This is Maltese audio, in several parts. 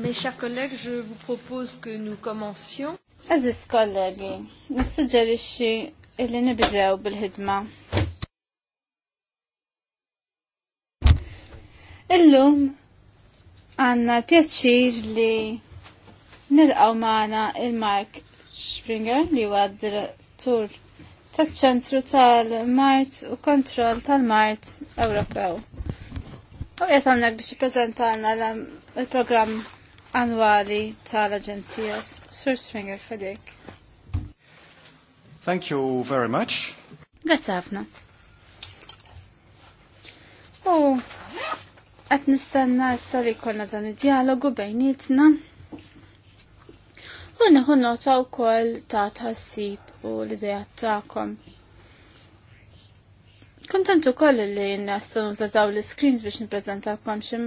Mes chers collègues, je vous propose que nous commencions. Aziz kollegi, nissuġġerixxi illi nibdew bil-ħidma. Illum għandna l pjaċir li nilqgħu magħna il-Mark Springer li huwa d direttur taċ-ċentru tal-Mart u kontroll tal-Mart Ewropew. U qed għandna biex jippreżentalna l-programm annwali tal-Aġenzija. Sur Swinger fedek. Thank you very much. Grazie ħafna. U qed nistenna issa li jkollna dan id-dialogu bejnietna. U neħu nota wkoll ta' tasib u l-idea tagħkom. Kontent ukoll li nista' nuża daw l-screens biex nippreżentalkom xi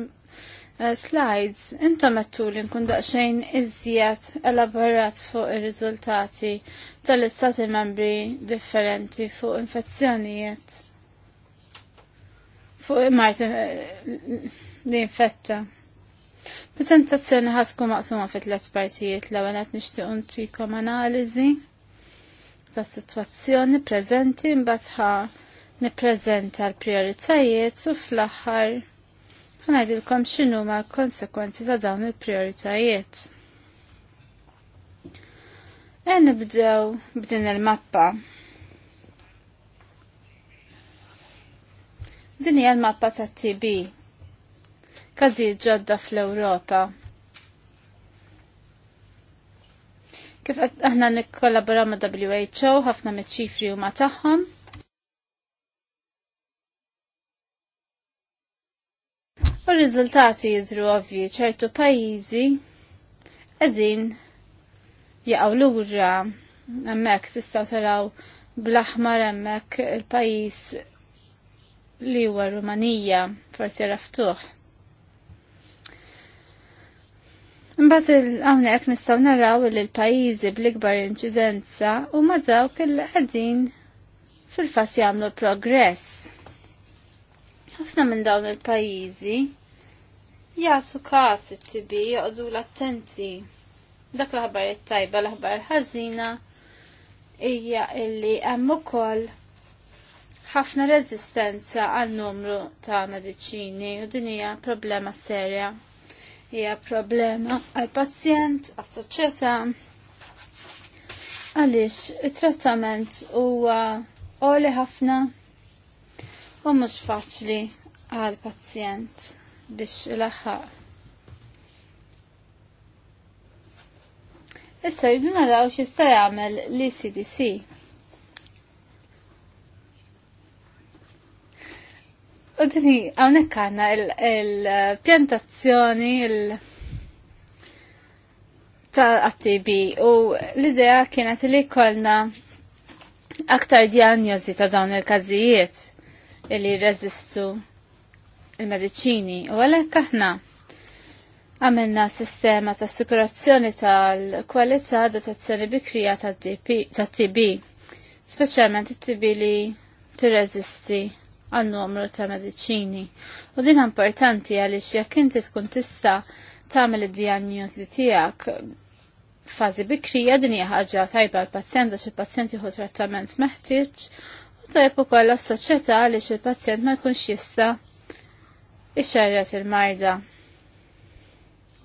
Eh, slides, intom għattu li nkun daqsxejn iżjed elaborat fuq ir-riżultati tal-istati membri differenti fuq infezzjonijiet. Fuq mart eh, li infetta. Presentazzjoni ħasku maqsuma fit tlet partijiet l għanet nishtiq ntikom analizi ta' situazzjoni prezenti mbagħad niprezenta nippreżenta l-prioritajiet u fl-aħħar ħanajdilkom xinu ma konsekwenzi ta' dawn il-prioritajiet. E nibdew b'din il-mappa. Din hija l-mappa ta' TB. Każijiet ġodda fl-Ewropa. Kif aħna nikkollaboraw ma' WHO ħafna miċ-ċifri huma tagħhom, U r-riżultati jidru ovvi ċertu pajjiżi qegħdin jaqgħu lura hemmhekk tistgħu taraw bl-aħmar hemmhekk il-pajjiż li huwa Rumanija forsi raftuħ. il hawnhekk nistgħu naraw li l-pajjiżi bl-ikbar inċidenza huma dawk il qegħdin fil fas jagħmlu progress. Ħafna minn dawn il-pajjiżi jasu kas it-tibi joqdu l-attenti. Dak l-ħabar it-tajba l-ħabar l-ħażina hija illi hemm ukoll ħafna reżistenza għal numru ta' mediċini u din hija problema serja. Hija problema għal pazjent, għas soċjetà għaliex it-trattament huwa qoli ħafna u mhux faċli għal pazjent biex ilaħħaq. Issa jridu naraw sta jagħmel l-ECDC. U dini hawnhekk għandna il-pjantazzjoni il, tal-ATB u l-idea kienet li kollna aktar diagnosi ta' dawn il-każijiet li jirreżistu il-mediċini u għalhekk aħna għamilna sistema ta' assikurazzjoni tal-kwalità detezzjoni bikrija ta' tb speċjalment it-TB li tirreżisti għal numru ta' mediċini. U din importanti għaliex jekk inti tkun tista' tagħmel id-dijanjosi tiegħek fażi bikrija din hija ħaġa tajba l-pazjent għax il-pazjent jieħu trattament meħtieġ tajb ukoll għas-soċjetà għaliex il-pazjent ma jkunx jista' ixxarret il-marda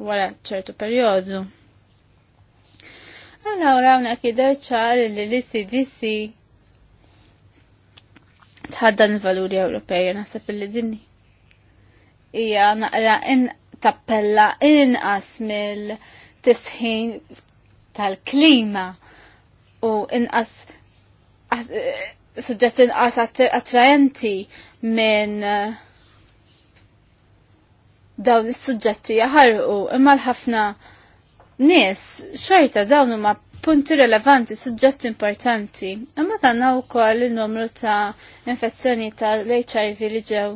wara ċertu perjodu. Allora hawnhekk jidher ċar li l-ICDC tħaddan il-valuri Ewropej naħseb li dinni hija naqra in tappella inqas mill-tisħin tal-klima u inqas suġġett inqas attrajenti minn eh, dawn is-suġġetti jaħarqu imma l-ħafna nies xorta dawn huma punti rilevanti, suġġetti importanti. Imma tanna wkoll il-numru ta' infezzjoni tal-HIV li ġew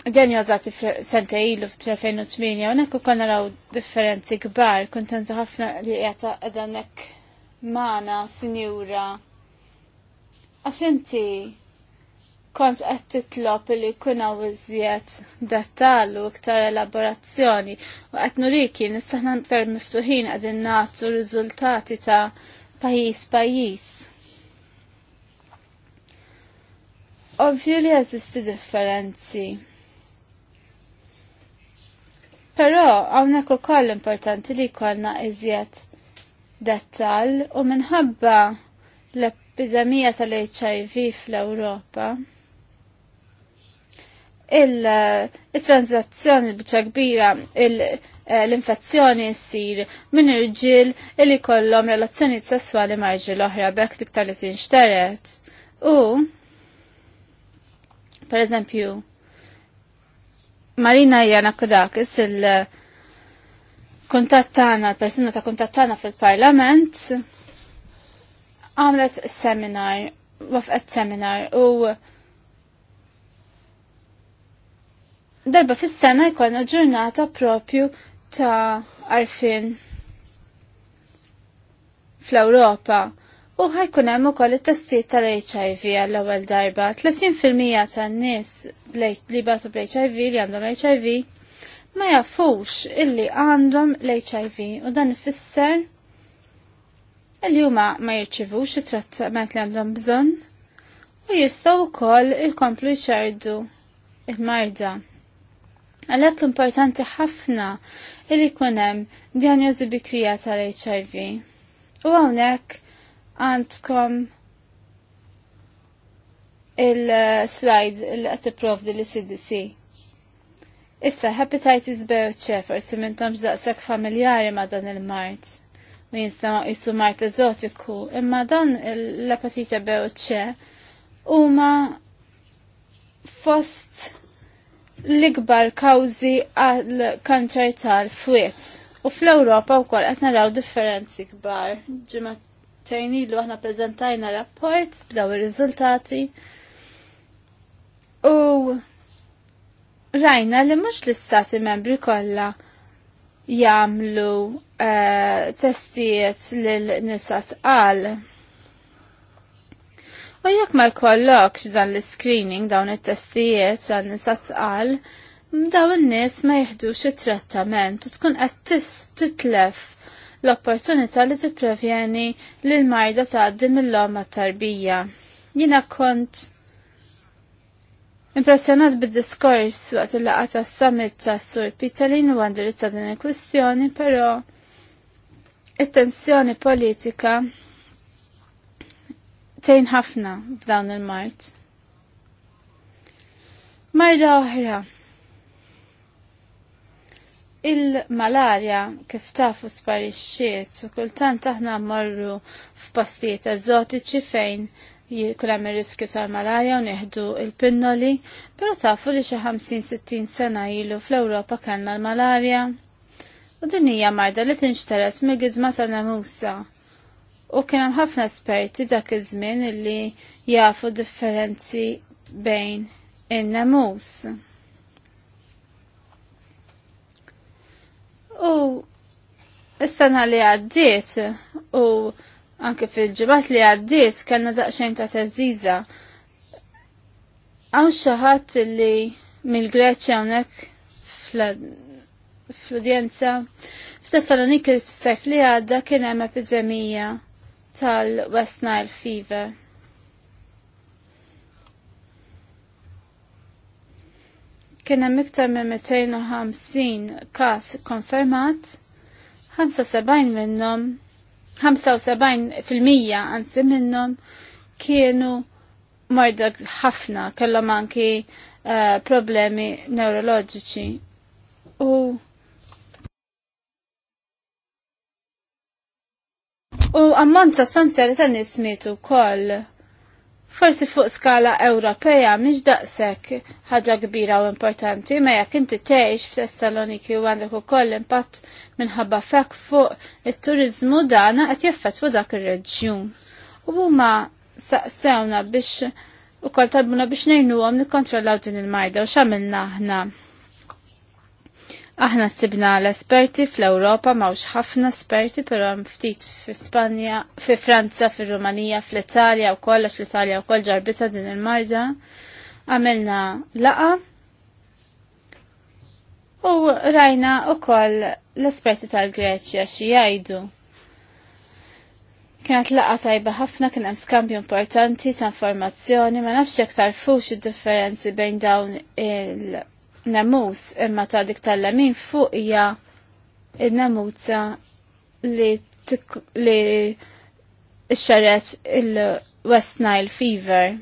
f sente ilu f-2008, unek u konna raw differenzi kbar, kontenta ħafna li jgħata għadanek maħna, sinjura, Għax inti kont qed titlob li jkun hawn iżjed dettall u iktar elaborazzjoni u qed nuriki nistaħna iktar miftuħin qegħdin nagħtu riżultati ta' pajjiż pajjiż. Ovvju li jeżisti differenzi. Però hawnhekk ukoll importanti li jkollna iżjed dettal u minħabba l bidamija tal-HIV fl-Ewropa. Eh, il-transazzjoni bċa kbira eh, l-infezzjoni ssir minn irġiel li kollhom relazzjoni sessuali ma' l oħra bekk iktar li tinxteret. U per eżempju Marina Jana is il-kontattana, l-persuna ta' kontattana fil-parlament, għamlet seminar, wafqet seminar u darba fis-sena jkollna ġurnata propju ta' arfin fl-Ewropa u ħajkun hemm ukoll it-testijiet tal-HIV għall-ewwel darba. 30% tan-nies li batu bl-HIV li għandhom HIV ma jafux illi għandhom l-HIV u dan ifisser li huma ma jirċivux it-trattament li għandhom bżonn u jistgħu wkoll ikomplu jxardu il-marda. Għalhekk importanti ħafna li jkun hemm dijanjosi bikrija tal-HIV. U hawnhekk għandkom il-slide li qed tipprovdi li CDC. Issa, hepatitis B u ċe forsi mintomx daqshekk familjari ma' dan il-mart u jinsama jissu mart eżotiku, imma dan l-apatita bew ċe huma fost l-ikbar kawzi għal kanċer tal-fwiet. U fl-Ewropa wkoll qed naraw differenzi kbar. Ġimgħatejn ilu aħna prezentajna rapport b'daw ir-riżultati. U rajna li mhux l-istati membri kollha jagħmlu uh, eh, testijiet lil nisa tqal. U jekk ma jkollokx dan l-screening dawn it-testijiet għal nisat tqal, dawn in-nies ma jeħdux it-trattament u tkun qed titlef l-opportunità li t-prevjeni l marda tgħaddi l loma tarbija. Jina kont Impressjonat bid-diskors waqt il laqgħa ta' summit ta' Sur Pitalin u għandirizza din il-kwistjoni, però it-tensjoni politika tejn ħafna f'dawn il-mart. Marda oħra. Il-malarja kif tafu sparixxiet u kultant aħna marru f'pastijiet eżotiċi fejn jikulam il-riskju tal-malarja u neħdu il-pinnoli, pero tafu li xi 50-60 sena ilu fl-Ewropa kellna l-malarja. U din hija marda li tinxteret mill-gidma ta' namusa. U kien hemm ħafna esperti dak iż-żmien li jafu differenzi bejn in-namus. U s-sena li għaddiet u Anke fil-ġibat li għaddiet kellna daqsxejn ta' tazziza. Hawn xi ħadd li mill-Greċja hawnhekk fl-udjenza f'Tessalonik il sajf li għadda kien hemm epidemija tal-West Nile Fever. kien hemm iktar minn 250 każ konfermat, 75 minnhom 75% anzi minnhom kienu marda ħafna kellhom anki uh, problemi neuroloġiċi. U U ammont sostanzjali ta' nismitu kol. Forsi fuq skala Ewropea mhix daqshekk ħaġa kbira u importanti, ma jekk inti tgħix f'Tessaloniki u għandek ukoll impatt minħabba fek fuq it-turiżmu dana qed jaffettwa dak ir-reġjun. U huma saqsewna biex ukoll talbuna biex ngħinuhom nikkontrollaw din il-majda u x'għamilna aħna. Aħna sibna l-esperti fl-Ewropa mawx ħafna esperti pero għam ftit fi Spanja, fi Franza, fi Rumanija, fl-Italja u koll għax l-Italja u koll ġarbita din il-marda. Għamilna laqa u rajna u koll l-esperti tal-Greċja xi jgħidu kienet laqa tajba ħafna kien hemm skambju importanti ta' informazzjoni ma nafx jekk tarfux id-differenzi bejn dawn il namus imma ta' dik tal-lemin fuq hija n namuza li li xaret il-West Nile Fever.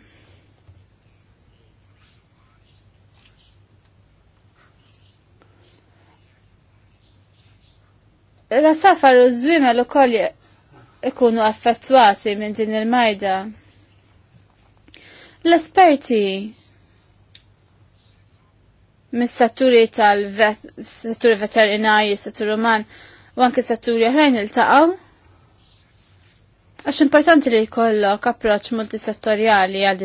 La safar u zwima l koll ikunu affettwati minn din il-marda. L-esperti mis-setturi tal-setturi veterinari, setturi uman, u anke setturi il-taqaw. Għax importanti li jkollok approċċ multisettorjali għal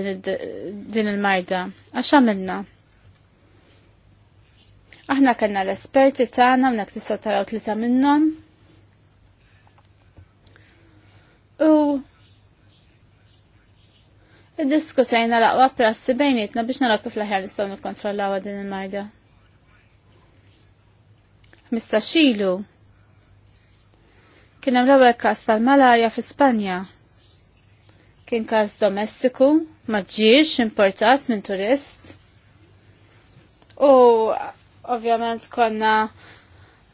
din il-marda. Għax għamilna. Aħna kellna l-esperti tagħna hawnhekk tista' taraw tlieta minnhom. U Id-disku Diskussajna laqwa prassi bejnietna biex nara kif laħjar nistaw nikkontrollawa din il-marda. Xilu. Kien hemm l-ewwel każ tal-malarja fi Spanja. Kien każ domestiku ma ġiex importat minn turist. U ovvjament konna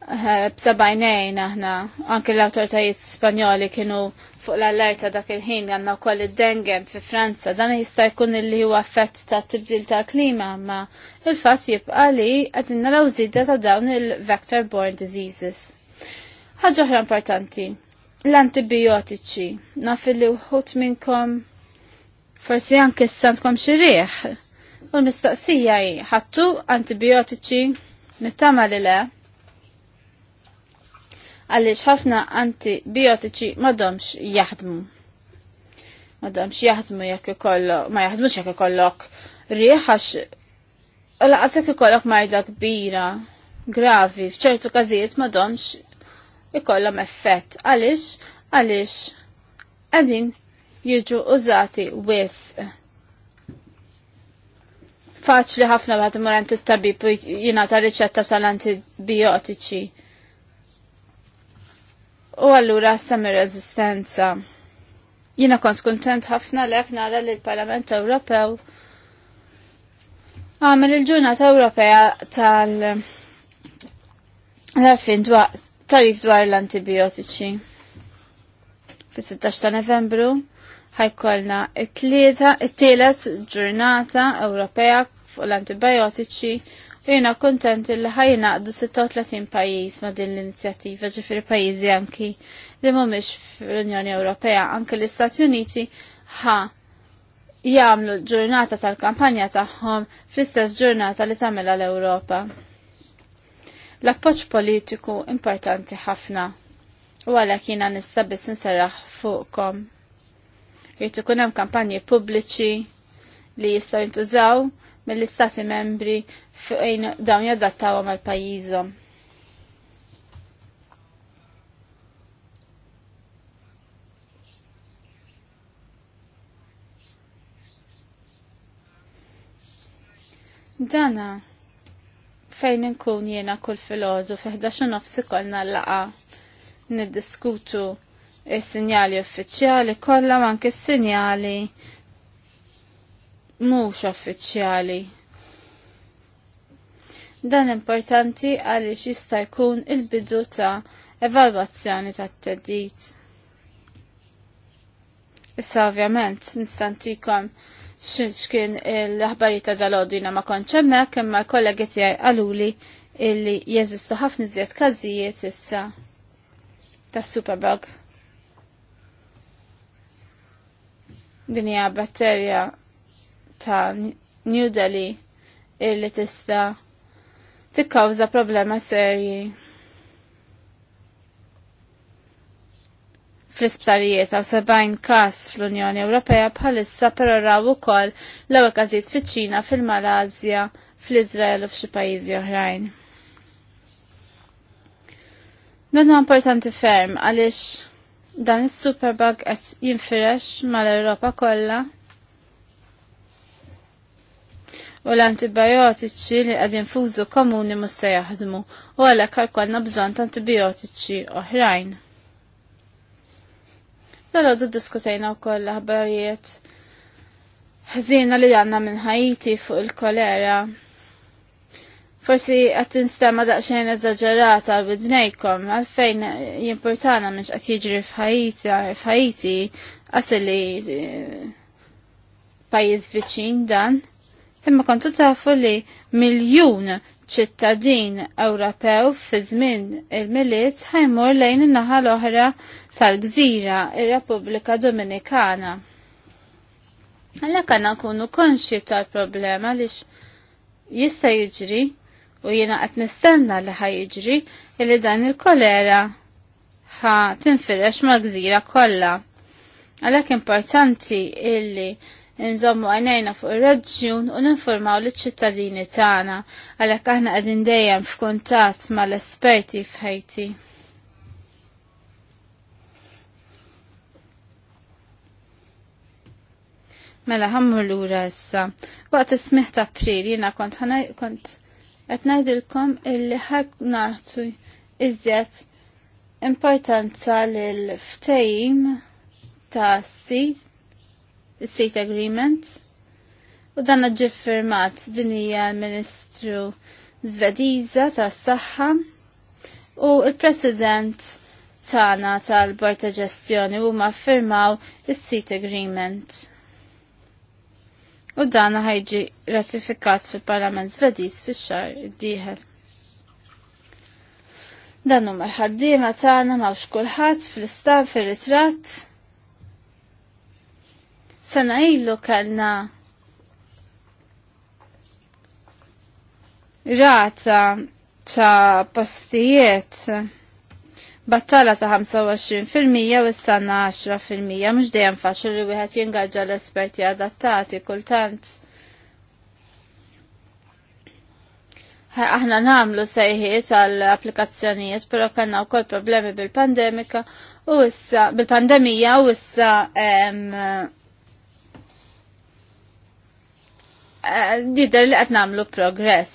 eh, b'sabajnejn aħna, anke l awtoritajiet Spanjoli kienu fuq l-allerta dak il-ħin għanna wkoll id-dengem fi Franza dan jista' jkun li huwa effett ta' tibdil ta' klima ma il-fatt jibqa' li qed naraw żieda ta' dawn il-vector borne diseases. Ħaġa oħra importanti, l-antibiotiċi, naf li wħud minnkom forsi anke s-santkom xirieħ. U l-mistoqsija ħattu antibiotiċi nittama li le għaliex ħafna antibiotiċi madomx jaħdmu. Madomx jaħdmu jekk ikollok, ma jaħdmux jekk ikollok rieħax. laqas jekk ikollok majda kbira, gravi, f'ċertu każijiet madomx ikollhom effett. Għaliex? Għaliex qegħdin jiġu użati wisq faċli ħafna bħat morant il-tabib jina ta' riċetta sal-antibiotiċi u allura semmi rezistenza. Jina kon kontent ħafna li nara li l-Parlament Ewropew għamil il-ġurnata Ewropea tal- Għarfin tarif dwar l-antibiotiċi. Fis-16 ta' Novembru ħajkolna it-tielet ġurnata Ewropea fuq l-antibiotiċi Jena kontent li ħajnaqdu 36 pajis ma din l-inizjattiva ġifri pajizi anki li mumiex fl-Unjoni Ewropea, anki l-Istati Uniti ħa jagħmlu ġurnata tal-kampanja tagħhom fl-istess ġurnata li tamela l-Ewropa. L-appoġġ politiku importanti ħafna u għala jiena nista' biss fuqkom jrid ikun hemm kampanji pubbliċi li jistgħu jintużaw mill-istati membri fejn dawn jadattawhom mal pajjiżhom Dana, fejn inkun jiena kull filgħodu fi 11 nofsi kollna laqa niddiskutu is-sinjali uffiċjali kollha anke s-sinjali mhux uffiċjali. Dan importanti għaliex jista' jkun il-bidu ta' evalwazzjoni tat-teddit. Issa ovvjament nistantikom xinxkin l-aħbarijiet ta' dalodina ma kontx hemmhekk imma l-kollegi tiegħi qaluli illi jeżistu ħafna iżjed każijiet issa tas-superbug. Din hija batterja ta' New Delhi illi tista' tikkawża problema serji. fl-isptarijiet għaw 70 kas fl-Unjoni Ewropea bħalissa per raw ukoll l-ewwel każijiet fiċ-Ċina, fil-Malazja, fl-Iżrael u f'xi pajjiżi oħrajn. Dan huwa importanti ferm għaliex dan is-superbug qed jinfirex mal-Ewropa kollha u l-antibiotiċi li għadin fużu komuni musta jaħdmu u għalek għalkolna bżon ta' antibiotiċi oħrajn. Dal-għoddu diskutajna u koll laħbarijiet ħzina li għanna minn ħajti fuq il-kolera. Forsi għat tinstema daqxajn eżagġerata għal-bidnejkom, għalfejn jimportana minn għat jiġri f'ħajti, f'ħajti, għasili eh, pajiz viċin dan imma kontu tafu li miljun ċittadin Ewropew fi żmien il-miliet ħajmur lejn in-naħa l-oħra tal-Gżira, ir-Repubblika Dominikana. Għalhekk għandna nkunu konxi tal-problema li jista' jiġri u jiena qed nistenna li ħaj jiġri li dan il-kolera ħa tinfirex mal-gżira kollha. Għalhekk importanti illi Inżommu għanajna fuq ir-raġun u ninformaw l-ċittadini tagħna għalhekk aħna qegħdin dejjem f'kuntatt mal-esperti f'Ħajti. Mela l lura issa. Waqt ismiħ ta' april jiena kont kont qed ngħidilkom illi ħak nagħtu iżjed importanza lil ftejim ta' sid state Agreement u dan ġi firmat din hija l-Ministru Zvediza tas-Saħħa u il-President tagħna tal borta Ġestjoni Ġestjoni huma firmaw is-State Agreement. U dan ħajġi ratifikat fil-Parlament Svediż fix-xahar id Dan huma l-ħaddiema tagħna mawx kulħadd fl-istan fir-ritratt Sena ilu kellna rata ta' postijiet battala ta' 25% u s-sanna 10% mux dejjem faċli li wieħed jingaġġa l-esperti adattati kultant. aħna namlu sejħiet għall applikazzjonijiet pero kanna u problemi bil-pandemika u issa, bil-pandemija u issa Eh, jider li qed nagħmlu progress.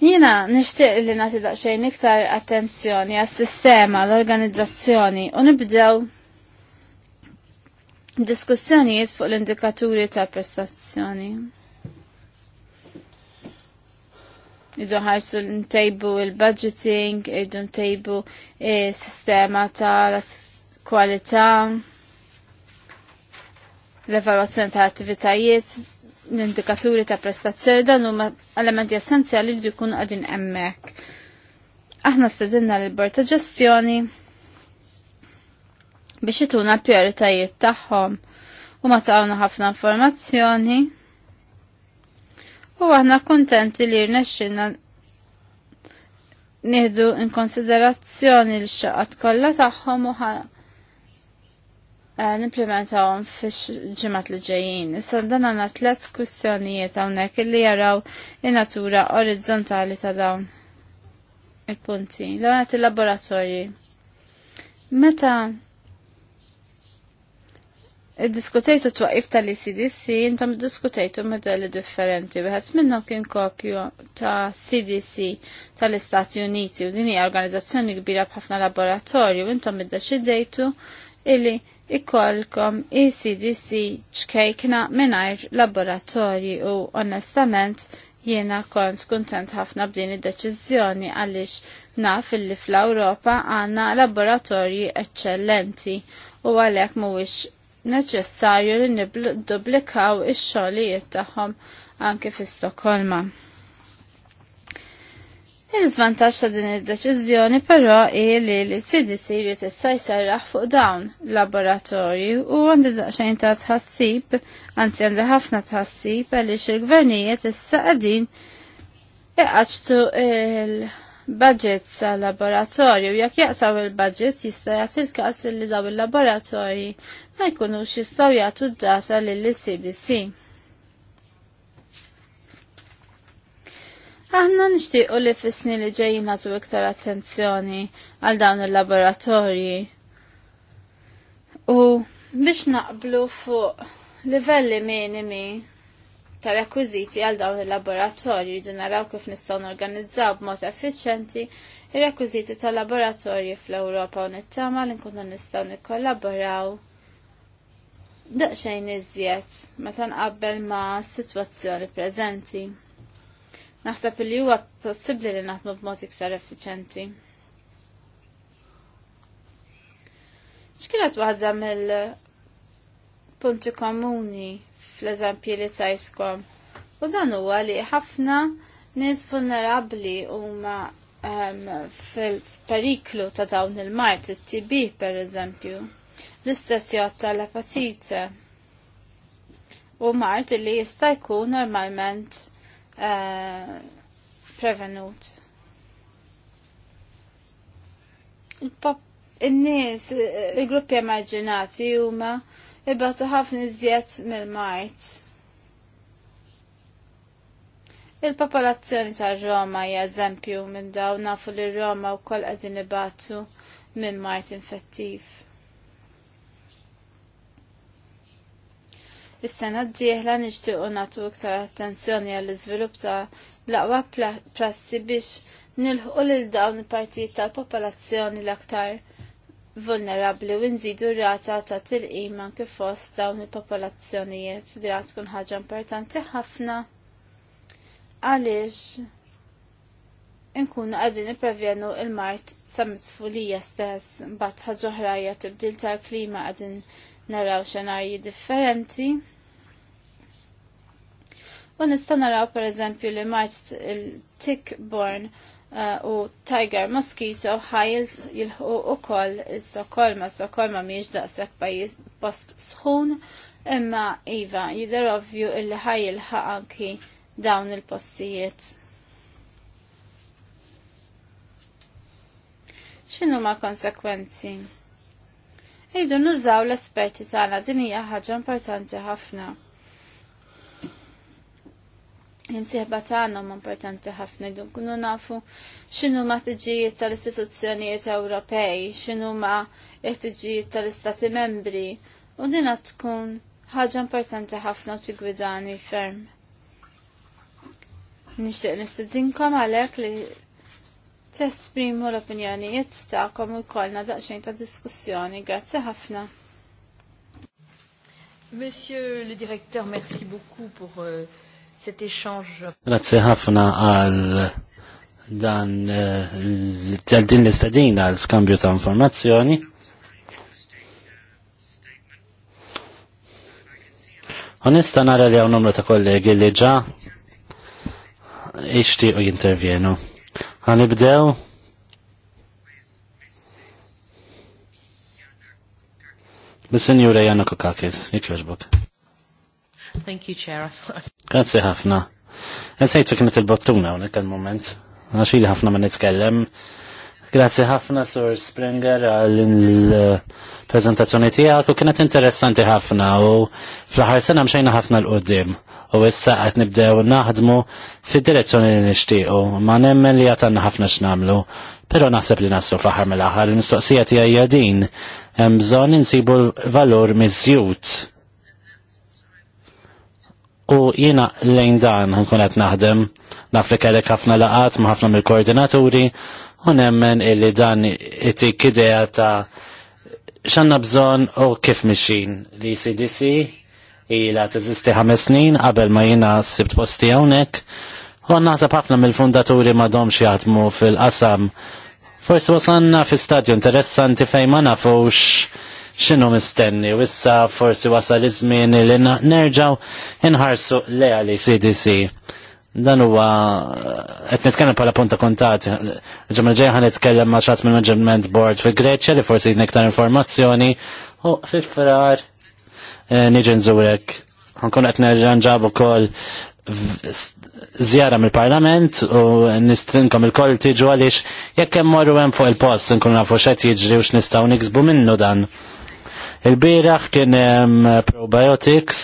Jina nixtieq li nagħti daqsxejn iktar attenzjoni għas-sistema, l-organizzazzjoni u nibdew diskussjonijiet fuq l-indikaturi ta' prestazzjoni. Idu ħarsu ntejbu il-budgeting, idu ntejbu il-sistema ta' kwalità l-evalwazzjoni ta' attivitajiet, l-indikaturi ta' prestazzjoni dan huma elementi essenzjali li jkunu għadin hemmhekk. Aħna stedinna l-bord ta' ġestjoni biex ituna prioritajiet tagħhom u ma tawna ħafna informazzjoni u aħna kontenti li rnexxinna nieħdu in konsiderazzjoni l-xaqat kollha tagħhom u Eh, nimplementawhom fix-ġimgħat li ġejjin. Issa dan għandna tliet kwistjonijiet hawnhekk illi jaraw in-natura orizzontali ta' dawn il-punti. L-għanet il-laboratorji. Meta Diskutejtu twaqif tal-CDC, intom diskutejtu modelli differenti. Wieħed minnom kien kopju ta' CDC tal-Istati Uniti u din hija organizzazzjoni kbira bħafna laboratorju, intom id-deċidejtu illi ikolkom ECDC ċkejkna minajr laboratorji u onestament jiena kont kontent ħafna b'din id-deċiżjoni għaliex naf illi fl-Ewropa għandna laboratorji eċċellenti u għalhekk mhuwiex neċessarju li nibdublikaw ix-xogħlijiet tagħhom anke fi Stokholma. Il-żvantaġġ ta' din id-deċiżjoni però hi li l-CDC jrid issa jserraħ fuq dawn laboratorju u għandi daqsxejn ta' tħassib, anzi għandi ħafna tħassib għaliex il-gvernijiet issa qegħdin iqaċtu il- budget sa laboratorju, jekk jaqsaw il-budget jista' jagħti il-każ li daw il-laboratorji ma jkunux jistgħu jagħtu d-data lill-CDC. Aħna nixtiequ li fissni li ġejjin nagħtu iktar attenzjoni għal dawn il-laboratorji. U biex naqblu fuq livelli minimi ta' rekwiżiti għal dawn il-laboratorji rridu naraw kif nistgħu norganizzaw b'mod effiċjenti ir-rekwiżiti tal-laboratorji fl-Ewropa u nittama li nkunu nistgħu nikkollaboraw daqsxejn iżjed meta nqabbel ma' sitwazzjoni preżenti. Naħseb li huwa possibbli li naħdmu b'mod iktar effiċenti. X'kienet waħda mill-punti komuni fl-eżempji li tajskom? U dan huwa li ħafna nies vulnerabbli huma ehm, fil-periklu ta' dawn il-mart, it-TB per eżempju, l-istess jotta l-epatite. U mart li jista' jkun normalment Eh, prevenut. Il-pop il-gruppi emarġinati huma ibatu ħafna iżjed mill-Mart. Il-popolazzjoni tar Roma hija eżempju minn dawn nafu li Roma wkoll qegħdin ibatu minn Mart infettiv. Is-sena d-dieħla nixtiequ nagħtu iktar attenzjoni għall iżvilupp ta' laqwa prassi biex nilħu lil dawn il-partijiet tal-popolazzjoni l-aktar vulnerabli u nżidu r-rata ta' tilqim anke fost dawn il-popolazzjonijiet li għad tkun ħaġa importanti ħafna għaliex nkunu għadin niprevjenu il-mart sa fulija stess bat ħagġoħrajja tibdil tal-klima għadin naraw xenarji differenti. U nista' naraw pereżempju li marċ il-tickborn uh, u tiger mosquito ħajl jilħu ukoll Stokkolma, Stokkolma mhijiex daqshekk pajjiż post sħun, imma iva jidher ovvju illi ħaj jilħaq anki dawn il-postijiet. ċinu ma konsekwenzi? Idu nużaw l-esperti tagħna din hija ħaġa importanti ħafna l ta' tagħna huma importanti ħafna dun nafu xinu ma tiġijiet tal-istituzzjonijiet Ewropej, xinu ma tiġijiet tal-Istati Membri u dina tkun ħaġa importanti ħafna u t-gwidani ferm. Nixtieq nistedinkom għalhekk li tesprimu l-opinjonijiet tagħkom u kolna daqsxejn ta' diskussjoni. Grazzi ħafna. Monsieur le directeur, merci beaucoup pour euh, Grazie ħafna għal dan eh, din l-istadina għal skambju ta' informazzjoni. Onesta nara li għaw numru ta' kollegi li ġa ixtiq u jintervjenu. Għanibdew bis-senjura Jana Kokakis, jek Thank you, Chair. Grazie ħafna. Nsejt fi kienet il-bottuna unek għal-moment. Għaxili ħafna ma nitkellem. Grazie ħafna, Sur Springer, għal-prezentazzjoni tijak u kienet interessanti ħafna u fl-ħar sena mxejna ħafna l-qoddim u issa qed nibdew naħdmu fid-direzzjoni li nixtiequ ma nemmen li għatanna ħafna x'namlu. Però naħseb li nassu fl-aħħar mill-aħħar l mistoqsija tiegħi din hemm bżonn insibu l-valur miżjud U jiena lejn dan nkun qed naħdem l-Afrika li ħafna laqat ma' ħafna mill-koordinaturi u nemmen illi dan itik idea ta' xanna bżon u kif mixin li CDC ila teżisti ħames snin qabel ma jiena sibt posti hawnhekk u naħseb ħafna mill-fundaturi ma domx jaħdmu fil-qasam. Forsi wasanna fi stadju interessanti fejn ma nafux x'inhu mistenni u issa forsi wasal iż-żmien li nerġaw inħarsu leha li CDC. Dan huwa eh, qed nitkellem bħala punta kuntat. Ġemel ġej ħan nitkellem ma' ċatt mill-Management Board fil-Greċja li forsi niktar informazzjoni u fil-frar eh, niġi nżurek. Ħankun qed nerġanġab ukoll zjara mill-parlament u nistinkom il-koll tiġu għaliex jekk hemm morru hemm fuq il-post nkun nafu x'qed jiġri u x'nistgħu niksbu minnu dan. Il-biraħ kien hemm probiotics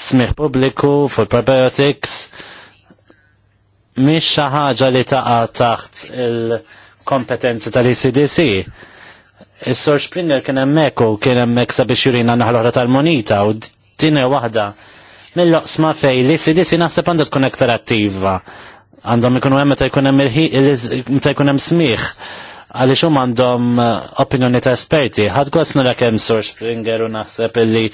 smiħ pubbliku fuq probiotics mhix xi ħaġa li taqa' taħt il-kompetenzi tal icdc Is-Sor Springer kien hemmhekk u kien hemmhekk sabiex jurina naħlora tal-Monita u din waħda mill oqsma fej l icdc naħseb għandha tkun aktar attiva għandhom ikunu hemm meta jkun hemm meta jkun hemm smih għaliex xum għandhom eh, opinjoni ta' esperti. Ħadd gost nara kemm Sur Springer u naħseb illi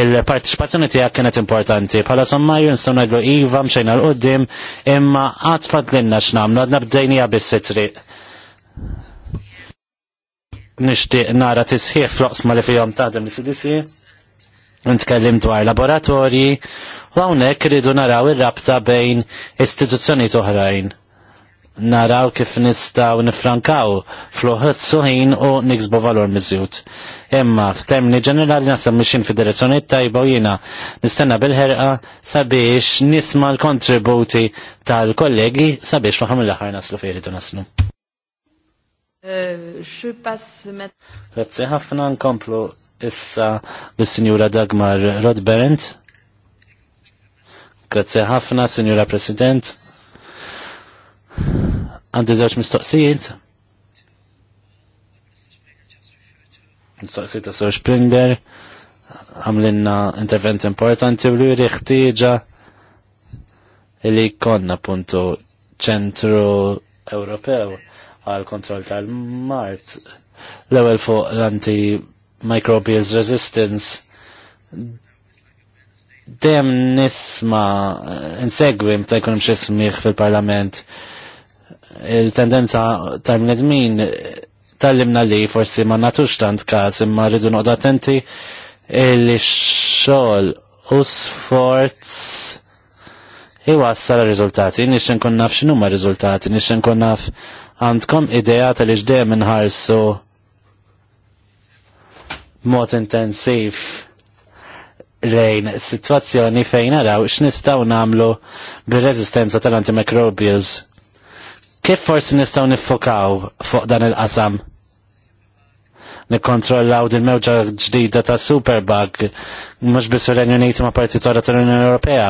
il-partiċipazzjoni tiegħek kienet importanti. Bħala sommajju nistgħu għu iva mxajna l qoddim imma qatt fadlinna x'nagħmlu għadna bdejnija bis-sitriq. Nixtieq nara floqs floqsma li fihom dem is-CDC nitkellim dwar laboratorji u hawnhekk rridu naraw ir-rabta bejn istituzzjoni oħrajn naraw kif nistaw nifrankaw fl suħin u niksbu valur mizzjut. Imma f'termini ġenerali nasab mixin federazzjoni tajba u jina nistenna bil-ħerqa sabiex nisma l-kontributi tal-kollegi sabiex faħam l-ħar naslu fejridu naslu. Euh, Grazie ħafna nkomplu issa bis-Sinjura Dagmar Rodberent. Grazie ħafna, Sinjura President. Għandi żewġ mistoqsijiet. Mistoqsijiet ta' Sur Springer għamlinna intervent importanti u li ħtieġa li konna puntu ċentru Ewropew għal kontroll tal-Mart l-ewel fuq l-antimicrobials resistance dem nisma insegwim ta' jkun xismiħ fil-parlament il-tendenza tal-nedmin tal-limna li forsi ma natux tant kas imma rridu noqda attenti li xol u sforz iwassal rizultati nixen nkun naf x'inhu ma riżultati nix nkun naf għandkom ideja tal-iġdejjem inħarsu mod intensiv lejn situazzjoni fejn naraw x'nistgħu nagħmlu bir-reżistenza tal-antimicrobials Kif forsi nistgħu niffokaw fuq dan il-qasam? Nikkontrollaw din mewġa ġdida ta' superbug mhux biss fil renju Uniti ma' parti oħra tal-Unjoni Ewropea.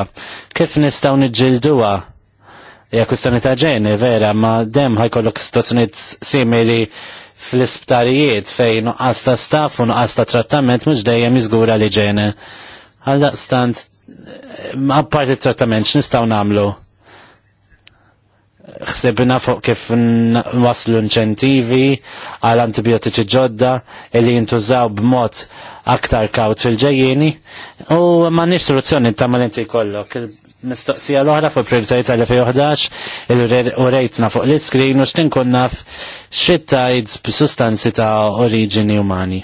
Kif nistgħu nġilduwa? Ja kwistjoni ta' ġeni, vera, ma' dem ħajkollok situazzjoniet simili fl-isptarijiet fejn nuqqas ta' staff u nuqqas ta' trattament mhux dejjem jizgura li ġene. Għal daqstant, ma' parti trattament x'nistgħu nagħmlu? xsebna fuq kif waslu inċentivi għal antibiotiċi ġodda li jintużaw b'mod aktar kawt fil ġejjini u ma nix soluzzjoni ta' malenti kollok. Mistoqsija l-oħra fuq prioritajiet għal 2011 u rejtna fuq l-iskrin u xtinkun naf xittajt b'sustanzi ta' oriġini umani.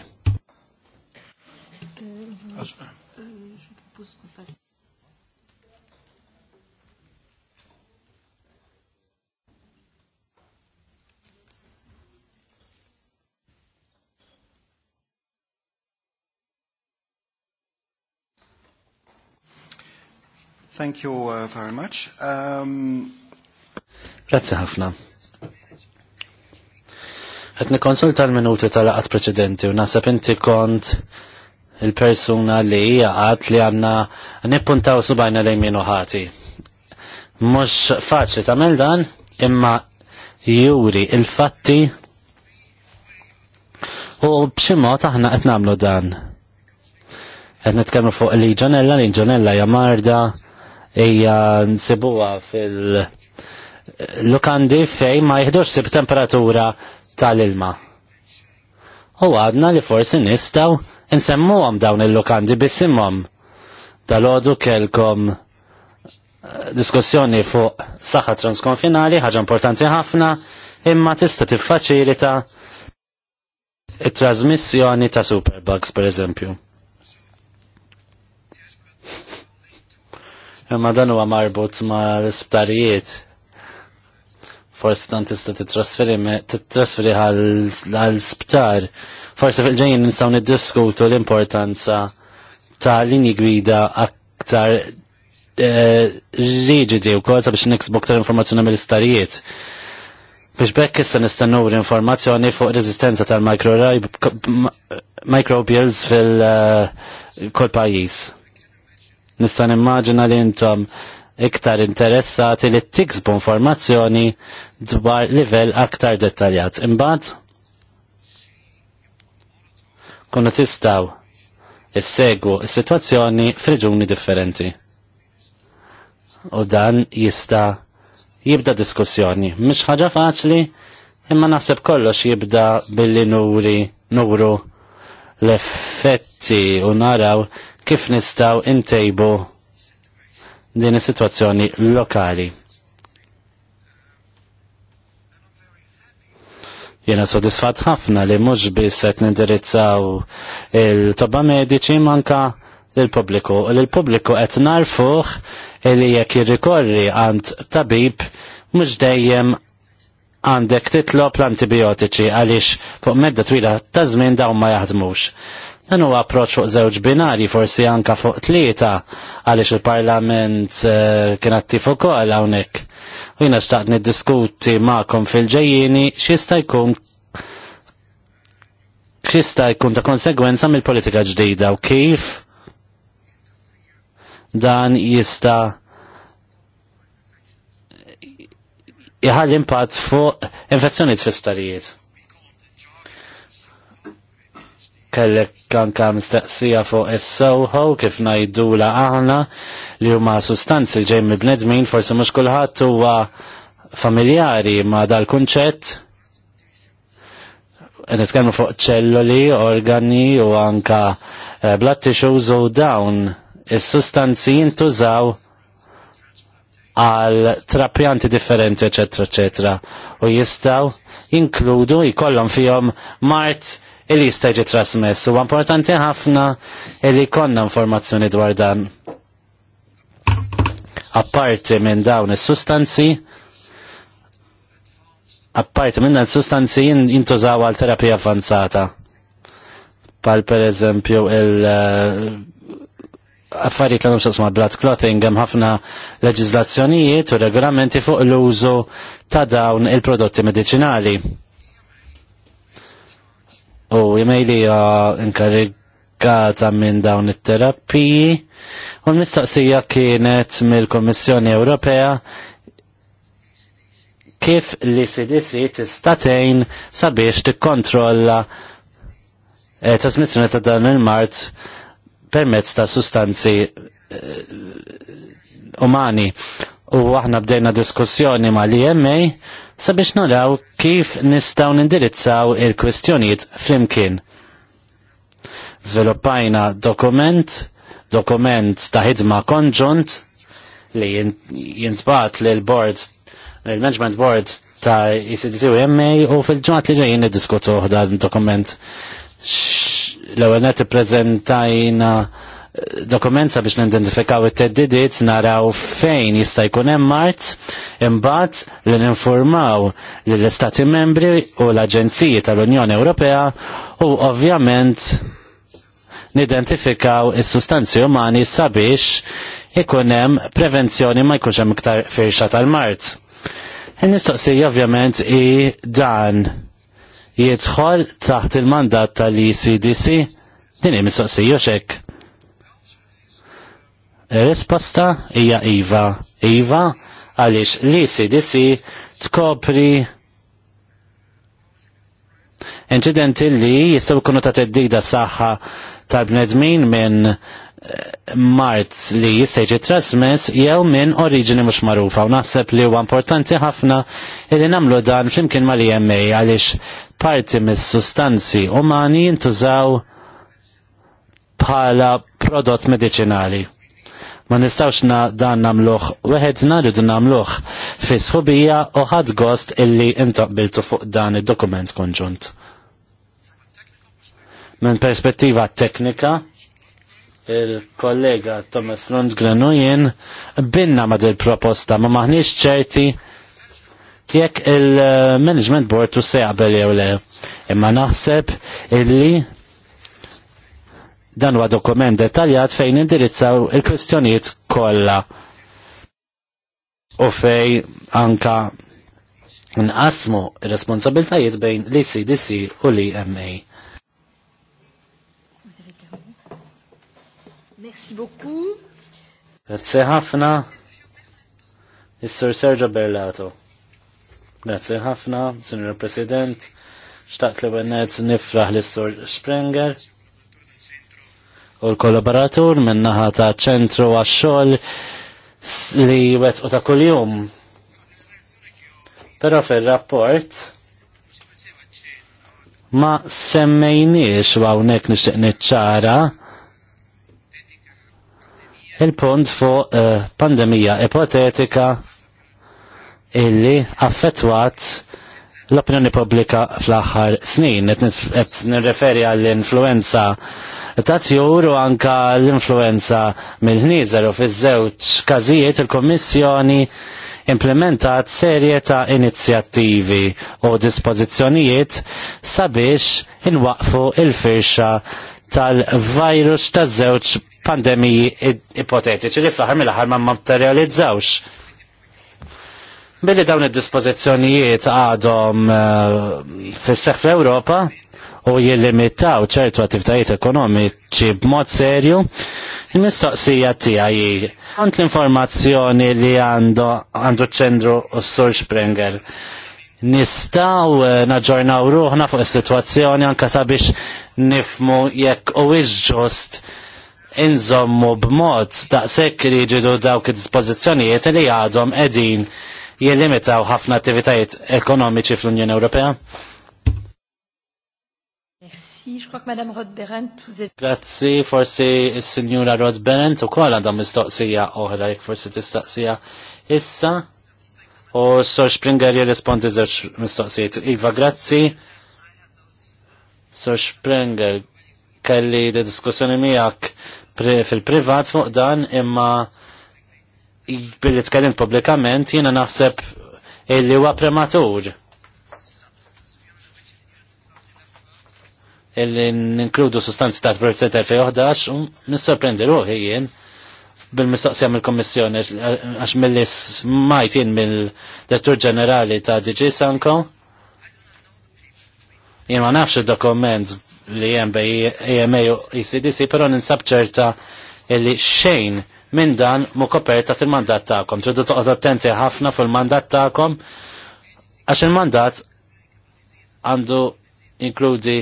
Thank you uh, very much. Um... Grazie ħafna. Għet nikonsulta l-minuti tal laqgħat preċedenti u nasab inti kont il-persuna li għat li għanna nippuntaw subajna lejn minu ħati. Mux faċli tamel dan, imma juri il-fatti u bximot aħna qed namlu dan. Qed nitkellmu fuq li ġonella li ġonella hija marda ija nsibuha fil-lukandi fej ma jihdux sib temperatura tal-ilma. U għadna li forsi nistaw għom dawn il-lukandi bisimhom. dal ħodu kelkom eh, diskussjoni fuq saħħa transkonfinali, ħaġa importanti ħafna, imma tista' tiffaċilita it-trasmissjoni ta' superbugs per eżempju. imma dan huwa marbut ma' l-isptarijiet. Forsi dan tista' titrasferi għal-sptar. Forsi fil-ġejjin nistgħu niddiskutu l-importanza ta' linji gwida aktar eh, riġidi u kol biex niksbu aktar informazzjoni mill isptarijiet Biex bekk issa nistennu l informazzjoni fuq rezistenza tal-microbials fil-kol eh, pajis. Nista' nimmaġina li intom iktar interessati li tiksbu informazzjoni dwar livell aktar dettaljat. Imbagħad kunu tistaw issegu s-sitwazzjoni friġuni differenti. U dan jista' jibda diskussjoni. Mhix ħaġa faċli, imma naħseb kollox jibda billi nuri nuru l-effetti u naraw kif nistaw intejbu din is-sitwazzjoni lokali. Jena sodisfat ħafna li mhux biss qed nindirizzaw il toba mediċi manka lill-pubbliku. Lill-pubbliku qed narfuh li jekk jirrikorri għand tabib mhux dejjem għandek titlob l-antibiotiċi għaliex fuq medda twila ta' żmien dawn ma jaħdmux. Dan huwa approċċ fuq żewġ binari, forsi anka fuq tlieta, għaliex il-Parlament eh, kien attiv ukoll hawnhekk. U jiena xtaqt niddiskuti magħkom fil-ġejjieni x'jista' jkun x'jista' jkun ta' konsegwenza mill-politika ġdida u kif dan jista' jħall impatt fuq infezzjonijiet fl-isptarijiet. kellek anka mistaqsija fuq is-soho kif ngħidula aħna li huma sustanzi li mill-bnedmin forsi mhux kulħadd huwa familjari ma dal-kunċett e nitkellmu fuq ċelluli, organi u anka e, blood tissues u dawn is-sustanzi jintużaw għal trapjanti differenti, eccetera, eccetera, u jistaw jinkludu jkollhom fihom mart illi jista' jiġi trasmess u importanti ħafna li konna informazzjoni dwar dan. Apparti minn dawn is-sustanzi, apparti minn dawn is-sustanzi jintużaw għal terapija avanzata. Pal per eżempju il- eh, affarijiet l nufsas ma' blood clothing hemm ħafna leġiżlazzjonijiet u regolamenti fuq l-użu ta' dawn il-prodotti medicinali u ja inkarigata minn dawn it-terapiji u l kienet mill-Kommissjoni Ewropea kif li CDC tistatejn sabiex tikkontrolla eh, trasmissjoni ta' dan il-mart permezz ta' sustanzi eh, umani u aħna bdejna diskussjoni ma' l-IMA sabiex naraw kif nistaw nindirizzaw il kwestjoniet flimkien. Zviluppajna dokument, dokument ta' ħidma konġunt li jintbat l board l-Management Board ta' ICDC e u e MA u fil ġumat li ġejjin diskutu dan dokument. L-ewwel net biex sabiex nidentifikaw it-teddidiet naraw fejn jista' jkun hemm mart imbagħad li ninformaw lill-Istati Membri u l-Aġenziji tal-Unjoni Ewropea u ovvjament nidentifikaw is-sustanzi umani sabiex ikun hemm prevenzjoni ma jkunx hemm iktar firxa tal-mart. Il-mistoqsija ovvjament i dan jidħol taħt il-mandat tal-ECDC din hi mistoqsija xekk Risposta hija iva. Iva għaliex li CDC tkopri inċidenti li jistaw kunu ta' teddida saħħa tal-bnedmin minn eh, mart li jistajġi trasmess jew minn oriġini mhux marufa u naħseb li huwa importanti ħafna li nagħmlu dan flimkien mal jemmej għaliex parti mis-sustanzi umani jintużaw bħala prodott mediċinali. Ma nistawx na dan namluħ, nadu dan namluħ fi sħubija u ħad gost illi intaqbiltu fuq dan id-dokument konġunt. Minn perspettiva teknika, il-kollega Thomas Lundgren u jien binna ma dil proposta ma maħniex ċerti jekk il-management board u se jew le. Imma naħseb illi Dan huwa dokument dettaljat fejn indirizzaw il-kwestjonijiet kollha u fej anka nqasmu responsabiltajiet bejn l-ICDC u l-EMA. Merci beaucoup. Grazie ħafna. is Sergio Berlato. Grazie ħafna, Sr. President. Xtaqt li għennet nifraħ l-Sur Sprenger u l-kollaboratur minnaħa ta' ċentru għax-xogħol li wet u ta' kuljum. Però fil-rapport ma semmejniex u hawnhekk nixtieq niċċara il-punt fuq uh, pandemija ipotetika illi affettwat l-opinjoni pubblika fl-aħħar snin. Qed nirreferi għall-influenza ta' tjur u anka l-influenza mill ħnizer u fiż-żewġ każijiet il-Kommissjoni implementat serje ta' inizjattivi u dispożizzjonijiet sabiex inwaqfu il-firxa tal-virus ta' żewġ pandemiji ipotetiċi li fl-aħħar mill-aħħar ma' materializzawx Billi dawn id dispozizjonijiet għadhom eh, fis-seħħ fl-Ewropa u jillimitaw ċertu attivitajiet ekonomiċi b'mod serju, il-mistoqsija tiegħi kont l-informazzjoni li għandu ċendru u Sur Sprenger. Nistaw eh, naġġornaw ruħna fuq is-sitwazzjoni anke sabiex nifmu jekk u ġust inżommu b'mod daqshekk li jġidu dawk id-dispożizzjonijiet li għadhom qegħdin jelimitaw ħafna attivitajiet ekonomiċi fl-Unjoni Ewropea? Grazzi, forsi il-Signora Berent u kol għandha mistoqsija oħra, jek forsi tistaqsija issa. U Sor Springer jirrispondi zewġ mistoqsijiet. Iva, grazzi. Sor Springer, kelli di diskussjoni miegħek fil-privat fuq dan imma billi tkellim publikament jiena naħseb illi huwa prematur. Illi ninkludu sustanzi ta' tbert 2011 nissorprendi ruħi jien bil-mistoqsija mill-Kommissjoni għax mill majt jien mill-Dettur Ġenerali ta' DG Sanko. Jien ma nafx id-dokument li jem bej EMA u ECDC, pero ninsab ċerta illi xejn minn dan mu koperta il-mandat ta'kom. Tridu toqgħod attenti ħafna fuq il-mandat ta'kom għax il-mandat għandu inkludi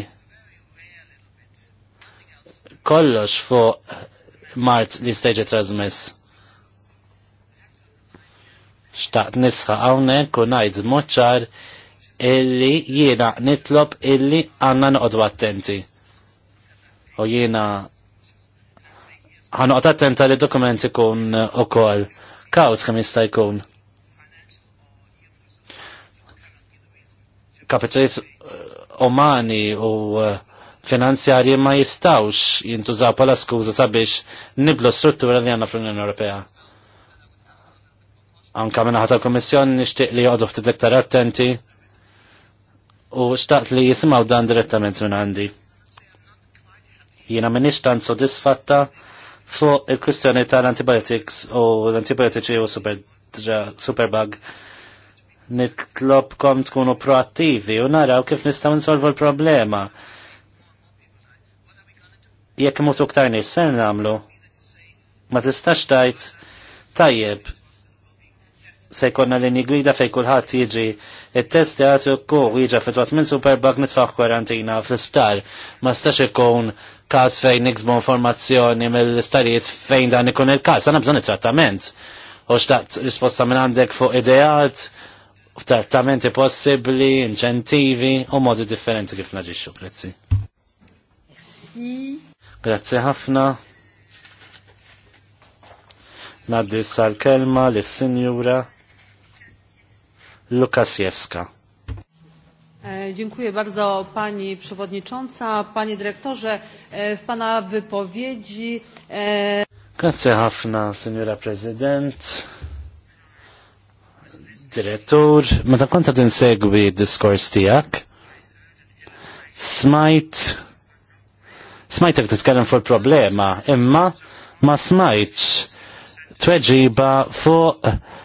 kollox fuq mart li stajġi trasmess. Xtaqt nisħa għawnek u najd moċċar illi jiena nitlob illi għanna noqdu attenti. U jiena ħanoqt attenta li kun eh, u ukoll kawt kemm jista' jkun. Kapitalit eh, umani u eh, finanzjarji ma jistawx jintużaw pala skuża sabiex niblu struttura li għanna fl-Unjoni Ewropea. Anka minna ħata kommissjoni nishtiq li joqdu ftit iktar attenti u xtaqt li jisimaw dan direttament minn għandi. Jiena minn tan sodisfatta fuq il-kwistjoni tal-antibiotics u l-antibiotiċi u superbug nitlobkom tkunu proattivi u naraw kif nistaw nsolvu l-problema. Jekk mutu ktar nis, sen namlu. Ma tistax tajt, tajjeb, se jkollna l gwida fej kulħadd jiġi it-test jagħti u jiġa fitwat minn superbug nitfaħ kwarantina fl-isptar. Ma stax ikun każ fejn nixbu informazzjoni mill istarijiet fejn dan ikun il-każ, Għana bżon it-trattament. U xtaqt risposta minn għandek fuq ideat, trattamenti possibbli, inċentivi u modi differenti kif naġixxu, grazzi. Grazzi ħafna. Naddis sal-kelma l-Sinjura Lukasjevska. E, dziękuję bardzo Pani Przewodnicząca, Panie Dyrektorze, e, w Pana wypowiedzi. E, Grazie Hafna, Signora Prezydent, Dyrektor. Ma ta konta ten segwi dyskurs tijak, smajt, smajt smajtek titkellem for problema, imma ma smajt tweġiba fu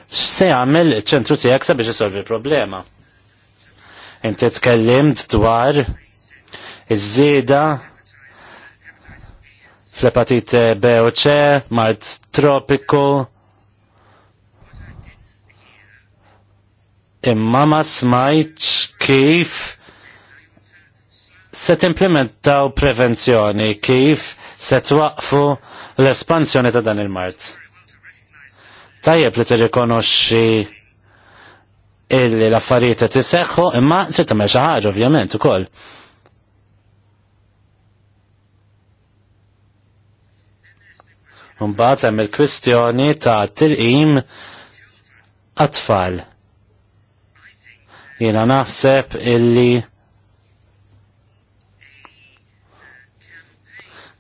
se għamil ċentru tijak sabiex isolvi problema. Inti tkellimt dwar iż-żieda fl-epatit B u C, mart tropiku. Imma ma smajt kif se timplementaw prevenzjoni, kif se twaqfu l-espansjoni ta' dan il-mart. Tajjeb li tirrikonoxxi illi l-affarijiet qed iseħħu imma trid tagħmel xi ħaġa ovvjament ukoll. Mbagħad hemm il-kwistjoni ta' tilqim għat-tfal. Jiena naħseb illi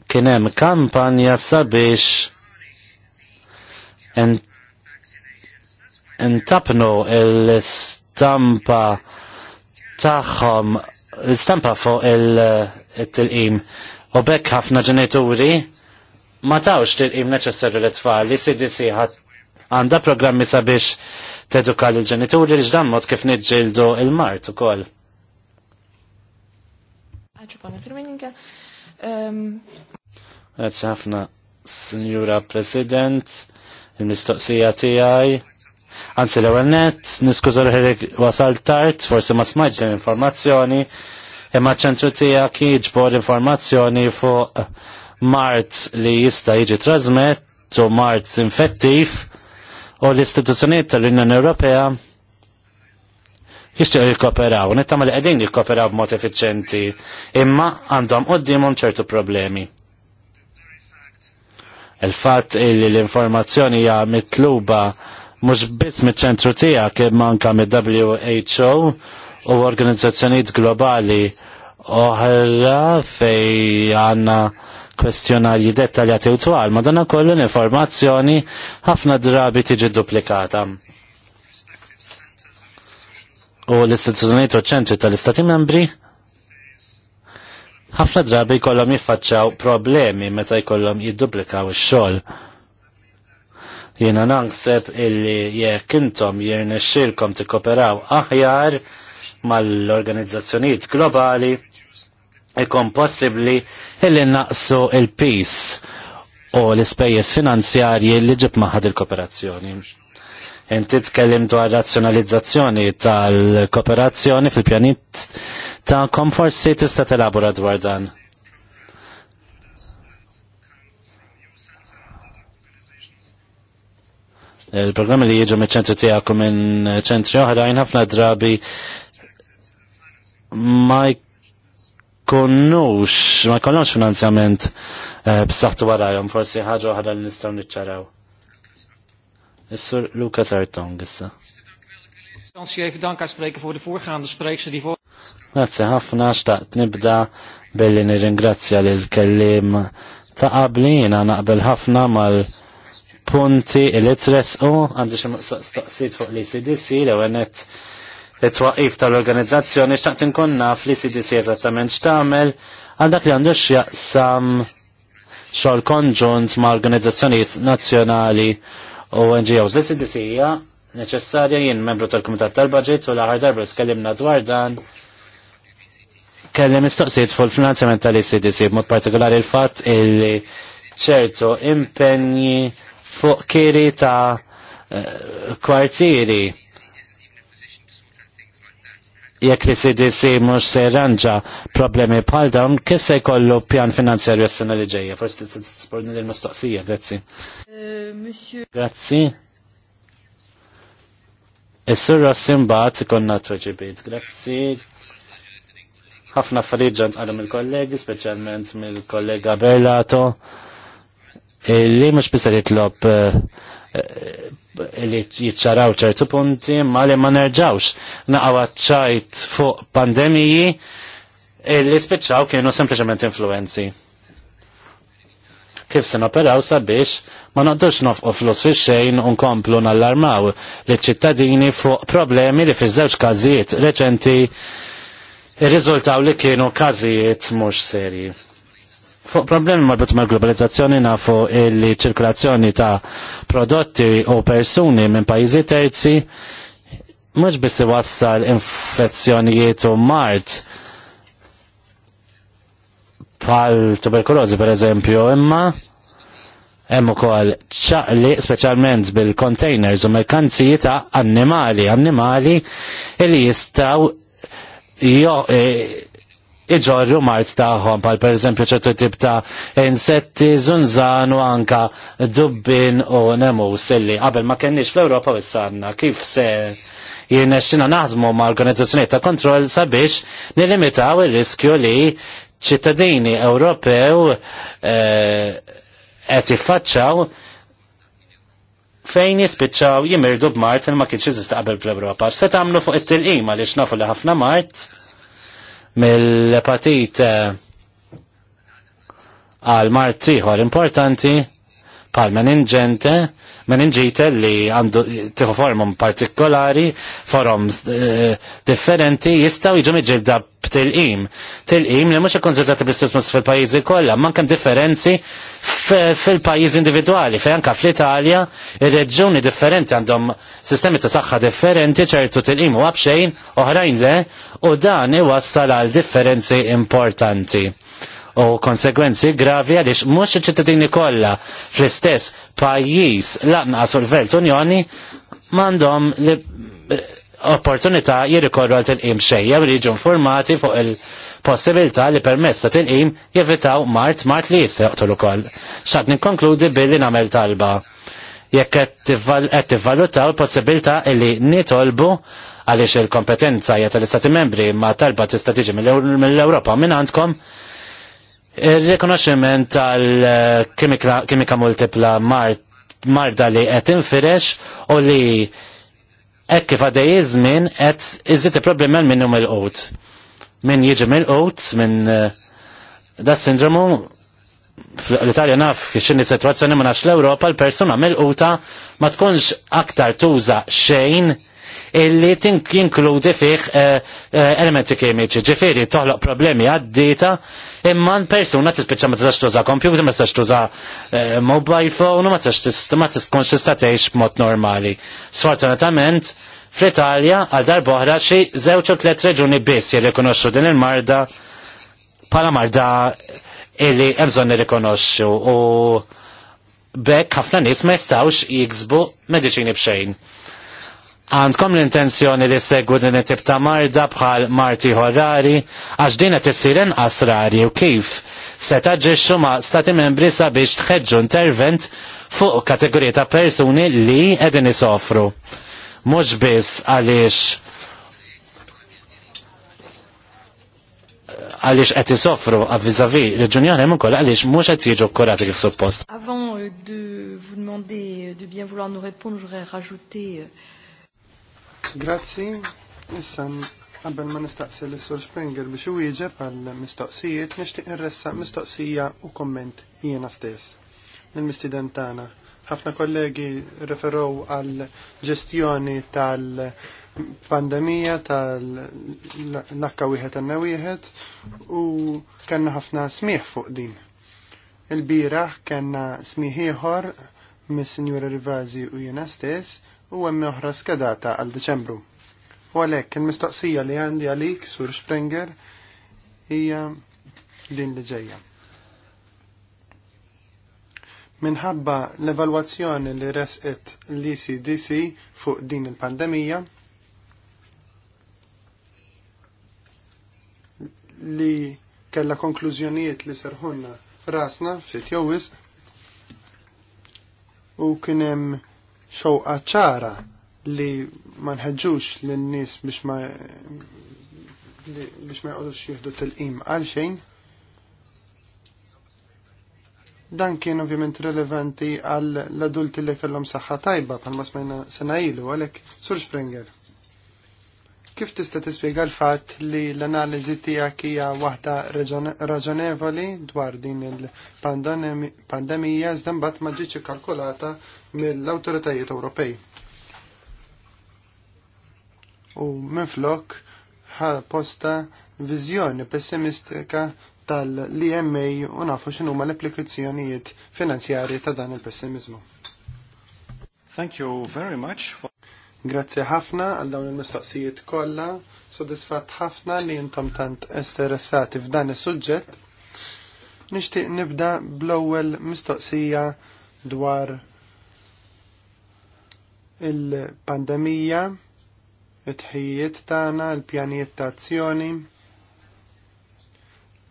kien hemm kampanja sabiex intabnu il-stampa tagħhom l-stampa fuq il-tilqim u bekk ħafna ġenituri ma tawx tilqim neċessarju l-tfal li CDC għanda programmi sabiex teduka l-ġenituri li ġdan mod kif nidġildu il-mart u koll. Ehm, Grazie ħafna, Signora President, il-mistoqsija tijaj Anzi l-ewwel nett, niskuża ruħi wasal tard, forsi ma smajtx l-informazzjoni, imma ċentru tiegħek jiġbor informazzjoni fuq Mart li jista' jiġi trasmett u Mart infettiv u l-istituzzjonijiet tal-Unjoni Ewropea jistgħu jikkoperaw, nittam li qegħdin jikkoperaw b'mod effiċenti imma għandhom qudiemhom ċertu problemi. Il-fatt li l-informazzjoni hija mitluba mhux biss miċ-ċentru tiegħek imma anke mid-WHO u organizzazzjonijiet globali oħra fej għanna kwestjonarji dettaljati u twal, ma dana kollu informazzjoni ħafna drabi tiġi duplikata. U l-istituzzjonijiet u ċentri tal-Istati membri ħafna drabi kollom jiffaċċaw problemi meta jkollhom jidduplikaw ix-xogħol. Jena naħseb illi jekk intom jirnexxilkom tikkoperaw aħjar mal organizzazzjoniet globali ikon possibli illi naqsu il peace u l-ispejjeż finanzjarji li ġib maħad il-kooperazzjoni. Inti tkellim dwar razzjonalizzazzjoni tal-kooperazzjoni fil-pjanit ta' komforsi tista' telabora dwar dan. Il-programmi li jieġu me ċentri tijaku minn ċentri oħrajn ħafna drabi ma jkunux, ma jkunux finanzjament eh, b'saħħtu warajhom, forsi ħaġa oħra li nistaw nitċaraw. Is-sur Lukas Artong issa. Grazie ħafna xtaqt nibda billi nirringrazzja l kellim ta' qabli naqbel ħafna mal- punti li u, għandu xi mistoqsijiet fuq l-ICDC li għenet it-twaqif tal-organizzazzjoni xtaqt inkun naf l-ICDC eżattament x'tagħmel għal dak li għandux jaqsam xogħol konġunt ma' organizzazzjonijiet nazzjonali u NGOs. L-ICDC e hija neċessarja jien membru tal-Kumitat tal-Budget u l-aħħar darba tkellimna dwar dan kellem mistoqsijiet fuq il-finanzjament tal-ICDC b'mod partikolari l-fatt illi ċertu impenji fuq kiri ta' eh, kwartieri. Jek li CDC mux se ranġa problemi pal dawn, kif se kollu pjan finanzjarju s-sena li ġeja? Forse li s-sporni li l-mustoqsija, grazzi. Eh, grazzi. Is-sur Bat, mbagħad t tweġibiet. Grazzi. Ħafna affarijiet ġan tqalhom il-kollegi, specialment mill-kollega Berlato Eh, li mhux bisa eh, eh, li jitlob li jitxaraw ċertu punti ma li ma nerġawx naqgħu ċajt fuq pandemiji li spiċċaw kienu sempliċement influenzi. Kif se operaw sabiex ma naqdux nofqu flus fi xejn unkomplu nallarmaw li ċittadini fuq problemi li fi żewġ każijiet reċenti irriżultaw li kienu każijiet mhux serji problemi marbut mal globalizzazzjoni nafu il-ċirkulazzjoni ta' prodotti u persuni minn pajjiżi terzi mhux biss wassal infezzjonijiet u mart tuberkulozi per pereżempju, imma hemm ukoll ċaqli speċjalment bil-containers u merkanziji ta' annimali, annimali li jistgħu jo, eh, iġorru mart taħħom, pal per eżempju ċertu tip ta' insetti, zunzan u anka dubbin u Nemu silli qabel ma kenniex fl-Europa u s-sanna, kif se jirnexxina naħdmu ma' organizzazzjoniet ta' kontrol sabiex nilimitaw il-riskju li ċittadini Ewropew eh, qed jiffaċċaw fejn jispiċċaw jimirdu b'Mart il ma kienx jiżista qabel fl-Ewropa. Se tagħmlu fuq it tilqima għaliex nafu li ħafna Mart mill-epatit eh, għal mart importanti pal meningente, meningite li għandu tiħu formum partikolari, forum eh, differenti, jistaw iġu miġilda b'tilqim. im Til-im li mux ikkonsultati bl-istess fil-pajizi kollha, mankan differenzi fil-pajizi individuali, fejn anka fl-Italja, ir-reġuni differenti għandhom sistemi ta' saħħa differenti, ċertu til-im u għabxejn, oħrajn le, u dan iwassal għal differenzi importanti u konsekwenzi gravi għaliex mhux iċ-ċittadini kollha fl-istess pajjiż lanqas u l-Velt Unjoni m'għandhom li eh, opportunità jirrikorru għal tilqim xejja u jiġu informati fuq il-possibilità li permessa ta' tilqim jevitaw mart mart li jistaqtlu ukoll. Xad ninkonkludi billi nagħmel talba. Jekk qed tivvalutaw il-possibilità li nitolbu għaliex il-kompetenza hija tal-Istati Membri ma talba tista' tiġi mill-Ewropa minn għandkom Il-rekonoximent tal-kimika multipla marda li qed infirex u li hekk kif għaddej iż-żmien qed iżid problemi għal minnhom il-qut. Min jiġi mill-qut minn eh, da sindromu l-Italja naf x'inhi situazzjoni ma nafx l-Ewropa l-persuna mill-quta ma tkunx aktar tuża xejn illi tinkludi fih eh, eh, elementi kemiċi. Ġifieri toħloq problemi għad-dita imma persuna tispiċċa ma t-saċtu tuża kompjuter, ma t-saċtu tuża eh, mobile phone, ma tistax ma t tista' tgħix b'mod normali. Sfortunatament, fl-Italja għal darboħra xi żewġ u tliet reġuni biss jirrikonoxxu din il-marda bħala marda illi hemm li u bekk ħafna nies ma jistgħux jiksbu mediċini b'xejn għandkom l-intenzjoni li segwu din it-tip ta' marda bħal marti horari għax din qed issiren asrari u kif se taġġixxu ma' stati membri sabiex tħeġġu intervent fuq kategorija ta' persuni li qegħdin isofru. Mhux biss għaliex għaliex qed isofru avviżavi reġunjoni hemm ukoll għaliex mhux qed jiġu kkurati kif suppost. Avant de vous demander de bien vouloir nous répondre, j'aurais rajouté euh, Grazzi, issa qabel ma nistaqsi l-Sur Springer biex uwieġeb għal mistoqsijiet nixtieq irressa mistoqsija u komment jiena stess Nil-mistidentana. tagħna. Ħafna kollegi referow għal ġestjoni tal- pandemija tal-lakka wieħed għanna wieħed u kanna ħafna smieħ fuq din. Il-biraħ kanna smieħ ieħor mis-Sinjura Rivazi u jena stess u hemm oħra skedata għal Deċembru. U għalhekk il-mistoqsija li għandi għalik sur Sprenger hija din li ġejja. Minħabba l-evalwazzjoni li resqet l-ECDC fuq din il-pandemija, li kella konklużjonijiet li serħunna rasna fit jowis u kienem xoqa ċara li ma nħeġġux lin-nies biex ma biex ma jqogħdux jieħdu tilqim għal Dan kien ovvjament rilevanti għal l-adulti li kellhom saħħa tajba bħalma smajna sena ilu għalhekk Sur Springer. Kif tista' tispjega l-fatt li l-analiżi tiegħek hija waħda raġonevoli dwar din il-pandemija iżda mbagħad ma ġietx ikkalkulata mill-awtoritajiet Ewropej. U minflok ħa posta viżjoni pessimistika tal ima u nafu x'inhu ma l-applikazzjonijiet finanzjarji ta' dan il-pessimizmu. Thank you very much. For... Grazzi ħafna għal dawn il-mistoqsijiet kollha, sodisfatt ħafna li intom tant esteressati f'dan is-suġġett. Nixtieq nibda bl-ewwel mistoqsija dwar il-pandemija, it-ħijiet tagħna, il-pjanijiet ta' azzjoni.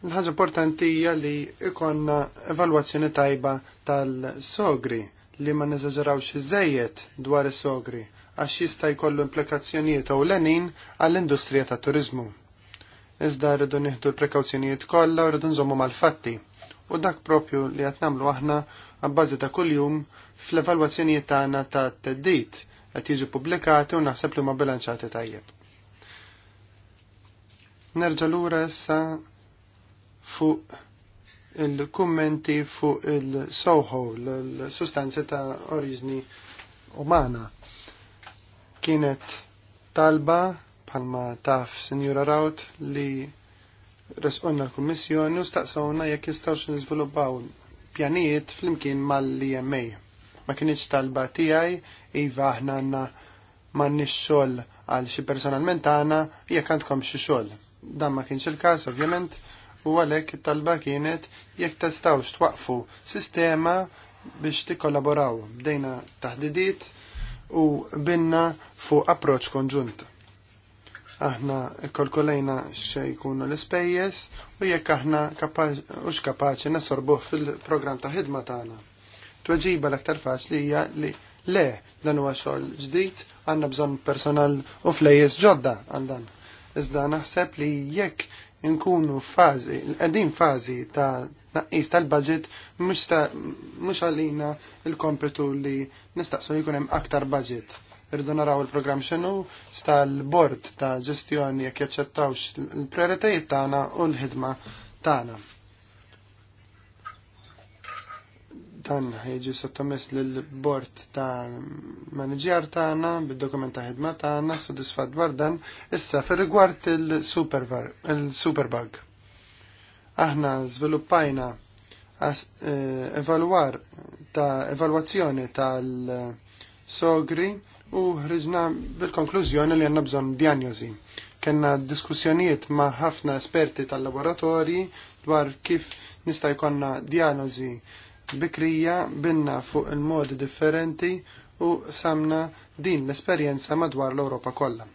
L-ħaġa importanti hija li ikonna evalwazzjoni tajba tal-sogri li ma neżaġerawx iżejjed dwar is-sogri għax jista' jkollu implikazzjonijiet ewlenin għall-industrija ta' turizmu. Iżda rridu nieħdu l-prekawzjonijiet kollha u rridu nżommu mal-fatti. U dak propju li qed nagħmlu aħna għabbażi ta' kuljum fl-evalwazzjonijiet tagħna ta' teddit qed jiġu pubblikati u naħseb li huma bilanċati tajjeb. Nerġa' lura issa fuq il-kummenti fuq il-soħo, l-sustanzi ta' oriġni umana. Kienet talba bħalma taf Sinjura Raut li resqonna l-Kummissjoni u staqsawna jekk jistgħux niżviluppaw pjanijiet flimkien mal-EMA ma kienx talba tiegħi, iva aħna għandna m'għandniex xogħol għal xi personalment għandna jekk għandkom xi xogħol. Dan ma kienx il-każ ovvjament u għalhekk it-talba kienet jekk tistgħux twaqfu sistema biex tikkollaboraw bdejna taħdidiet u binna fuq approċ konġunt. Aħna kolkolejna xej jkunu l-ispejjeż u jekk aħna ux kapaċi nasorbuħ fil-programm ta' ħidma tagħna. Tweġiba l-aktar faċli hija li le dan huwa xogħol ġdid għandna bżonn personal u flejjes ġodda għal dan. Iżda naħseb li jekk inkunu fażi, qegħdin fażi ta' naqis tal-budget mhux għalina l kompetu li nistaqsu jkun hemm aktar budget. Irridu naraw il-programm xenu l bord ta' ġestjoni jekk jaċċettawx il-prioritajiet tagħna u l-ħidma tagħna. dan ħieġi sottomess l-bord ta' manager tagħna bid-dokument ta' ħidma tagħna sodisfat dwar dan issa fir rigward il-superbug. Aħna żviluppajna eh, evalwar ta' evalwazzjoni tal-sogri u ħriġna bil-konklużjoni li għandna bżonn diagnosi. Kenna diskussjonijiet ma' ħafna esperti tal-laboratorji dwar kif nista' jkollna diagnosi bikrija binna fuq il-modi differenti u samna din l-esperjenza madwar l-Europa kollha.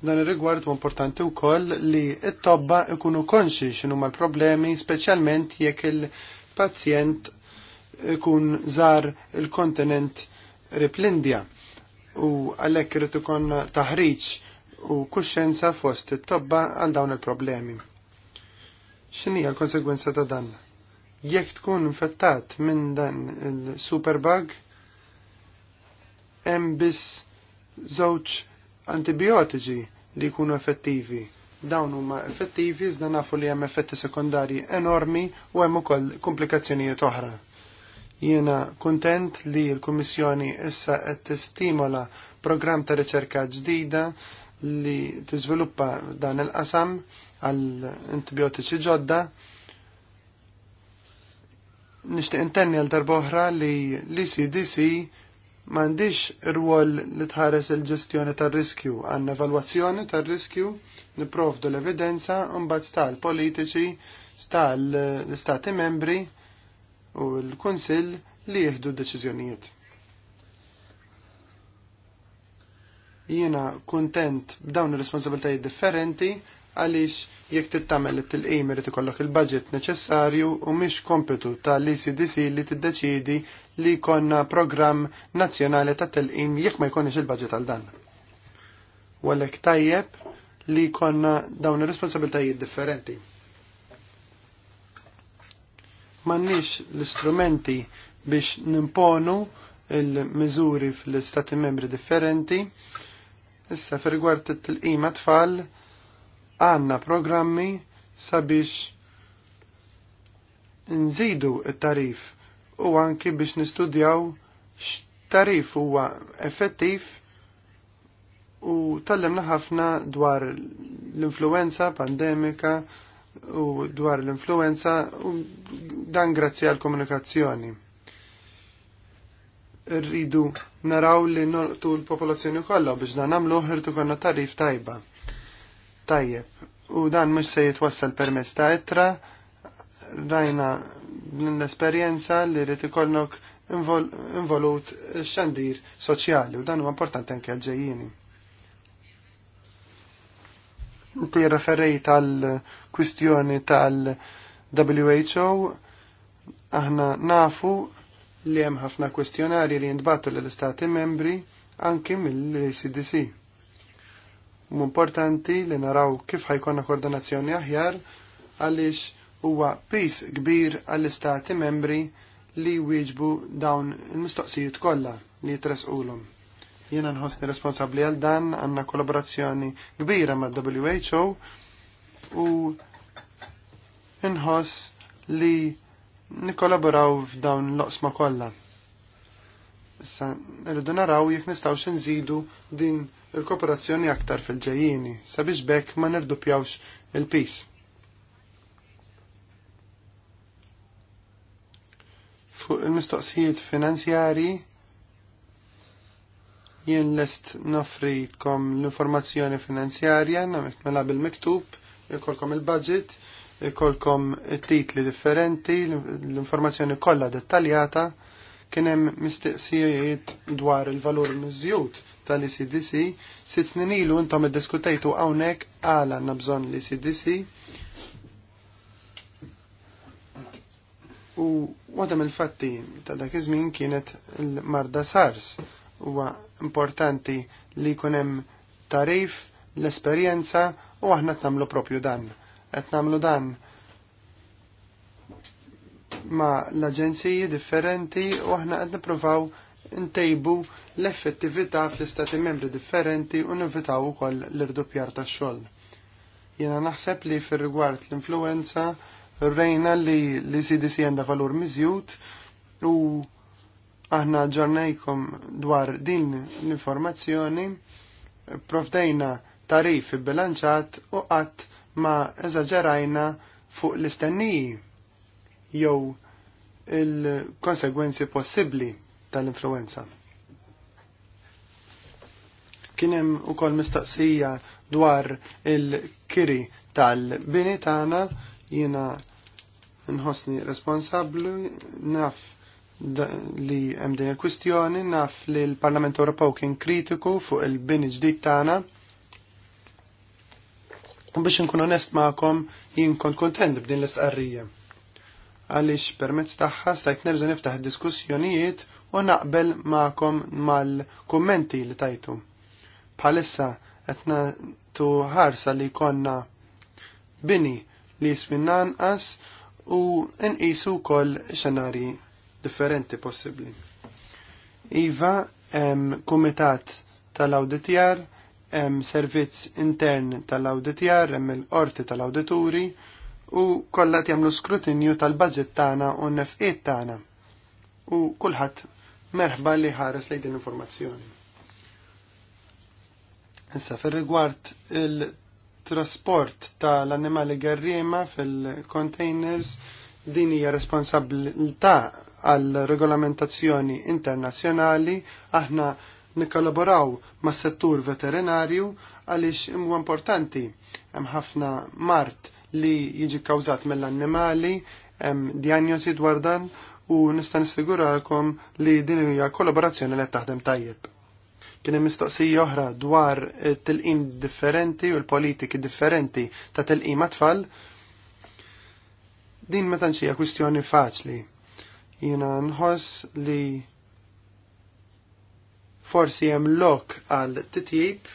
Dan ir-rigward u importanti wkoll li t-tobba ikunu konxi x'inhu mal-problemi speċjalment jekk il-pazjent ikun żar il-kontinent rib l-Indja u għalhekk irid ikun taħriġ u kuxenza fost it-tobba għal dawn il-problemi. X'inhi l-konsegwenza ta' dan? Jekk tkun infettat minn dan il-superbug, hemm biss żewġ antibiotiċi li jkunu effettivi. Dawn huma effettivi iżda nafu li hemm effetti sekondarji enormi u hemm ukoll komplikazzjonijiet oħra. Jiena kuntent li l-Kummissjoni issa qed tistimola programm ta' riċerka ġdida li tiżviluppa dan il-qasam għal antibiotiċi ġodda nishtiq intenni għal darboħra li l-ECDC mandiċ rwol li tħares il-ġestjoni tar riskju għanna evalwazzjoni tar riskju niprofdu l-evidenza mbagħad sta stal politiċi stal l-istati membri u l-Kunsill li jieħdu deċiżjonijiet. Jiena kuntent b'dawn ir-responsabiltajiet differenti għaliex jekk tittamel it-tilqim irid ikollok il-budget neċessarju u mhix kompetu tal-ECDC li tiddeċiedi li jkollna programm nazzjonali ta' tilqim jekk ma jkunx il-budget għal dan. U għalhekk tajjeb li jkollna dawn ir-responsabiltajiet differenti. M'għandniex l-istrumenti biex nimponu il-miżuri fl istati membri differenti. Issa fir rigward it-tilqima tfal għanna programmi sabiex nżidu it-tarif u anki biex nistudjaw x-tarif huwa effettiv u tallemna ħafna dwar l-influenza pandemika u dwar l-influenza u dan grazzi għal komunikazzjoni. Rridu naraw li nortu l-popolazzjoni kollha biex dan nagħmlu ħirtu konna tarif tajba tajjeb. U dan mhux se jitwassal permezz ta' etra, rajna l-esperjenza li rrit ikollok involut xandir soċjali u dan huwa importanti anke għal Ti Inti referejt kwistjoni tal-WHO, aħna nafu li hemm ħafna kwestjonari li jindbattu lill istati membri anki mill-CDC importanti li naraw kif ħajkonna koordinazzjoni aħjar għaliex huwa pis kbir għall-istati membri li wieġbu dawn il-mistoqsijiet kollha li jitresqulhom. Jiena nħossni responsabbli għal dan għandna kollaborazzjoni kbira mad WHO u nħoss li nikkollaboraw f'dawn l-oqsma kollha. Issa rridu naraw jekk nistgħux nżidu din il-kooperazzjoni aktar fil-ġejjini sabiex bekk ma nirdupjawx il-pis. Fuq il-mistoqsijiet finanzjari jien lest kom l-informazzjoni finanzjarja nagħmel mela bil-miktub, ikolkom il-budget, ikolkom titli differenti, l-informazzjoni kollha dettaljata kien hemm mistiqsijiet dwar il-valur miżjud tal cdc sitt snin ilu intom id-diskutejtu għawnek għala nabżon l cdc U għadam il-fatti ta' dak iż-żmien kienet l-marda SARS. Huwa importanti li kunem tarif, l-esperjenza u aħna t-namlu propju dan. Qed namlu dan ma l-aġenziji differenti u aħna qed nippruvaw ntejbu l-effettività fl-istati membri differenti u nivitaw ukoll l-irdupjar tax-xogħol. Jiena naħseb li fir-rigward l-influenza rrejna li l-CDC għandha valur miżjud u aħna ġornejkom dwar din l-informazzjoni provdejna tarif bilanċat u qatt ma eżaġerajna fuq l-istenniji jew il-konsegwenzi possibbli tal-influenza. Kienem u kol mistaqsija dwar il-kiri tal-bini tagħna jiena nħossni responsabbli naf li hemm din il-kwistjoni, naf li l-Parlament Ewropew kien kritiku fuq il-bini ġdid tagħna. U biex nkun onest ma'kom, jien kon kontent b'din l-istqarrija għalix permezz taħħa stajt nerġa' niftaħ diskussjonijiet u naqbel ma'kom mal-kummenti li tajtu. Bħalissa qed nagħtu ħarsa li konna bini li jismin as u nqisu wkoll xenari differenti possibbli. Iva em kumitat tal-awditjar, em servizz intern tal-awditjar, em il-qorti tal-awdituri u kollha jagħmlu skrutinju tal-budget tagħna u n-nefqiet tagħna. U kulħadd merħba li ħares lejn din informazzjoni. Issa fir-rigward il-trasport tal-annimali gerriema fil-containers din hija responsabilità għal regolamentazzjoni internazzjonali aħna nikkolaboraw mas settur veterinarju għaliex imu importanti hemm ħafna mart li jiġi kkawżat mill-annimali hemm dwar dan u nista' nissiguralkom li din hija kollaborazzjoni li taħdem tajjeb. Kien hemm mistoqsija oħra dwar tilqim differenti u l-politiki differenti ta' tilqim tfal. Din ma tantx hija kwistjoni faċli. Jiena nħoss li forsi hemm lok għal titjib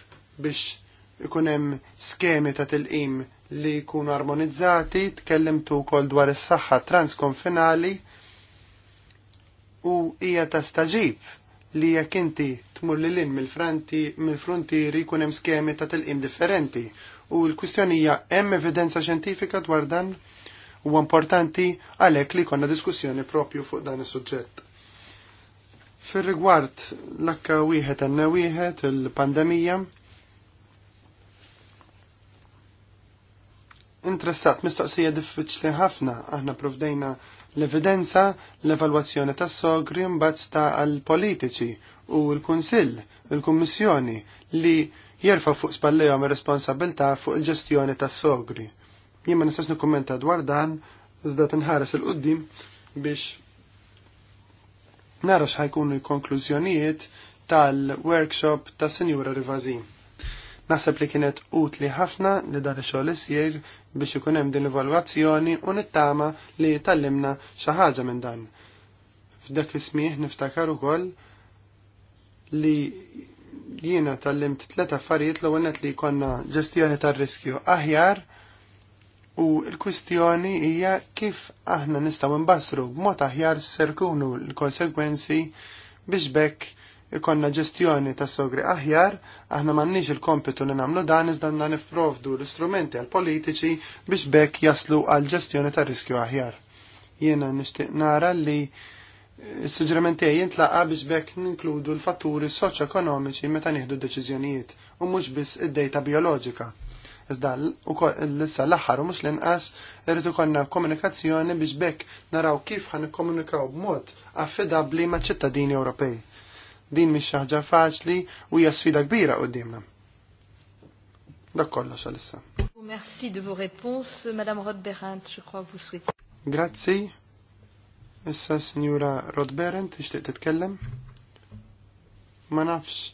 biex ikun hemm skemi ta' tilqim li jkunu armonizzati, tkellimtu wkoll dwar is-saħħa transkonfinali u hija ta' staġib li jekk inti tmur lil lin mill-frontieri jkun hemm skemi ta' tilqim differenti u l-kwistjoni hija hemm evidenza xjentifika dwar dan huwa importanti għalhekk li konna diskussjoni propju fuq dan is-suġġett. Fir-rigward l-akka wieħed għandna wieħed il-pandemija, interessat mistoqsija diffiċli ħafna aħna provdejna l-evidenza, l-evalwazzjoni tas sogri mbagħad ta' għal politiċi u l-Kunsill, il-Kummissjoni li jerfa' fuq spallejhom ir-responsabilità fuq il-ġestjoni tas sogri. Jien ma nistax nikkummenta dwar dan, iżda tinħares il-qudiem biex narax ħajkunu l-konklużjonijiet tal-workshop ta' Senjura Rivazin. Naħseb li kienet utli ħafna li dar xogħol isir biex ikun hemm din l-evalwazzjoni u nittama li tallimna xi ħaġa minn dan. F'dak ismih niftakar ukoll li jiena tallimt tliet affarijiet l ewwel li jkollna ġestjoni tar-riskju aħjar u l-kwistjoni hija kif aħna nistgħu nbassru b'mod aħjar serkunu l-konsegwenzi biex bekk ikonna ġestjoni ta' sogri aħjar, aħna m'għandniex il-kompitu li nagħmlu dan iżda għandna nifprovdu l-istrumenti għal politiċi biex bekk jaslu għal ġestjoni ta' riskju aħjar. Jiena nixtieq nara li s għaj jintlaqa biex bekk ninkludu l-fatturi soċ-ekonomiċi meta nieħdu deċiżjonijiet u mhux biss id-dejta bioloġika. Iżda l-issa l-aħħar u mhux l-inqas irrid ikollna komunikazzjoni biex bekk naraw kif ħan nikkomunikaw b'mod affidabbli maċ-ċittadini Ewropej. Din mhix ħaġa faċli u hija sfida kbira qudiemna. Dak kollox għalissa. Merci de vos réponses, Madame Rodberent, je crois que vous souhaitez. Grazzi. Issa Signora Rodberent, tixtieq titkellem? Ma nafx.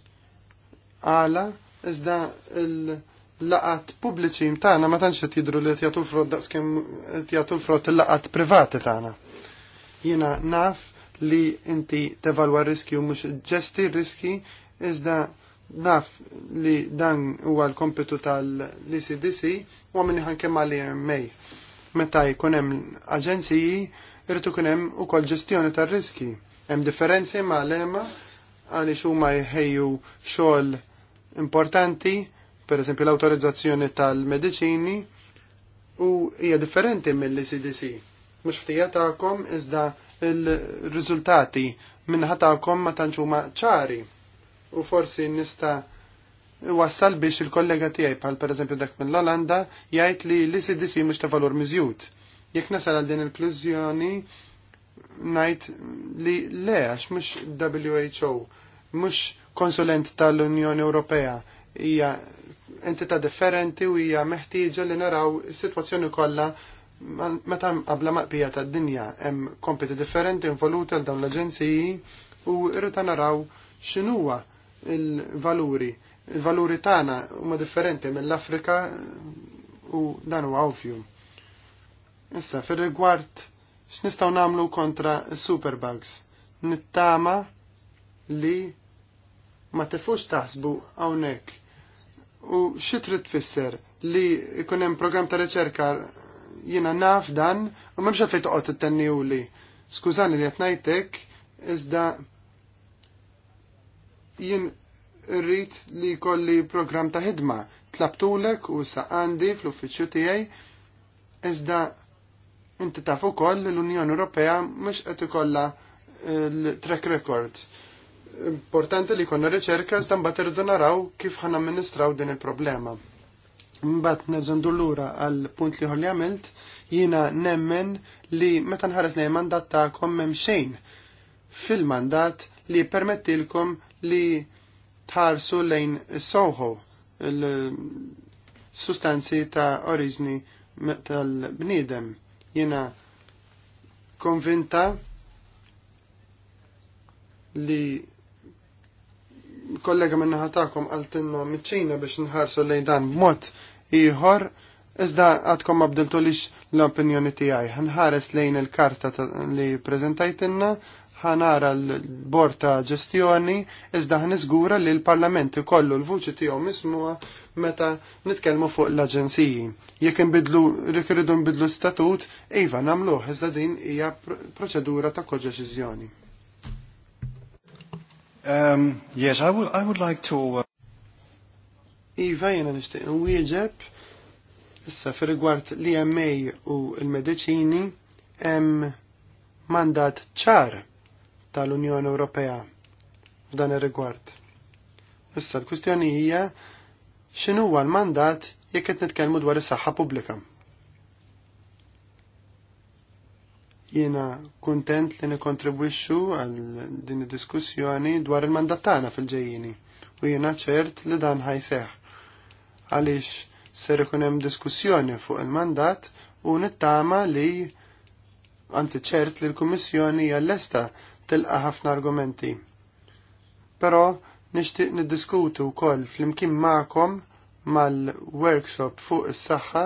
Għala, iżda il- laqat pubbliċi tagħna ma tantx qed jidru li qed jagħtu frott daqskemm qed jagħtu frott il-laqat privati tagħna. Jiena naf li inti tevalwa riski u mux ġesti riski iżda naf li dan huwa l-kompetu tal-ECDC u għamini ħankem għalli e Mej. Meta jkunem aġenziji, irritu kunem u kol ġestjoni tal-riski. Hemm differenzi ma' l-ema għaliex huma jħejju xogħol importanti, per esempio l-autorizzazzjoni tal-medicini, u hija differenti mill ecdc Mhux ftija tagħkom iżda il-riżultati minnħatakom ma tanċuma ċari u forsi nista' wassal biex il-kollega tiegħi bħal pereżempju dak mill-Olanda jgħid li l-ICDC mhux ta' valur miżjud. Jekk nasal għal din il-klużjoni ngħid li le għax mhux WHO, mhux konsulent tal-Unjoni Ewropea hija entità differenti u hija meħtieġa li naraw is-sitwazzjoni kollha meta qabla maqbija tad-dinja hemm kompiti differenti involuti għal dawn l-aġenziji u irrid naraw x'inhuwa il-valuri. Il-valuri tagħna huma differenti mill-Afrika u dan huwa ovvju. Issa fir-rigward x'nistgħu nagħmlu kontra superbugs. Nittama li ma tifux taħsbu hawnhekk. U xi trid tfisser li jkun hemm programm ta' riċerka jiena naf dan u m'hemmx t toqgħod u li. Skużani li qed ngħidlek iżda jien rrid li jkolli program ta' ħidma tlabtulek u saqandi fl-uffiċċju tiegħi iżda inti taf ukoll l-Unjoni Ewropea mhux qed ikollha eh, l-track records. Importanti li jkollna riċerka zdan bat irridu naraw kif ħan amministraw din il-problema. Mbagħad nerġa' lura għal punt li li għamilt jiena nemmen li meta nħares lejn mandat tagħkom m'hemm xejn fil-mandat li permettilkom li tħarsu lejn soho l sustanzi ta' oriġni tal-bniedem. Jiena konvinta li kollega minna ħatakom għaltinna miċċina biex nħarsu lejn dan b'mod Iħor, iżda għadkom ma lix l-opinjoni tiegħi. Ħanħares lejn il-karta li prezentajtinna, ħanara l-bord ta' ġestjoni, iżda ħniżgura li l-Parlament ikollu l-vuċi tiegħu mismuha meta nitkellmu fuq l-aġenziji. Jekk nbidlu, rikridu iridu nbidlu statut, iva nagħmluh iżda din hija proċedura ta' koġeċizjoni. Um, yes, I would, I would like to... Uh, Iva jena nishtiq nwieġeb issa fir rigward l-EMA u l-mediċini hemm mandat ċar tal-Unjoni Ewropea f'dan ir-rigward. Issa l-kwistjoni hija x'inhu huwa l-mandat jekk qed nitkellmu dwar is-saħħa pubblika. Jiena kuntent li nikkontribwixxu għal din id-diskussjoni dwar il-mandat tagħna fil-ġejjini u jiena ċert li dan ħajseħ għaliex ser ikun hemm diskussjoni fuq il-mandat u nittama li anzi ċert li l-Kummissjoni hija lesta tilqa' ħafna argumenti. Però nixtieq niddiskutu wkoll flimkien magħkom mal-workshop fuq is-saħħa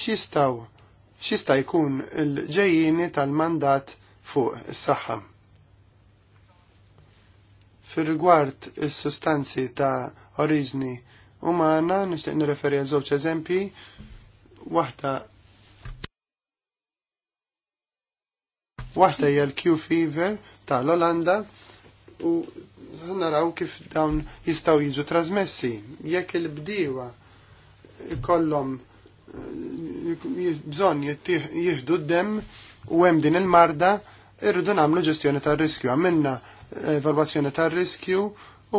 x'jistgħu x'jista' jkun il-ġejjieni tal-mandat fuq is-saħħa fil rigward is-sustanzi ta' oriġni U maħna nishtiq nireferi għal żewġ eżempi, waħda waħda hija l-Q fever tal-Olanda u naraw kif dawn jistaw jiġu trasmessi. Jekk il-bdiewa kollhom eh, bżonn jieħdu d-dem u hemm din il-marda, irridu nagħmlu ġestjoni tar-riskju. Għamilna evalwazzjoni tar-riskju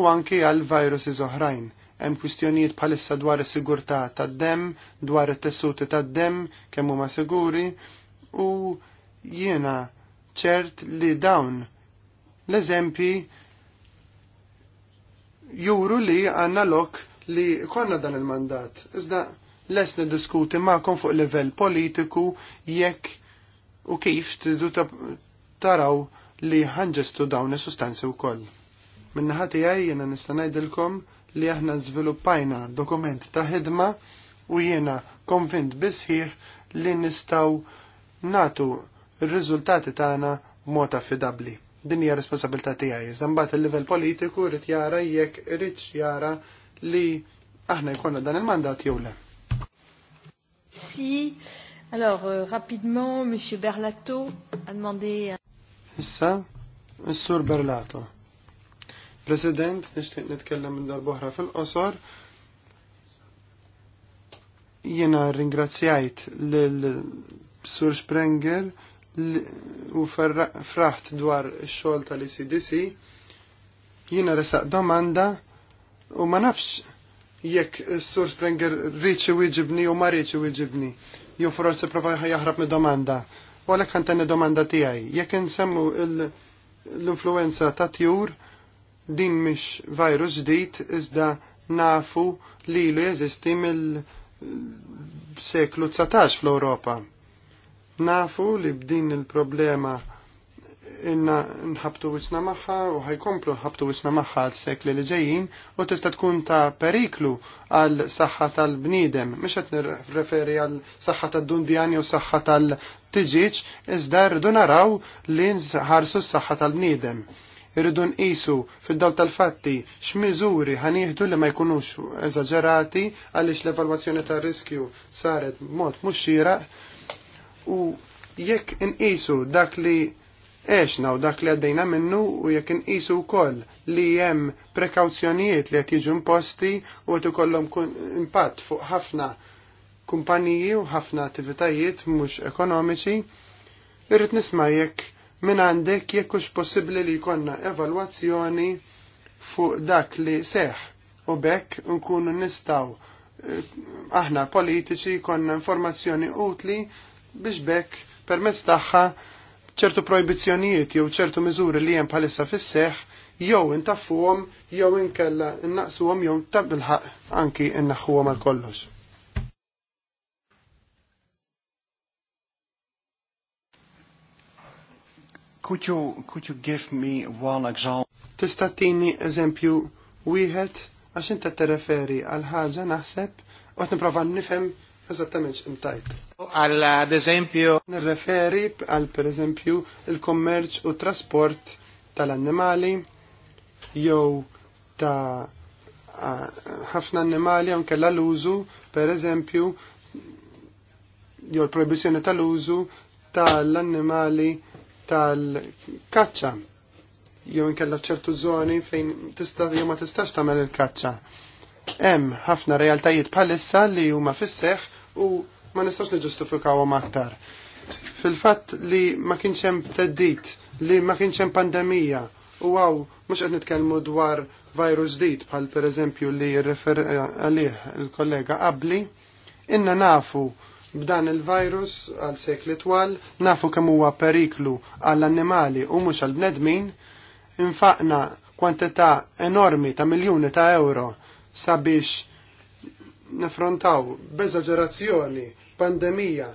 u anki għal viruses oħrajn hemm kwistjonijiet bħalissa dwar is-sigurtà tad demm dwar it-tessuti tad demm kemm huma siguri u jiena ċert li dawn l-eżempji juru li għanna lok li konna dan il-mandat. Iżda lest diskuti ma'kom fuq livell politiku jekk u kif tidu taraw li ħanġestu dawn is-sustanzi wkoll. Minnaħa tiegħi jiena nista' ngħidilkom li aħna żviluppajna dokument ta' ħidma u jiena konvint bisħiħ li nistaw natu r-riżultati tagħna mod affidabbli. Din hija responsabilità tiegħi. Żambat il-livell politiku rrid jara jekk rrid jara li aħna jkollna dan il-mandat jew le. Si, alors euh, rapidement, Monsieur Berlato a demandé. Issa, Sur Berlato President, nixtieq nitkellem minn darbohra fil-qosor. Jiena ringrazzjajt lil Sur Sprenger u fraħt dwar xol tal-ICDC. Jiena resaq domanda u ma nafx jekk Sur Sprenger riċi wieġibni u ma riċi wieġibni. Jew forse prova jaħrab minn domanda. U għalek għantenni domanda tiegħi. Jekk insemmu l-influenza ta' tjur, din mish virus ġdid iżda nafu li lu jeżisti mill-seklu 19 fl-Europa. Nafu li b'din il-problema inna nħabtu wisna maħħa u ħajkomplu nħabtu wisna maħħa għal sekli li ġejjin u tista' tkun ta' periklu għal saħħa tal-bniedem, mhux qed nirreferi għal saħħa tad-dundjani u saħħa tal-tiġiġ, iżda rridu naraw li nħarsu s-saħħa tal-bniedem irridu nqisu fid dawl tal-fatti x'miżuri ħanieħdu li ma jkunux eżaġerati għaliex l-evalwazzjoni tar-riskju saret mod mhux xieraq u jekk inqisu dak li eċna u dak li għaddejna minnu u jekk inqisu wkoll li hemm prekawzjonijiet li qed jiġu imposti u qed ikollhom impatt fuq ħafna kumpaniji u ħafna attivitajiet mhux ekonomiċi, irrid nisma' jekk minn għandek jekk hux possibbli li jkollna evalwazzjoni fuq dak li seħ u bekk nkunu nistaw eh, aħna politiċi konna informazzjoni utli biex bekk permezz tagħha ċertu projbizzjonijiet jew ċertu miżuri li hemm bħalissa fis-seħ jew intaffuhom jew inkella innaqsuhom jew tabilħaq anki innaħħuhom għal kollox. Could you, could you give me one example? Testatini eżempju wieħed għax inta terreferi għal ħaġa naħseb u qed nipprova nifhem eżattament x'intajt. Għal ad eżempju nirreferi għal pereżempju il-kommerċ u trasport tal-annimali jew ta' ħafna annimali anke l-użu, per eżempju, jew l-proibizjoni tal-użu tal-annimali tal-kaċċa jew inkella ċertu żoni fejn tista' jew ma tistax tagħmel il-kaċċa. Hemm ħafna realtajiet bħalissa li huma fis-seħħ u ma nistax niġustifikawhom aktar. Fil-fatt li ma kienx hemm teddit, li ma kienx hemm pandemija u għaw mhux qed nitkellmu dwar virus ġdid bħal pereżempju li jirrefer eh, għalih il-kollega qabli, inna nafu B'dan il-virus għal sekli twal nafu kemm huwa periklu għall-annimali u mhux għall-bnedmin, infaqna kwantità enormi ta' miljuni ta' euro sabiex nefrontaw b'eżaġerazzjoni pandemija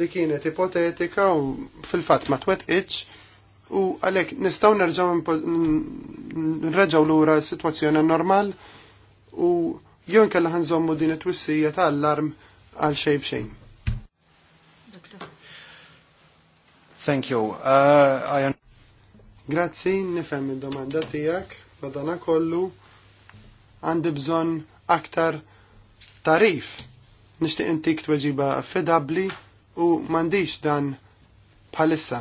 li kienet ipotetika u fil-fatt ma twetqitx u għalhekk nistgħu nerġgħu nreġgħu lura sitwazzjoni normal u jew inkella ħanżommu din it-twissija ta' allarm għal xejn b'xejn. Thank you. Uh, I... Grazzi, nifhem il-domanda tiegħek, madana kollu għandi bżonn aktar tarif. Nixtieq intik tweġiba fedabli u m'għandix dan bħalissa.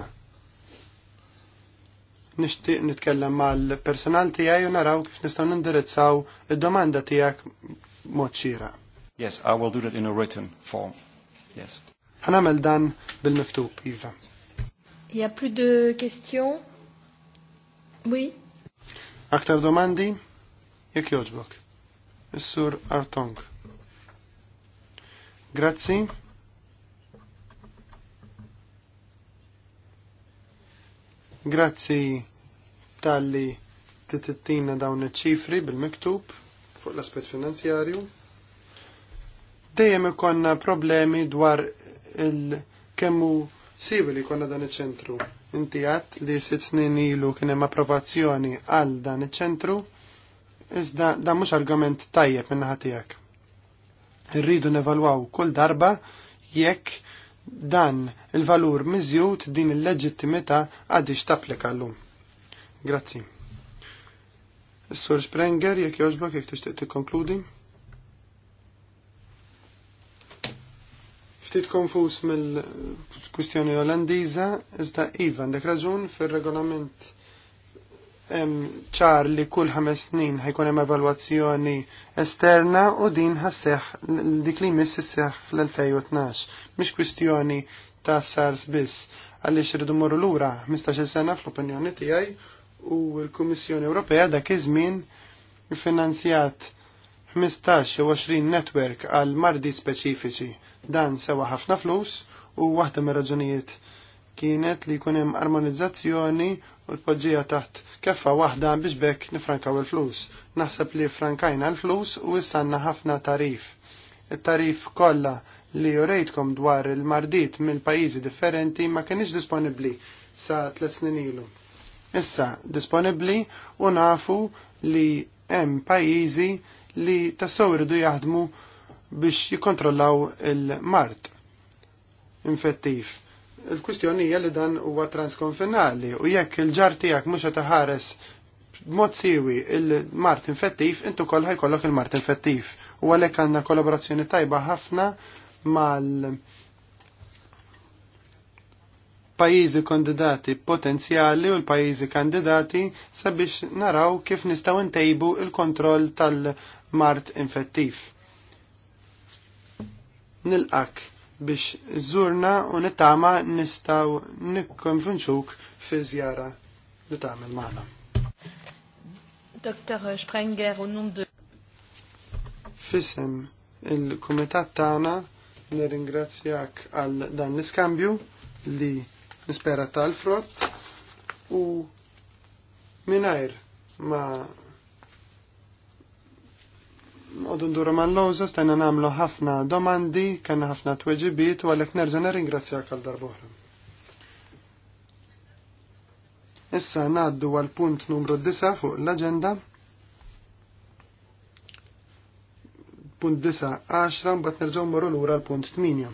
Nixtieq nitkellem mal-personal tiegħi u naraw kif nistgħu nindirizzaw id-domanda tiegħek mod Yes, I will do that in a written form. Yes. Għanamel dan bil-miktub, Iva. Il n'y a plus de questions Oui Aktar domandi? Jek joġbok. Is-sur Artong. Grazzi. Grazzi tal-li titittina dawn iċ-ċifri bil-miktub fuq l-aspet finanzjarju. Dejjem ikonna problemi dwar il-kemmu Sivu li konna dan iċ-ċentru. Inti għat li sitt snin ilu kien hemm approvazzjoni għal dan il ċentru iżda dan mhux argument tajjeb minna ħatijak. tiegħek. Irridu nevalwaw kull darba jekk dan il-valur miżjud din il-leġittimità għadix tapplika llum. Grazzi. sur Sprenger, jekk jogħġbok, jekk tixtieq tikkonkludi? ftit konfus mill-kwistjoni Olandiża, iżda iva għandek raġun fir-regolament ċar li kull ħames snin ħajkun hemm evalwazzjoni esterna u din ħasseħ dik li jmiss isseħ fl-2012. Mhix kwistjoni ta' SARS biss għaliex irridu morru lura 15-il sena fl-opinjoni tiegħi u l-Kummissjoni Ewropea dak iż-żmien finanzjat 15 u 20 netwerk għal mardi speċifiċi Dan sewa ħafna flus u waħda mir raġunijiet kienet li jkun hemm armonizzazzjoni u l-poġġija taħt keffa waħda biex bekk nifrankaw il-flus. Naħseb li frankajna l-flus u issanna ħafna tarif. it tarif kollha li jurejtkom dwar il-mardit mill-pajjiżi differenti ma kienx disponibbli sa tliet snin ilu. Issa disponibbli u nafu li hemm pajjiżi li tassew irdu jaħdmu biex jikontrollaw il-mart infettiv. Il-kwistjoni hija li dan huwa transkonfinali u jekk il-ġar tiegħek mhux qed iħares mod siwi il-mart infettiv, intu kol ħajkollok il-mart infettiv. U għalhekk għandna kollaborazzjoni tajba ħafna mal pajizi kandidati potenzjali u l-pajizi kandidati sabiex naraw kif nistaw ntejbu il-kontroll tal-mart infettiv nilqak biex żurna u nittama nistaw nikkonfunxuk fi żjara li tagħmel magħna. Dr. Sprenger u num de Fisem il-kumitat tagħna nirringrazzjak għal dan l-iskambju li nispera tal-frott u minajr ma għodun duru man lowza stajna namlu ħafna domandi, kanna ħafna tweġibiet u għalek nerġa neringrazzjak għal darbohra. Issa naddu għal punt numru 9 fuq l-agenda. Punt 9 10 mbagħad nerġgħu l lura l punt 8.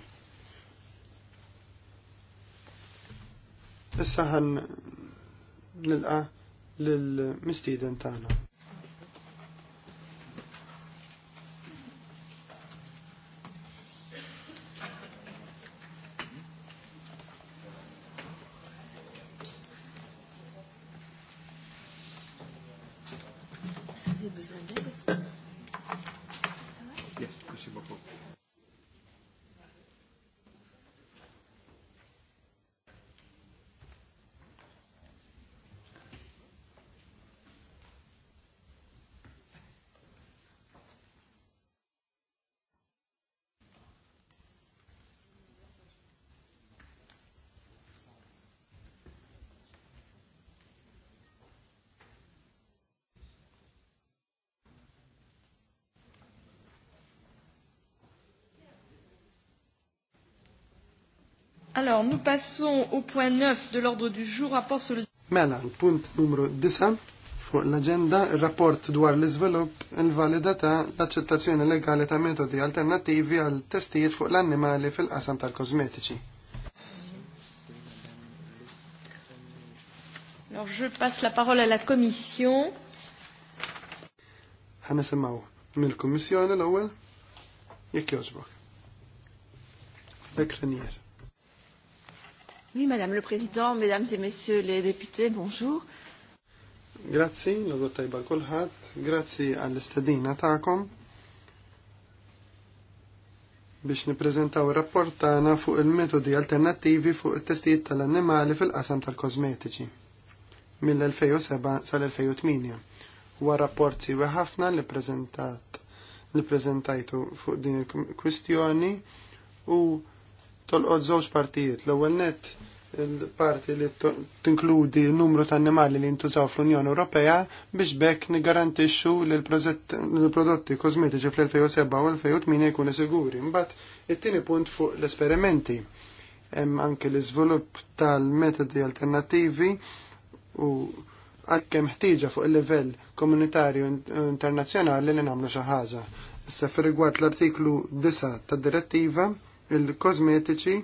Issa ħan nilqa' lill-mistieden tagħna. Alors, nous passons au point 9 de l'ordre du jour, rapport sur le... Mela, punt numru 9 fuq l-agenda il-rapport dwar l-izvilupp il-valida ta' l-accettazzjoni legali ta' metodi alternativi għal testijiet fuq l-annimali fil-qasam tal-kosmetiċi. Alors, je passe la parole à la Commission. Ħanisimaw mill-Kummissjoni l-ewwel jekk jogħġbok. Bekrenier. Oui, Madame le Président, Mesdames et Messieurs les députés, bonjour. Grazzi, l-għodu tajba kullħat, Grazie għall-istadina ta'kom biex niprezentaw rapport tagħna fuq il-metodi alternattivi fuq it-testijiet tal-annimali fil-qasam tal-kosmetiċi mill-2007 sal-2008. Huwa rapport siwi ħafna li prezentat li prezentajtu fuq din il-kwistjoni u tolqod żewġ partijiet. L-ewwel nett il-parti li tinkludi n-numru ta' annimali li jintużaw fl-Unjoni Ewropea biex bekk nigarantixxu li l-prodotti kosmetiċi fl-2007 u l-2008 jkunu siguri. Mbagħad it-tieni punt fuq l-esperimenti. Hemm anke l-iżvilupp tal-metodi alternattivi u għalkemm ħtieġa fuq il-livell komunitarju internazzjonali li nagħmlu xi ħaġa. Issa fir rigward l-artiklu 9 tad-direttiva il-kosmetiċi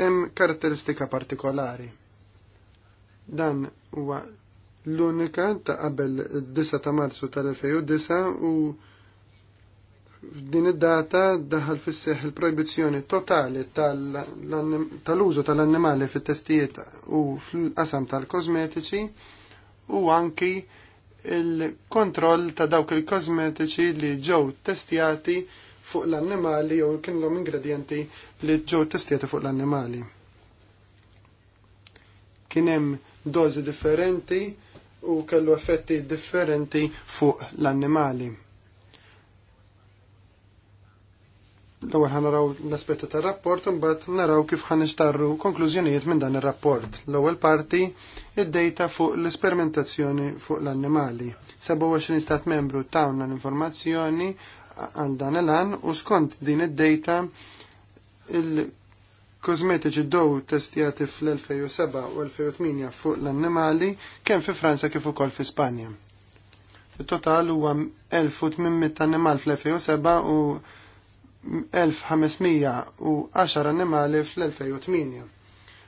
hemm karatteristika partikolari. Dan huwa l-unika ta' qabel id-9 ta' Marzu tal-2009 u f'din id-data daħal fis-seħ il-proibizzjoni totali tal-użu tal-annimali fit-testijiet u fl-qasam tal-kosmetiċi u anki il-kontroll ta' dawk il-kosmetiċi li ġew testjati fuq l-annimali jew kienhom ingredienti li ġew testjati fuq l-annimali. Kien hemm dozi differenti u kellu effetti differenti fuq l-annimali. L-ewwel ħan naraw l-aspetti tar-rapport u mbagħad naraw kif ħan nixtarru konklużjonijiet minn dan ir-rapport. L-ewwel parti id-dejta fuq l-esperimentazzjoni fuq l-annimali. 27 stat membru tawna l-informazzjoni għandan an u skont din id-data il-kosmetiċi dow testijati fl-2007 u 2008 fuq l-annimali kemm fi Franza kif ukoll fi Spanja. Il-total huwa 1800 annimal fl-2007 u 1510 annimali fl-2008.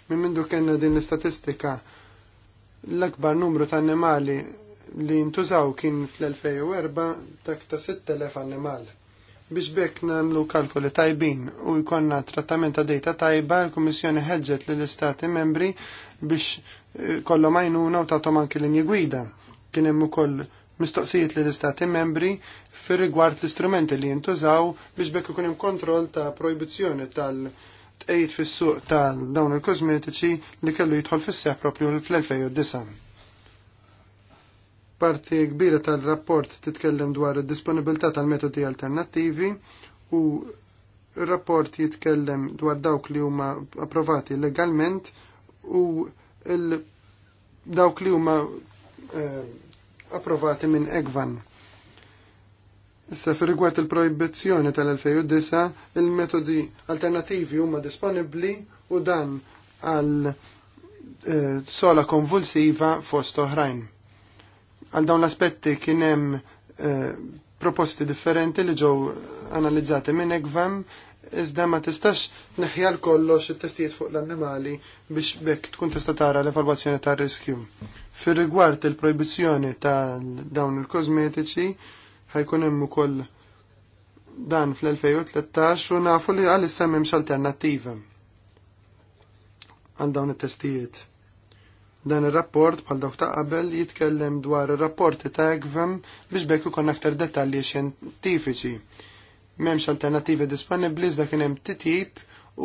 Minn mindu kien din l-istatistika l-akbar numru ta' annimali li ntużaw kien fl-2004 dak ta' 6000 annimal. Biex bekk nagħmlu kalkoli tajbin u jkollna trattament ta' dejta tajba, l-Kummissjoni ħeġġet lill istati membri biex eh, kollu għajnuna u tagħhom anki linji gwida. Kien hemm ukoll mistoqsijiet lill istati membri fir rigward l-istrumenti li jintużaw biex bekk ikun hemm kontroll ta' proibizzjoni tal- tqejt fis-suq tal dawn il-kosmetiċi li kellu jidħol fis-seħ propju fl-2009. Parti kbira tal-rapport titkellem dwar id-disponibilità tal-metodi alternattivi u rapport jitkellem dwar dawk li huma approvati legalment u dawk li huma eh, approvati minn Egvan. Issa fi rigward il-proibizzjoni tal-2009, il-metodi alternativi huma disponibbli u dan għal eh, sola konvulsiva fost oħrajn. Għal dawn l-aspetti kien hemm eh, proposti differenti li ġew analizzati minn ekvam iżda ma tistax neħjar kollox it-testijiet fuq l-annimali biex bekk tkun tista' tara l-evalwazzjoni ta' riskju. Fir rigward il-projbizzjoni ta' dawn il-kosmetiċi ħajkun hemm ukoll dan fl-2013 u nafu li għal issa m'hemmx alternattiva għal dawn it-testijiet Dan ir-rapport bħal dawk ta' qabel jitkellem dwar ir-rapporti ta' EGVEM biex bekku kon aktar dettalji xjentifiċi. M'hemmx alternattivi disponibbli iżda kien hemm titjib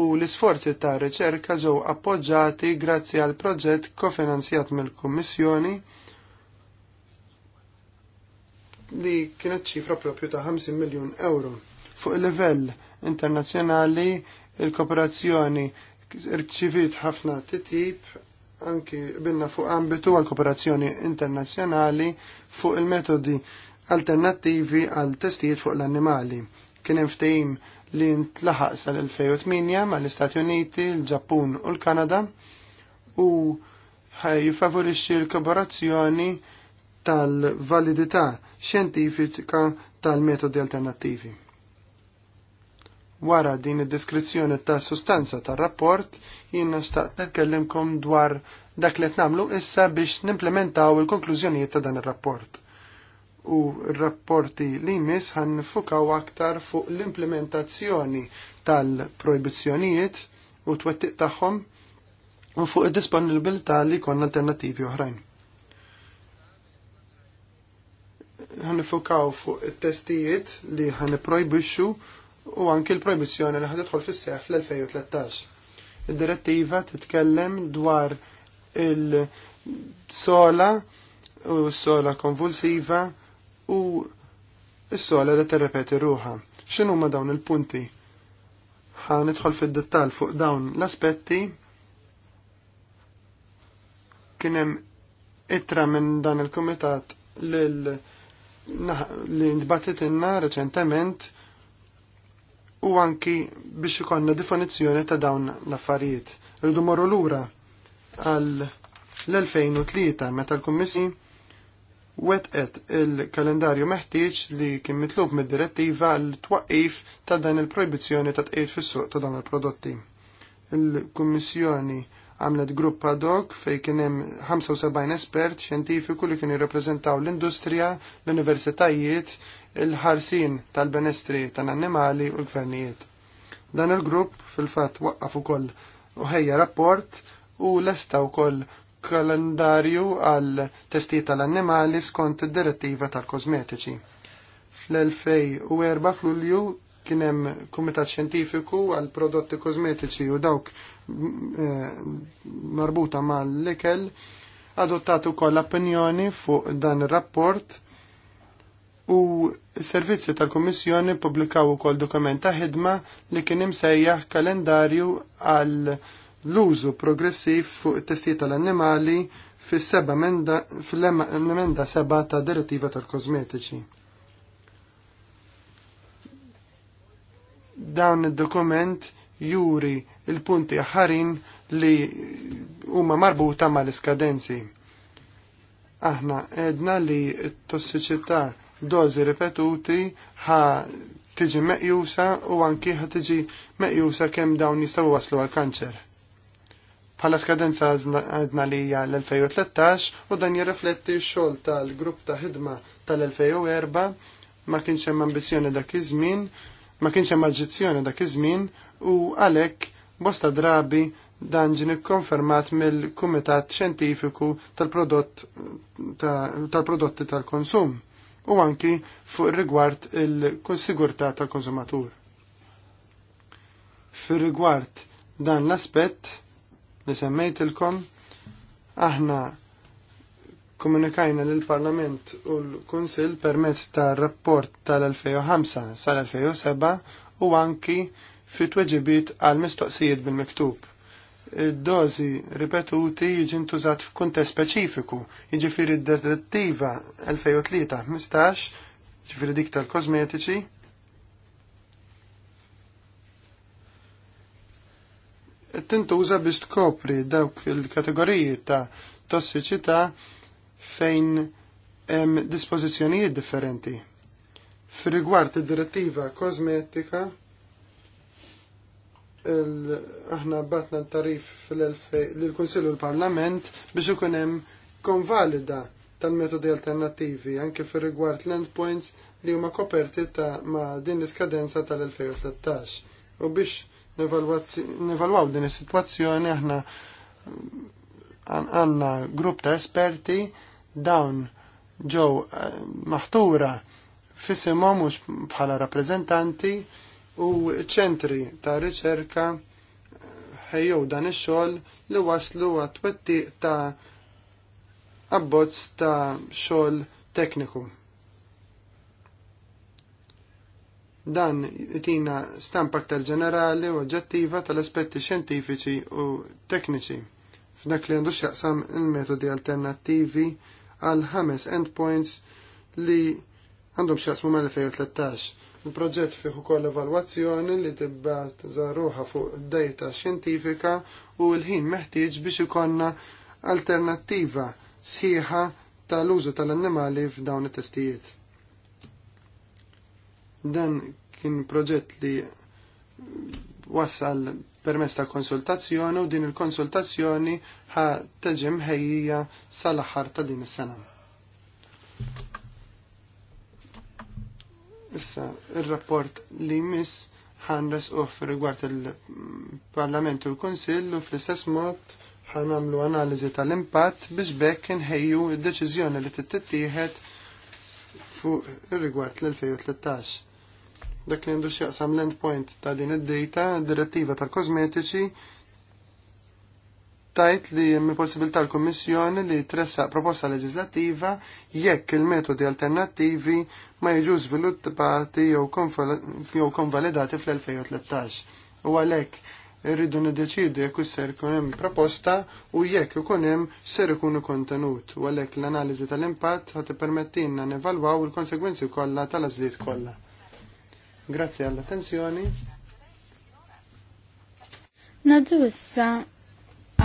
u l-isforzi ta' riċerka ġew appoġġati grazzi għal proġett kofinanzjat mill-Kummissjoni li kienet ċifra propju ta' 50 miljun euro. Fuq il-livell internazzjonali il-kooperazzjoni rċivit ħafna titjib anki binna fuq ambitu għal kooperazzjoni internazzjonali fuq il-metodi alternattivi għal testijiet fuq l-annimali. Kien hemm ftehim li ntlaħaq sal-2008 mal-Istati Uniti, il-Ġappun u l-Kanada u jiffavorixxi l-kooperazzjoni tal-validità xjentifika tal-metodi alternattivi. Wara din id-deskrizzjoni ta' sustanza tar rapport jien nistaq nitkellimkom dwar dak li qed nagħmlu issa biex nimplementaw il-konklużjonijiet ta' dan ir-rapport. U r-rapporti li jmiss ħan fukaw aktar fuq l-implementazzjoni tal-projbizzjonijiet u twettiq tagħhom u fuq id-disponibilità li jkollna alternattivi oħrajn. ħanifukaw fuq il-testijiet li ħaniprojbixxu u anki l-proibizzjoni li ħadidħol fis-seħ fl-2013. Id-direttiva titkellem dwar il-sola u s-sola konvulsiva u s-sola li terrepeti ruħa. X'inhu ma dawn il-punti? Ħa nidħol fid-dettall fuq dawn l-aspetti kien hemm ittra minn dan il-kumitat lil li ntbatitilna reċentement u anki biex ikonna definizzjoni ta' dawn l-affarijiet. Rridu morru lura għal l-2003 meta l kummissi wetqet il-kalendarju meħtieġ li kien mitlub mid-direttiva l twaqqif ta' dan il-projbizzjoni ta' tqejt fis-suq ta' dawn il-prodotti. Il-Kummissjoni għamlet grupp ad hoc fej kien hemm 75 espert xjentifiku li kienu jirrappreżentaw l-industrija, l-universitajiet, il-ħarsin tal-benestri tal-annimali u l-gvernijiet. Dan il-grupp fil-fat waqqaf ukoll u ħejja rapport u lesta wkoll kalendarju għal testi tal-annimali skont id-direttiva tal-kosmetiċi. Fl-2004 f'Lulju kien hemm kumitat xjentifiku għal prodotti kosmetiċi u dawk eh, marbuta mal-likel adottat ukoll opinjoni fuq dan ir-rapport u s-servizzi tal-Kommissjoni publikaw ukoll dokument ta' ħidma li kien imsejjaħ kalendarju għal l-użu progressiv fuq it tal-annimali fil-emenda seba ta' direttiva tal-kosmetiċi. Dawn id-dokument juri il-punti ħarin li huma marbuta mal-iskadenzi. Aħna edna li t-tossiċità dozi ripetuti ħa tiġi meqjusa u anki ħa tiġi meqjusa kemm dawn jistgħu waslu għal kanċer. Bħala skadenza għadna li l-2013 u dan jirrifletti x-xogħol tal-grupp ta' ħidma tal-2004 ma kienx hemm ambizzjoni dak iż-żmien, ma kienx hemm aġġizzjoni dak iż-żmien u għalhekk bosta drabi dan ġini konfermat mill-Kumitat Xjentifiku tal-Prodotti tal-Konsum u anki fuq rigward il konsigurta tal-konsumatur. Fir rigward dan l-aspett li semmejtilkom aħna komunikajna l parlament u l konsil permezz ta' rapport tal-2005 sal-2007 u anki fit tweġibiet għal mistoqsijiet bil-miktub dozi ripetuti jiġi ntużat f'kuntest speċifiku, jiġifieri d-direttiva 2003-15, jiġifieri dik tal-kosmetiċi, tintuża biex tkopri dawk il-kategoriji ta' tossiċità fejn hemm dispożizzjonijiet differenti. Fir-rigward id-direttiva kosmetika, aħna batna tarif fil-Konsilju l-Parlament biex ikun hemm konvalida tal-metodi alternattivi anke fir rigward l points li huma koperti ta' ma' din l-iskadenza tal-2013. U biex nevalwaw din is-sitwazzjoni aħna għanna grupp ta' esperti dawn ġew eh, maħtura fissimom mhux bħala rappreżentanti u ċentri ta' riċerka ħejjew eh, dan ix-xogħol li waslu għat-twettiq ta' abbozz ta' xogħol tekniku. Dan jtina stampa aktar ġenerali u oġġettiva tal-aspetti xjentifiċi u tekniċi f'dak li għandu x'jaqsam il-metodi alternattivi għal ħames endpoints li għandhom x'jaqsmu mal-2013 Il-proġett fih ukoll evalwazzjoni li tibbat żaruha fuq data xjentifika u l-ħin meħtieġ biex ikonna alternattiva sħiħa tal-użu tal-annimali f'dawn it-testijiet. Dan kien proġett li wassal permess ta' konsultazzjoni u din il-konsultazzjoni ħa teġem ħejjija sal-aħħar ta' din is-sena. Issa, il-rapport li jmiss ħanres uħ rigward il-Parlament u l-Konsill u fl-istess mod ħanamlu analiżi tal-impatt biex bekk inħejju il deċiżjoni li tittieħed fuq rigward l-2013. Dak li għandu x'jaqsam l-endpoint ta' din id-data, direttiva tal-kosmetiċi, tajt li jemmi possibilità l-Kummissjoni li tressaq proposta leġislattiva jekk il-metodi alternattivi ma jiġu sviluppati jew konvalidati fl-2013. U għalhekk irridu niddeċidu jekk ser ikun hemm proposta u jekk ikun hemm ser ikunu kontenut u għalhekk l-analiżi tal-impatt ħad tippermettilna nevalwaw il-konsegwenzi kollha tal-għażliet kollha. Grazzi għall-attenzjoni. Nadu issa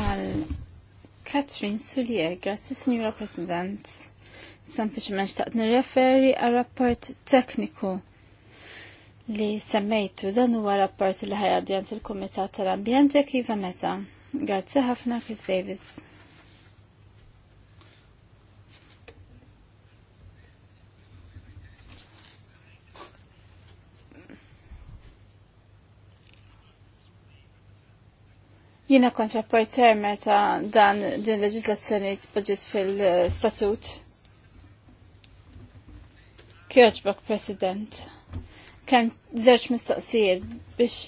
għal Katrin Sullier, grazzi Signora President. Sempliċement xtaqt nirreferi għal rapport tekniku li semmejtu dan huwa rapport li ħajadjant il-Kumitat tal-Ambjent jekk iva meta. Grazzi ħafna Chris Davis. Jiena kont rapporter meta dan din leġislazzjoni tpoġġiet fil-statut. Kjoċbok, President. Kemm żewġ mistoqsijiet biex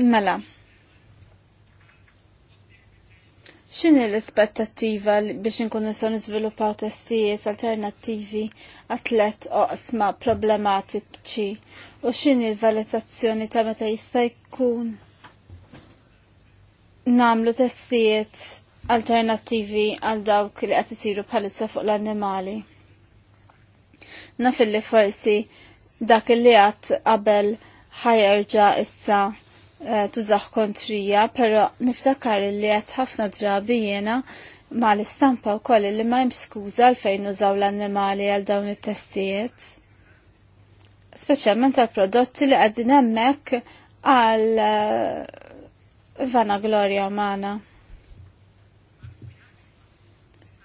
Mela, X'inhi l-ispettattiva biex inkunu nistgħu niżviluppaw testijiet alternattivi atlet tlet oqsma problematiċi u x'inhi l-valutazzjoni ta' meta jista' jkun nagħmlu testijiet alternattivi għal dawk li qed isiru bħalissa fuq l-annimali. Naf li forsi dak li għat qabel ħajerġa issa Eh, tużax kontrija, pero niftakar li għat ħafna drabi jena ma l-istampa u koll li ma skuża l-fejn użaw l-annimali għal dawn it-testijiet. Speċjalment għal prodotti li għaddin emmek għal eh, vana gloria umana.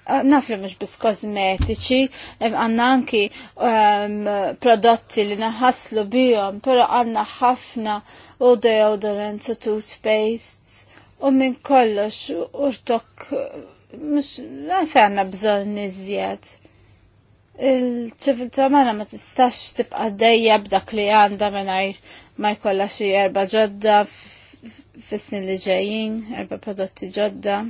Eh, naf li mux bis kozmetiċi, għanna anki ehm, prodotti li naħaslu bijom, pero għanna ħafna uh, u deodorants u toothpastes u minn kollox urtok mux għalfejna bżon nizjed. Il-ċiviltà mana ma tistax tibqa dejja b'dak li għanda mingħajr ma jkollha xi erba' ġodda fis-snin li ġejjin, erba' prodotti ġodda.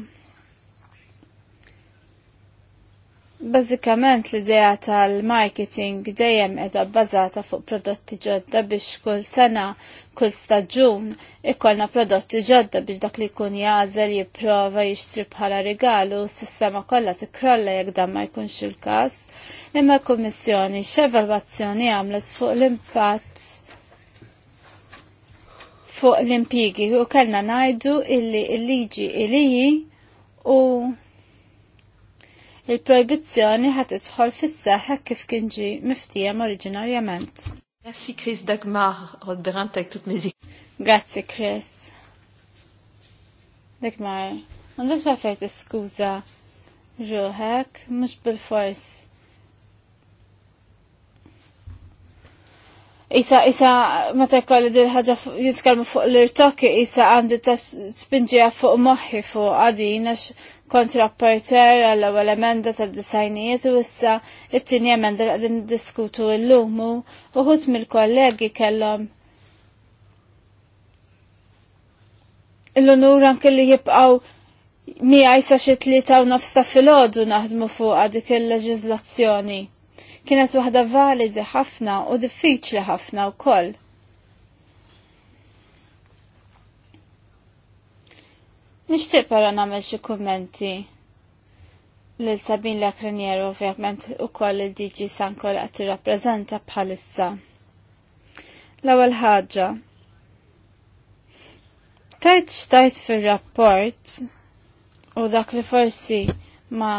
Bazzikament l-idea tal-marketing dejjem edha bbażata fuq prodotti ġodda biex kull sena, kull staġun ikollna prodotti ġodda biex dak li jkun jażel jipprova jixtri bħala rigalu s-sistema kollha tikrolla jekk dan ma jkunx il-każ. Imma kummissjoni x'evalwazzjoni għamlet fuq l-impatt fuq l-impjigi u kellna ngħidu illi l-liġi u il-projbizzjoni ħat itħol fis-saħħa kif kien ġi miftijem oriġinarjament. Grazzi Chris Dagmar, għodberantek tut miżik. Grazzi Chris. Dagmar, għandek xafajt skuza ġuħek, mux bil-fors. Isa, isa, ta' kolli dil ħagġa jitkalmu fuq l-irtoki, isa għandi ta' spinġija fuq moħi fuq għadin, kontrapporter għall ewwel emenda tal-disajnijiet u issa it-tieni emenda li qegħdin diskutu llum u uħut mill-kollegi kellhom l-onur anke li jibqgħu miegħi sa xi tlieta u nofs ta' filgħodu naħdmu fuq dik il-leġiżlazzjoni. Kienet waħda validi ħafna u diffiċli ħafna wkoll. Nishtiq para nagħmel xi kummenti l Sabin Lakranier ovvjament ukoll il-DG Sankol qed tirrappreżenta bħalissa. L-ewwel ħaġa. Tajt xtajt fir-rapport u dak li forsi ma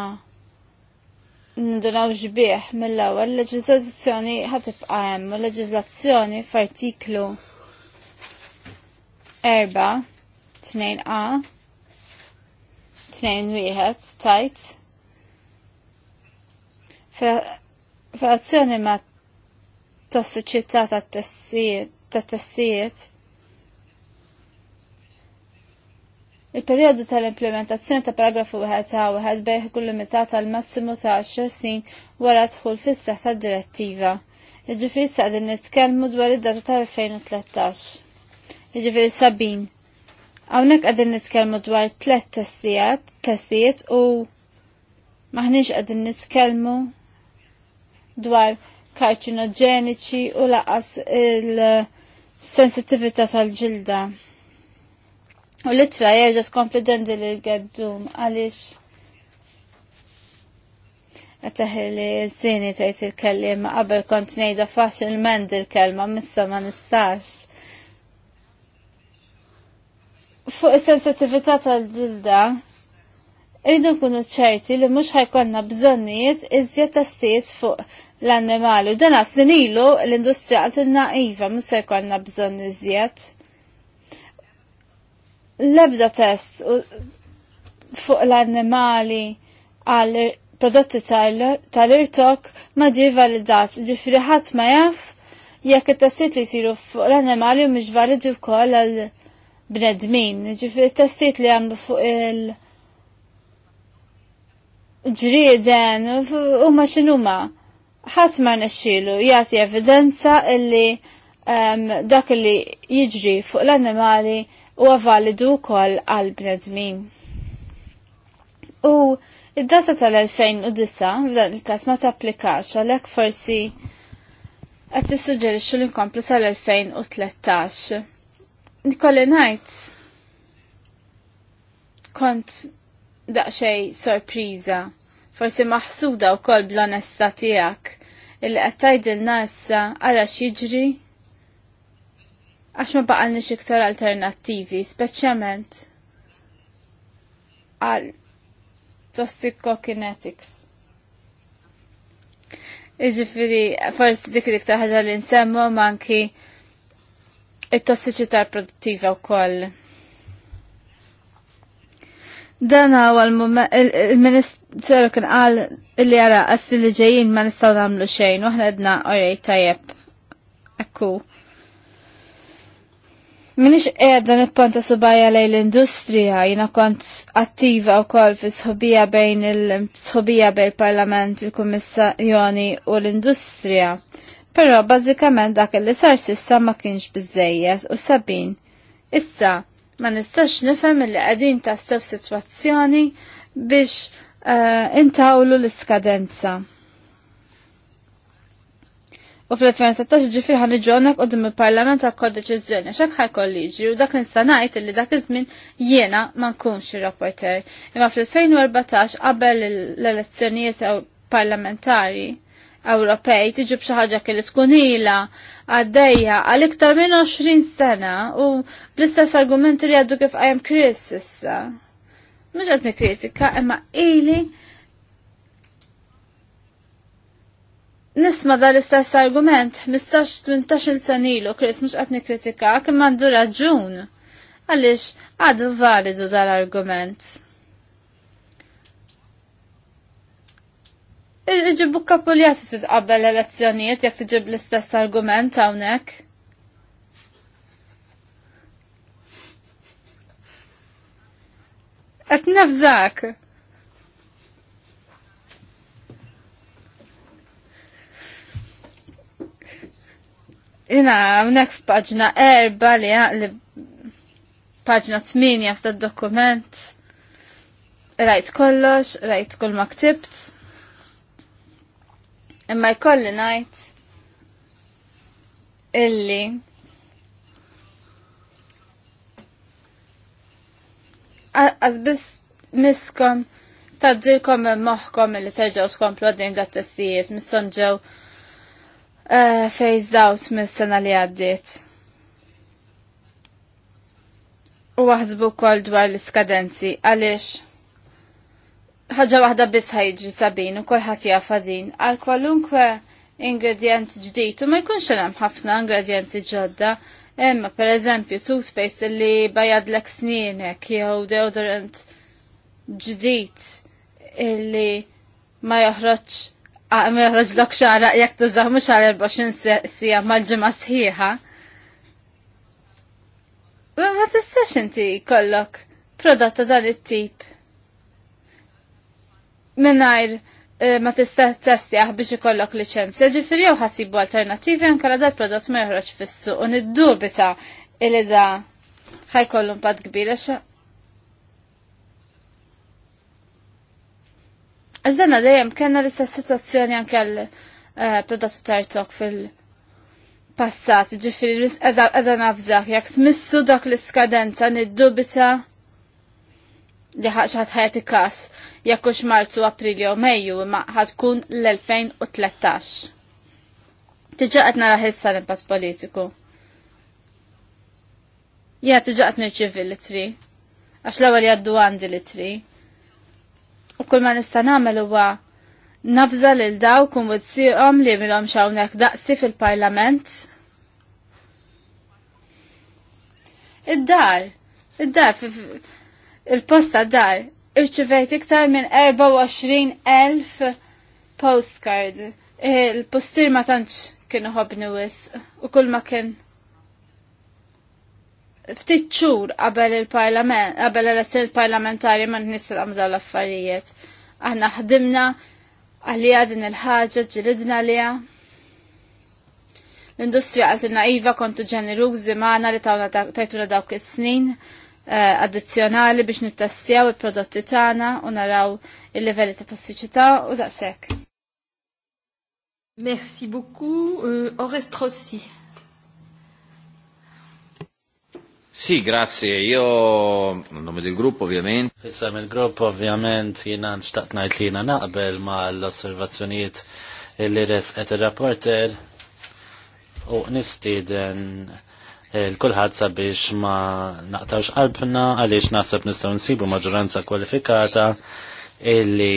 ndunawx bih mill-ewwel leġiżlazzjoni ħatibqa' hemm u l leġiżlazzjoni f'artiklu 4. 2 a tnejn wieħed tajt Frazzjoni ma tossiċità ta' testijiet Il-periodu tal-implementazzjoni ta' paragrafu 1 ta' 1 bejħ kull limitat għal massimu ta' 10 snin wara dħul fis-seħ ta' direttiva. Jiġifieri sa' din nitkellmu dwar id-data ta' 2013. Jiġifieri sabin. Hawnhekk qegħdin nitkellmu dwar tliet testijat, testijiet u maħniex qegħdin nitkellmu dwar karċinogeniċi u laqas il-sensitivita tal-ġilda. U litra jerġa tkompli dendi li l-gaddum għaliex għataħi li zini tajt il-kellim qabel kont nejda faċilment il-kelma missa ma nistax fuq is-sensitività tal-dilda rridu nkunu ċerti li mhux ħajkonna bżonnijiet iżjed testijiet fuq l-annimali u dan għaslin ilu l-industrija għatinna iva mux ħajkonna jkollna bżonn iżjed. L-ebda test fuq l-annimali għal prodotti tal-irtok ma ġi validat, ġifri ħadd ma jaf jekk it-testijiet li jsiru fuq l-annimali mux validi wkoll għal bredmin, ġifir testiet li għamlu fuq il- ġrieden, u ma xinuma, ħat ma nesċilu, jati evidenza illi um, dak li jiġri fuq l-animali u validu kol għal-bnedmin. U id-data tal-2009, f'dan il-kas ma tapplikax, għalek forsi għat t-sugġerixu l-inkomplu sal-2013. Nikolin ngħid kont daqxej sorpriza, forsi maħsuda u kol bl-onesta tijak, illi għattajd il-nasa għara xieġri, għax ma baqalni iktar alternativi, speċjalment għal kinetics, Iġifiri, forsi dik li ktar ħaġa li nsemmu manki it-tossiċità produttiva wkoll. Dan huwa il-Ministeru kien qal li għara għassi li ġejjin ma nistgħu nagħmlu xejn u għahna għedna għorej tajjeb. Ekku. Minix il-ponta subajja lej l-industrija, jiena kont attiva wkoll fi sħobija bejn il bejn il-Parlament, il-Kummissjoni u l-Industrija. parlament il kummissjoni u l industrija Però bażikament dak li sar sissa ma kienx biżejjed u sabin. Issa ma nistax nifhem li qegħdin tassew sitwazzjoni biex uh, intawlu l-iskadenza. U fl-2013 ġifir ħan iġonek u dim il-parlament għal kodeċizjoni, xek ħaj kolliġi u dak nistanajt li dak iż-żmien jiena ma nkunx rapporter Imma fl-2014 qabel l-elezzjonijiet parlamentari Ewropej tiġi xi ħaġa kelli tkun ilha għaddejja għal iktar minn 20 sena u bl-istess argumenti li għaddu kif qajjem Chris issa. Mhux qed nikkritika imma ili Nisma dal istess argument, 15-18 sen ilu, Chris, mhux qed nikkritika, kemm għandu raġun. Għaliex għadu validu dal-argument. Iġibu kapuljat fi titqabbel elezzjonijiet jekk tiġib l-istess argument hawnhekk. Qed nafżak. Jina, hawnhekk f'paġna erba li li paġna 8 f'tat dokument. Rajt kollox, rajt kull ma ktibt. Imma jkolli ngħid illi għazbis miskom taġġilkom moħkom illi teġaw skomplu għaddim da testijiet, missom ġew eh, phased out mis-sena li għaddit. U għazbu kol dwar l-skadenzi, għalix ħaġa waħda biss ħajġi sabin u kulħadd jafa din għal kwalunkwe ingredient ġdid u ma jkunx hemm ħafna ingredienti ġodda. Imma pereżempju toothpaste li bajadlek snienek jew deodorant ġdid illi ma joħroġ ma joħroġ lok xara jekk tużaw mhux għal 24 sija mal-ġimgħa sħiħa. Ma tistax inti kollok prodotta dan it-tip minnajr eh, ma tista' testjaħ biex ikollok liċenzja, ġifiri jew ħasibu alternattivi anke la dal prodott ma joħroġ fissu, u niddubita li da ħajkollu impatt gbira xa. Għax danna dejjem kellna l-istess sitwazzjoni anke l eh, prodotti tartok fil-passat, ġifiri għedha nafżak, jak smissu dak l-iskadenza niddubita li ħaxħat ħajti kas jekk hux Marzu, April jew Mejju imma ħadkun l-2013. Tiġa nara ħissa l impas politiku. Ja, tiġa qed nirċievi l Għax l-ewwel jgħaddu għandi l tri U kull ma nista' nagħmel huwa nafza lil dawk u mwidsihom li milhom hawnhekk daqsi fil-Parlament id-dar, id-dar, il-posta dar, irċivejt iktar minn 24,000 postcard. Il-postir ma tantx kienu ħobni wis u kull ma kien ftit xhur qabel il-parlament qabel elezzjoni parlamentari ma nista' dawn l-affarijiet. Aħna ħdimna għalija din il-ħaġa ġilidna għalija. L-industrija għaltina iva kontu ġenerużi maħna li tawna tajtuna dawk is-snin Eh, addizjonali biex nittestjaw il-prodotti tagħna u naraw il-livelli ta' tossiċità u daqshekk. Merci beaucoup. Uh, Orest Rossi. Sì, grazie. Io, a nome del gruppo ovviamente. è il gruppo ovviamente, in Anstatt najt Nabel, ma l'osservazione osservazzjoniet li et il-rapporter oh, nistiden l-kulħadd sabiex ma naqtawx qalbna għaliex naħseb nistgħu nsibu maġġoranza kwalifikata illi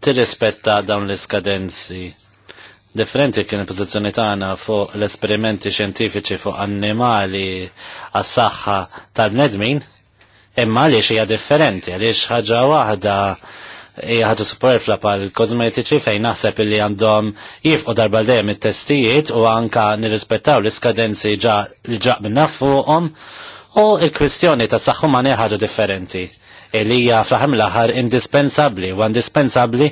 tirrispetta dawn l-iskadenzi. Differenti kien il-pozizjoni tagħna fuq l-esperimenti xjentifiċi fuq annimali għas-saħħa tal-bnedmin, imma għaliex hija differenti, għaliex ħaġa waħda jħadu superfla pal kozmetiċi fejn naħseb li għandhom jifqu darba dejjem it-testijiet u anka nirrispettaw l-iskadenzi ġaq minn fuqhom u il-kwistjoni ta' saħħu ma differenti. Ilija fl-ħar indispensabli indispensabbli u indispensabbli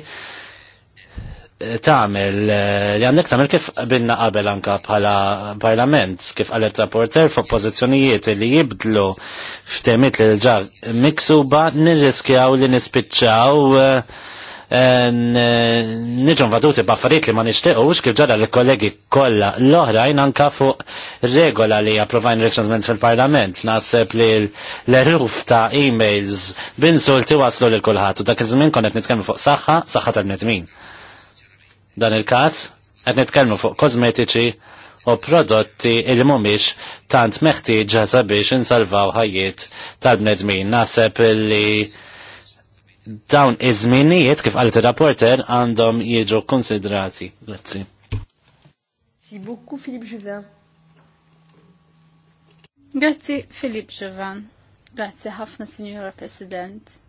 tamel, eh, li għandek tagħmel kif binna qabel anka bħala parlament kif qalet rapporter f'oppożizzjonijiet li jibdlu f'temiet li ġar miksuba nirriskjaw li nispiċċaw eh, eh, niġun vaduti baffariet li ma ux kif ġara l-kollegi kolla l-oħrajn anka fuq regola li approvajn reċentment fil-parlament nasib li l-eruf ta' e-mails binsulti waslu l-kulħat u dak iż-żmien konet nitkellmu fuq saħħa, saħħa tal-netmin. Dan il-każ qed nitkellmu fuq kosmetiċi u prodotti il mumiex tant meħtieġa sabiex insalvaw ħajiet tal-bnedmin. Naseb li dawn iż-żminijiet kif għalit il rapporter għandhom jiġu konsidrati. Grazzi. Si beaucoup Filip Juvan. Grazzi Filip Juvan. Grazzi ħafna Signora President.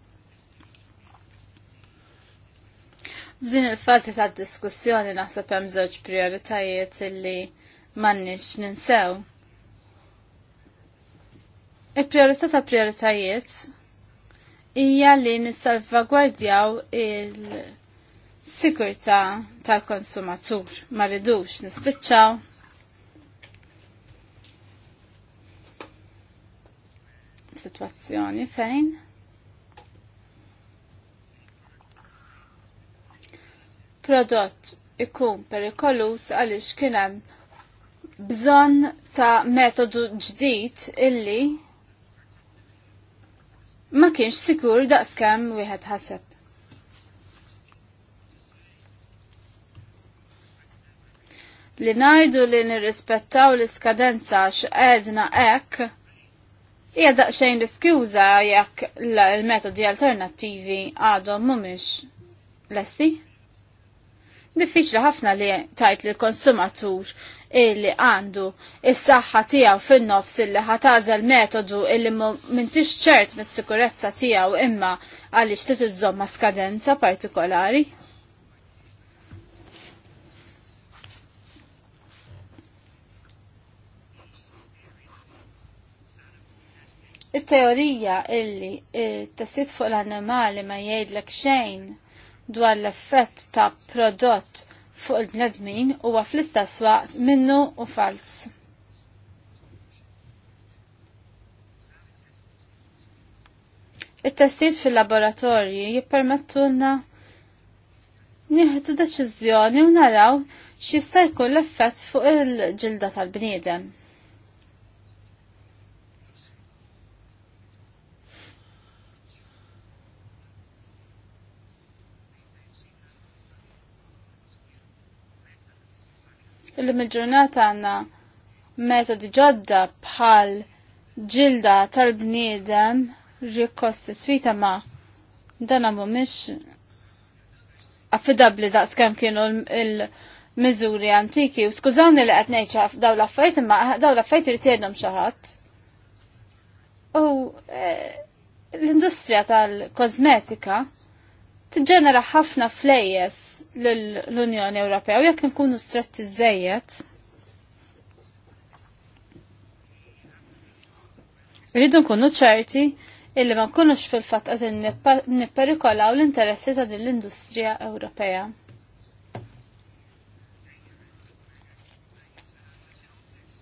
F'din il-fazi ta' diskussjoni naħseb hemm żewġ prioritajiet illi m'għandniex ninsew. Il-priorità ta' prioritajiet hija li nissalvagwardjaw il-sigurtà tal-konsumatur. Ma rridux nispiċċaw situazzjoni fejn prodott ikun perikolus għaliex kien hemm bżonn ta' metodu ġdid illi ma kienx sikur daqskemm wieħed ħaseb. li najdu li nirrispettaw l-iskadenza x'qedna hekk hija daqsxejn l-iskjuża jekk l-metodi alternattivi għadhom mhumiex lesti. Diffiċli ħafna li tajt li konsumatur illi għandu is-saħħa tiegħu fin-nofs illi ħatażel metodu illi m'intix ċert mis-sikurezza tiegħu imma għaliex trid iżomma skadenza partikolari. it teorija illi t-testit fuq l-annimali ma jgħidlek xejn dwar l-effett ta' prodott fuq il-bnedmin huwa fl-istess waqt minnu u fals. It-testijiet fil-laboratorji jippermettulna nieħdu deċiżjoni u naraw x'jista' jkun l-effett fuq il-ġilda tal-bniedem. Il il-ġurnata għandna metodi ġodda bħal ġilda tal-bniedem rikostiswita ma dan mhumiex affidabli daqs kem kienu il-miżuri antiki u skużawni li qed daw l ma imma daw l-affajt irid xaħat xi ħadd. U e, l-industrija tal-kosmetika tiġġenera ħafna flejjes l-Unjoni Ewropea u jekk nkunu stretti żejjed. Rridu nkunu ċerti illi ma nkunux fil-fatt qed nipperikolaw l-interessi ta' din l-industrija Ewropea.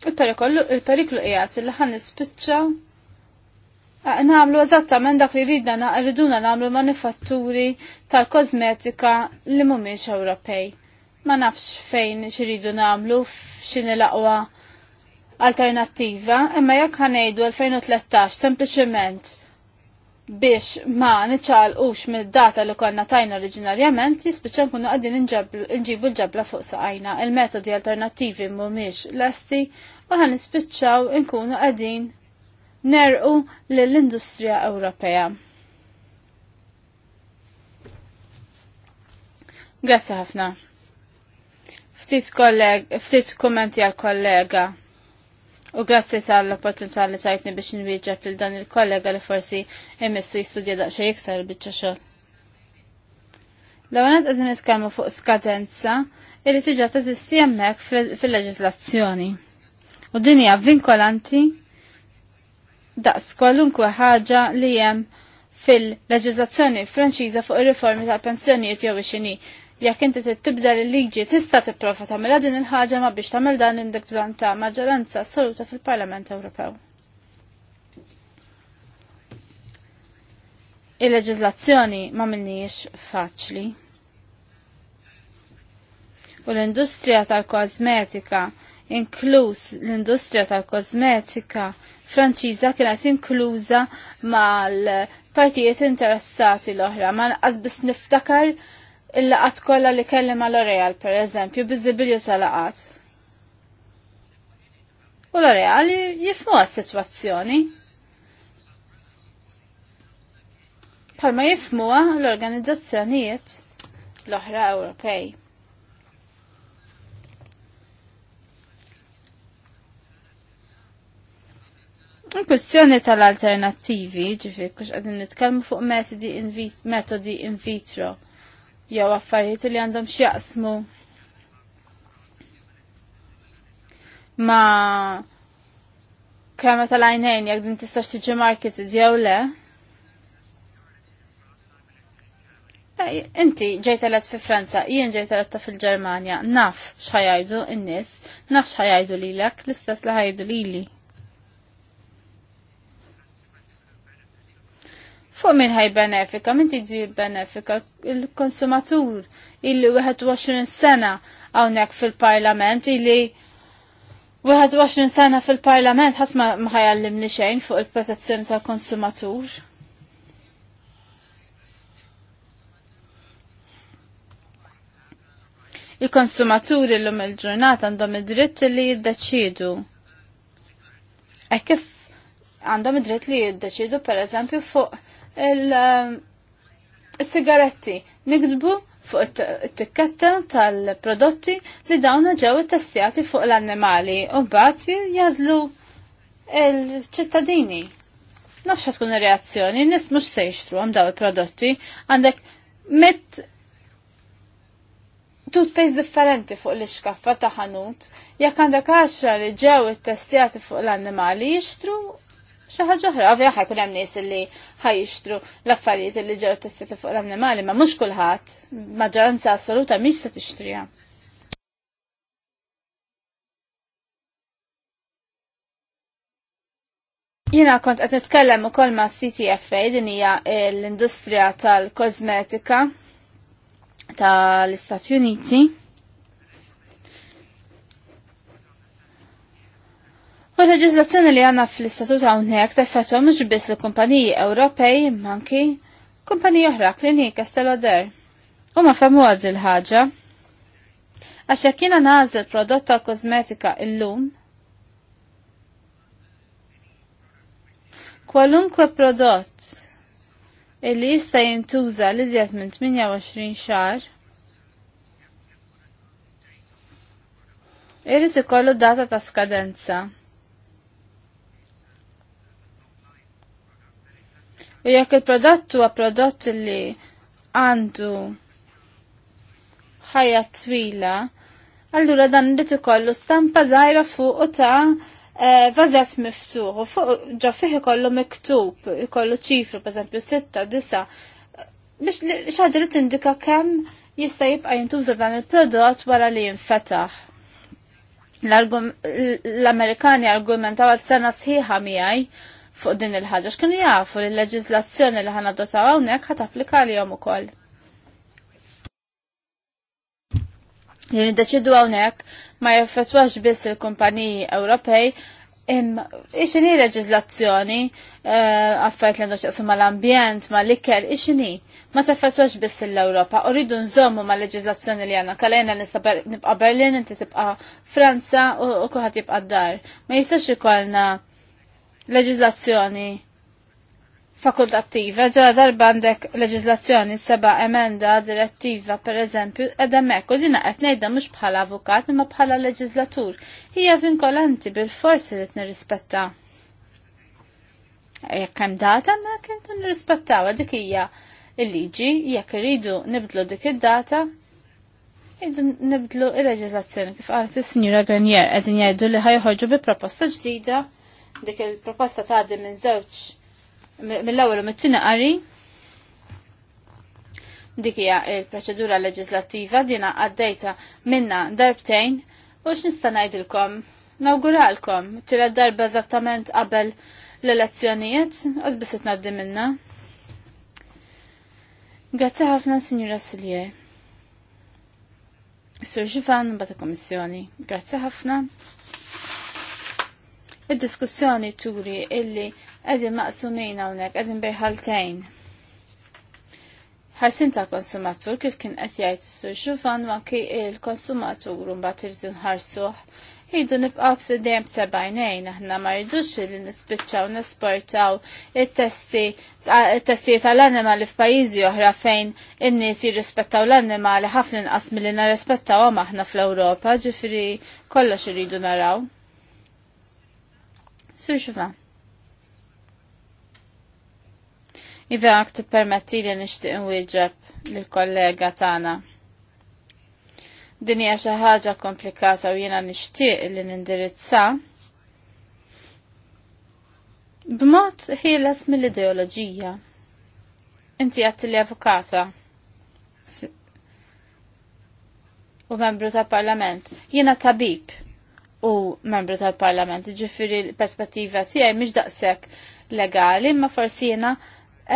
Il-periklu qiegħed li ħan nispiċċaw namlu eżattament dak li ridna rriduna namlu manifatturi tal-kozmetika li mumiex Ewropej. Ma nafx fejn xiridu namlu f'xini l-aqwa alternattiva, imma jekk ħanejdu 2013 sempliċement biex ma niċċalqux mid-data li konna tajna oriġinarjament jispiċċa nkunu qegħdin nġibu l-ġabla fuq saqajna. Il-metodi alternattivi mhumiex lesti u ħan nispiċċaw nkunu qegħdin nerqu l-industrija Ewropea. Grazzi ħafna. Ftit kolleg, ftit kommenti għal kollega. U grazzi tal-opportunità li tajtni biex nwieġeb lil dan il-kollega li forsi emissu jistudja daqsxejn jiksar biċċa xogħol. L-għanet għadin iskalmu fuq skadenza il-li tiġa teżisti hemmhekk fil-leġislazzjoni. U din hija vinkolanti daqs kwalunkwe ħaġa li hemm fil-leġiżlazzjoni Franċiża fuq ir-riformi ta' pensjonijiet jew ixini Jekk inti tibda l-liġi tista' tipprova tagħmilha din il-ħaġa ma biex tagħmel dan imdek bżonn ta' maġġoranza assoluta fil-Parlament Ewropew. Il-leġiżlazzjoni ma minnijiex faċli. U l-industrija tal-kosmetika, inkluż l-industrija tal-kosmetika, Franċiża kienet inkluża mal-partijiet interessati l-oħra. Ma nqas biss niftakar il-laqat kollha li kelli ma L'Oreal pereżempju biżibilju sa laqat. U L'Oreal jifmu għas-sitwazzjoni. Palma jifmuha l-organizzazzjonijiet l-oħra Ewropej. Kwestjoni tal-alternattivi, ġifir, kux għadin nitkelmu fuq metodi in, vit metodi in vitro, jew affarijiet li għandhom xjaqsmu ma krema tal-għajnejn, jek din tistax tiġi marketed jew le. Eh, inti ġejt għalet fi Franza, jien ġejt għalet ta' fil-Germania, naf xħajajdu in-nis, naf xħajajdu li l l-istess li ħajdu li li. Fuq minn ħaj benefika, minn tiġi benefika il-konsumatur illi 21 sena hawnhekk fil-Parlament illi 21 sena fil-Parlament ħadd ma nixejn xejn fuq il-protezzjoni tal-konsumatur. il-konsumaturi l-lum il ġurnat għandhom id-dritt li jiddeċidu. E kif għandhom id-dritt li jiddeċidu per eżempju fuq il-sigaretti um, nikdbu fuq it-tikketta tal-prodotti li dawna ġew testjati fuq l-annimali u mbagħad jażlu il-ċittadini. Nafx tkun ir-reazzjoni, nies mhux se jixtru hemm daw il-prodotti għandek mit toothpaste differenti fuq l-iskaffa ta' ħanut, jekk għandek 10 li ġew it-testjati fuq l-annimali jixtru xi ħaġa oħra, ovvja ħajkun hemm nies li ħajixtru l-affarijiet li ġew testati fuq l-annimali, ma mhux kulħadd, maġġoranza assoluta mhix se tixtriha. Jina kont qed nitkellem ukoll ma' CTFA din hija l-industrija tal-kosmetika tal-Istati Uniti. U l-leġizlazzjoni li għanna fl-istatut għawnek teffettwa mux biss l-kumpaniji Ewropej, manki kumpaniji oħra, klinik, der. U ma femmu għad il-ħagġa. Għax jekk jiena nażel prodotta tal kosmetika lum kwalunkwe prodott illi jista' jintuża li żjed minn 28 xahar irid ikollu data ta' skadenza. U jekk il-prodott huwa prodott li għandu ħajja twila, allura dan irid ikollu stampa żgħira fuq ta' eh, vażet miftuħ u fuq ġo fih ikollu miktub, ikollu ċifru pereżempju sitta, disa, biex xi ħaġa li tindika kemm jista' jibqa' jintuża dan il-prodott wara li jinfetaħ l-Amerikani argumentaw għal sena sħiħa miegħi fuq din il ħagġa x'kienu jafu li l-leġiżlazzjoni li ħana dotaw hawnhekk ħad applika lihom ukoll. Li niddeċidu hawnhekk ma jaffettwax biss il-kumpaniji Ewropej Ixini leġizlazzjoni għaffajt eh, l-għandu xaqsu ma l-ambjent, ma l-ikel, ixini. Ma tafetwax biss l-Europa, rridu nżommu ma leġizlazzjoni li għana Kalajna nibqa Berlin, inti tibqa Franza u kuħat jibqa d-dar. Ma jistax ikolna leġizlazzjoni fakultattiva, ġara darba għandek leġizlazzjoni seba emenda direttiva per eżempju, ed emmek u dina qed ngħidha mhux bħala avukat imma bħala leġizlatur. Hija vinkolanti bil-forsi li nirrispetta. Jekk hemm data ma t-nirrispetta, dik hija il-liġi, jekk rridu nibdlu dik id-data, Idu nibdlu il-leġizlazzjoni kif għalet il-Sinjura Granier għedin jgħidu li ħajħoġu bi proposta ġdida dik il-proposta ta' għaddi minn żewġ mill-ewwel u mit-tieni qari. Dik hija l-proċedura leġislattiva dina għaddejta minna darbtejn u x'nista' ngħidilkom nawguralkom tira darba eżattament qabel l-elezzjonijiet, għazbis nabdi minna. Grazzi ħafna, Signora Silje. Sur Ġivan, bata Kommissjoni, Grazzi ħafna. Id-diskussjoni turi illi qegħdin maqsumin hawnhekk għedin bejħaltejn. Ħarsin ta' konsumatur kif kien qed jgħid issur xufan ma' anki il-konsumatur mbagħad nħarsuh inħarsuh jridu nibqaw f'sidejjem sebajnejn, aħna ma rridux li nispiċċaw nesportaw it-testi testijiet tal-annimali f'pajjiżi oħra fejn in-nies jirrispettaw l-annimali ħafna inqas milli narrispettawhom aħna fl-Ewropa, ġifieri kollox irridu naraw. Surġva. Iva għak t-permetti li nishtiq nwieġeb l-kollega tana. Dinja xi ħaġa komplikata u jiena nixtieq li nindirizza b'mod ħieles mill-ideoloġija. Inti għat li avukata u membru ta' parlament. Jiena tabib u membru tal-parlament. Ġifiri l-perspettiva tijaj miex daqsek legali, ma forsi um,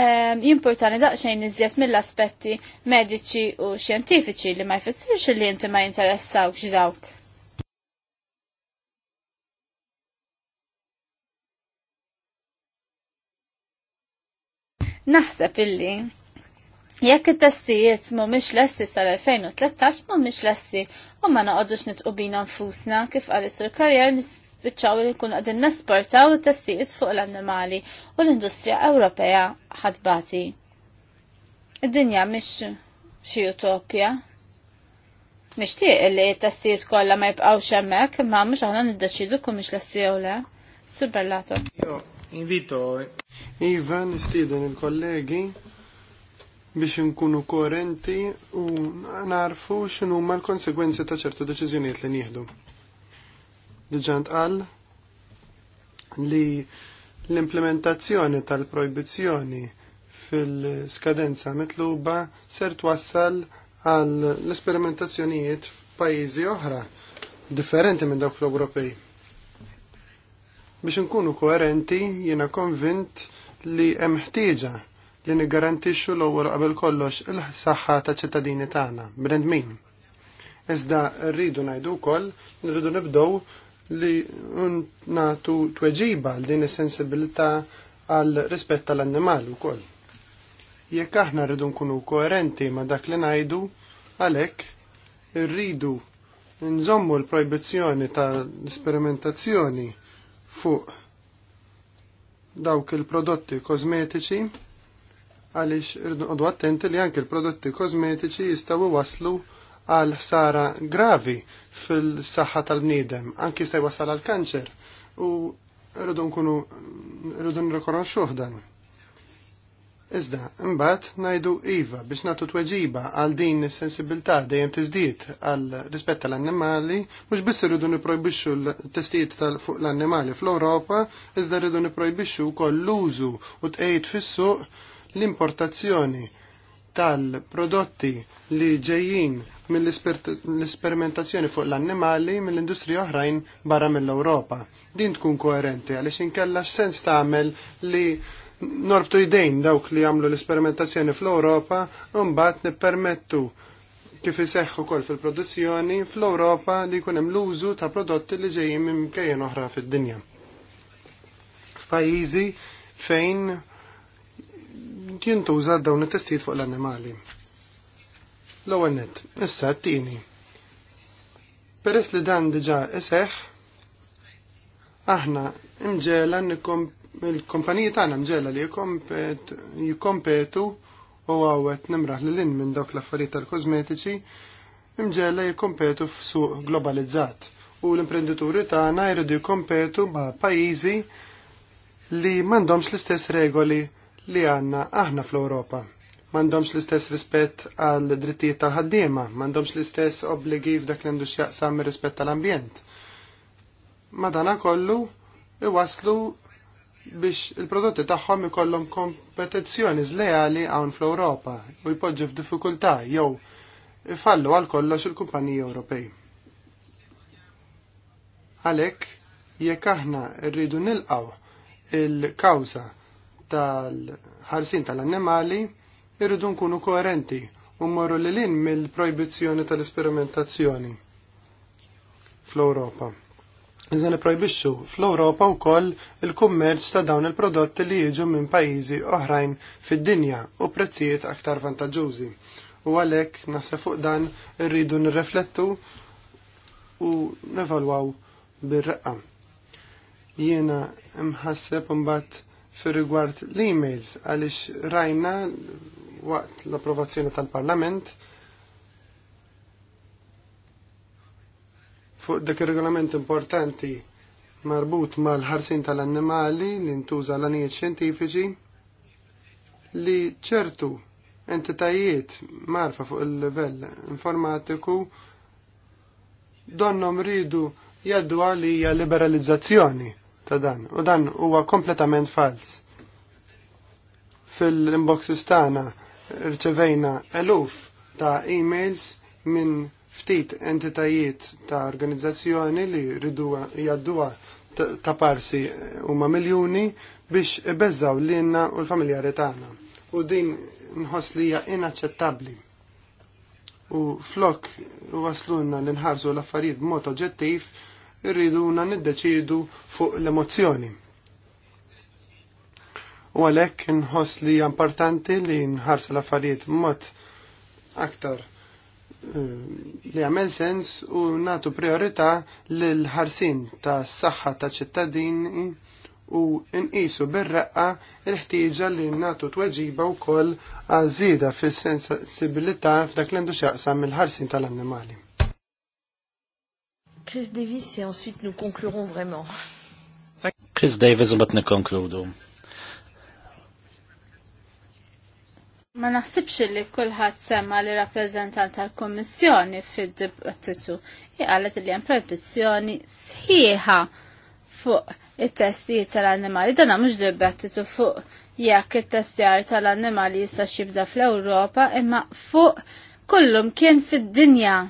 ehm, jimportani daqxajn iżjed mill-aspetti mediċi u xjentifiċi li ma jfessirx li inti ma jinteressawk dawk. Naħseb illi Jekk it-testijiet mhumiex lessi sal-2013 mhumiex lessi u ma noqogħdux nitqubina bina nfusna kif qal is-sur karjer nispiċċaw li nkunu qegħdin nesportaw it-testijiet fuq l-annimali u l-industrija Ewropea ħadbati. Id-dinja mhix xi utopja. Nixtieq li t-testijiet kollha ma jibqgħux hemmhekk, ma mhux aħna niddeċidu kum mhix lessi jew le. Sur Bellato. Jo, invito. Ivan, nistieden il-kollegi biex nkunu koerenti u narfu xinu ma l-konsegwenzi ta' ċertu deċiżjonijiet li nieħdu. Diġant għal li l-implementazzjoni tal-projbizzjoni fil-skadenza mitluba ser twassal għal l-esperimentazzjonijiet f'pajjiżi oħra differenti minn dawk l-Ewropej. Biex nkunu koerenti jiena konvint li hemm ħtieġa li niggarantixxu l-ewwel qabel kollox il-saħħa taċ ċittadini tagħna, bnedmin. Iżda rridu ngħidu wkoll nridu nibdew li nagħtu tweġiba għal din is-sensibilità għal rispett tal-annimal ukoll. Jekk aħna rridu nkunu koerenti ma' dak li ngħidu, għalhekk irridu nżommu l-projbizzjoni tal-sperimentazzjoni fuq dawk il-prodotti kosmetiċi għaliex irdu għadu attenti li anke l-prodotti kosmetiċi jistgħu waslu għal ħsara gravi fil-saħħa tal-bniedem, anke jista' wasal għal kanċer u rridu nkunu rridu nirrikonoxxuh dan. Iżda, imbagħad ngħidu iva biex nagħtu tweġiba għal din is-sensibilità dejjem tiżdied għal rispett tal-annimali, mhux biss irridu nipprojbixxu l-testijiet tal fuq l-annimali fl-Ewropa, iżda rridu nipprojbixxu wkoll l-użu u tqejjed fis-suq l-importazzjoni tal-prodotti li ġejjin mill-isperimentazzjoni fuq l-annimali mill-industrija oħrajn barra mill-Ewropa. Din tkun koerenti għaliex inkella sens tagħmel li norbtu jdejn dawk li għamlu l-isperimentazzjoni fl-Ewropa u mbagħad nippermettu kif iseħħ ukoll fil-produzzjoni fl-Ewropa li jkun hemm l-użu ta' prodotti li ġejjin minn kejjen oħra fid-dinja. F'pajjiżi fejn jintuża dawn it-testijiet fuq l-annimali. L-ewwel nett, issa t-tieni. Peress li dan diġà iseħħ, aħna imġela il-kumpaniji tagħna mġela li jikkompetu u għawet nimraħ li lin minn dawk l-affarijiet tal-kosmetiċi imġela jikkompetu f'suq globalizzat u l-imprenditori tagħna jridu jikkompetu ma' pajjiżi li m'għandhomx l-istess regoli li għanna aħna fl-Europa. Mandomx l-istess rispett għal drittijiet tal-ħaddiema, mandomx l-istess obbligi f'dak li għandu xjaqsam rispett tal-ambjent. Madana kollu iwaslu biex il-prodotti tagħhom ikollhom kompetizzjoni zlejali hawn fl-Ewropa u jpoġġu f'diffikultà jew ifallu għal kollox il-kumpaniji Ewropej. Għalhekk jekk aħna rridu nilqaw il-kawża tal-ħarsin tal-annimali irridu nkunu koerenti u mmorru li lin mill-projbizzjoni tal-esperimentazzjoni fl-Ewropa. Iżda niprojbixxu fl-Ewropa wkoll il-kummerċ ta' dawn il-prodotti li jiġu minn pajjiżi oħrajn fid-dinja u prezzijiet aktar vantaġġużi. U għalhekk naħseb fuq dan irridu nirreflettu u nevalwaw bir-raqqa. Jiena imħasseb imbagħad fir rigward l-emails għaliex rajna waqt l-approvazzjoni tal-Parlament fuq dak il regolament importanti marbut mal-ħarsin tal-annimali li ntuża l-anijiet xjentifiċi li ċertu entitajiet marfa fuq il level informatiku donnom ridu jaddu għalija liberalizzazzjoni ta' dan. U dan huwa kompletament fals. Fil-inboxes tagħna rċevejna eluf ta' emails minn ftit entitajiet ta' organizzazzjoni li ridu jadduha ta' parsi huma miljuni biex ibeżaw lilna u l-familjari tagħna. U din nħoss li hija inaċċettabbli. U flok waslunna li nħarsu l-affarijiet b'mod oġġettiv irridu na niddeċidu fuq l-emozzjoni. U għalhekk nħoss li importanti li nħarsu l-affarijiet mod aktar eh, li għamel sens u natu priorità l-ħarsin ta' s-saxħa ta' ċittadini u nqisu bir-raqqa il-ħtieġa li natu tweġiba wkoll għazida fis-sensibilità f'dak l-għandu xaqsam mill-ħarsin tal-annimali. Chris Davis et ensuite nous conclurons vraiment. Chris Davis bat nikonkludu. Ma naħsibx li kulħadd sema li rappreżentant tal kummissjoni fid-dibattitu qalet li hemm proibizzjoni sħiħa fuq it-testijiet tal-annimali. Dan mhux dibattitu fuq jekk it-testijar tal-annimali jista' xibda fl-Ewropa imma fuq kullum kien fid-dinja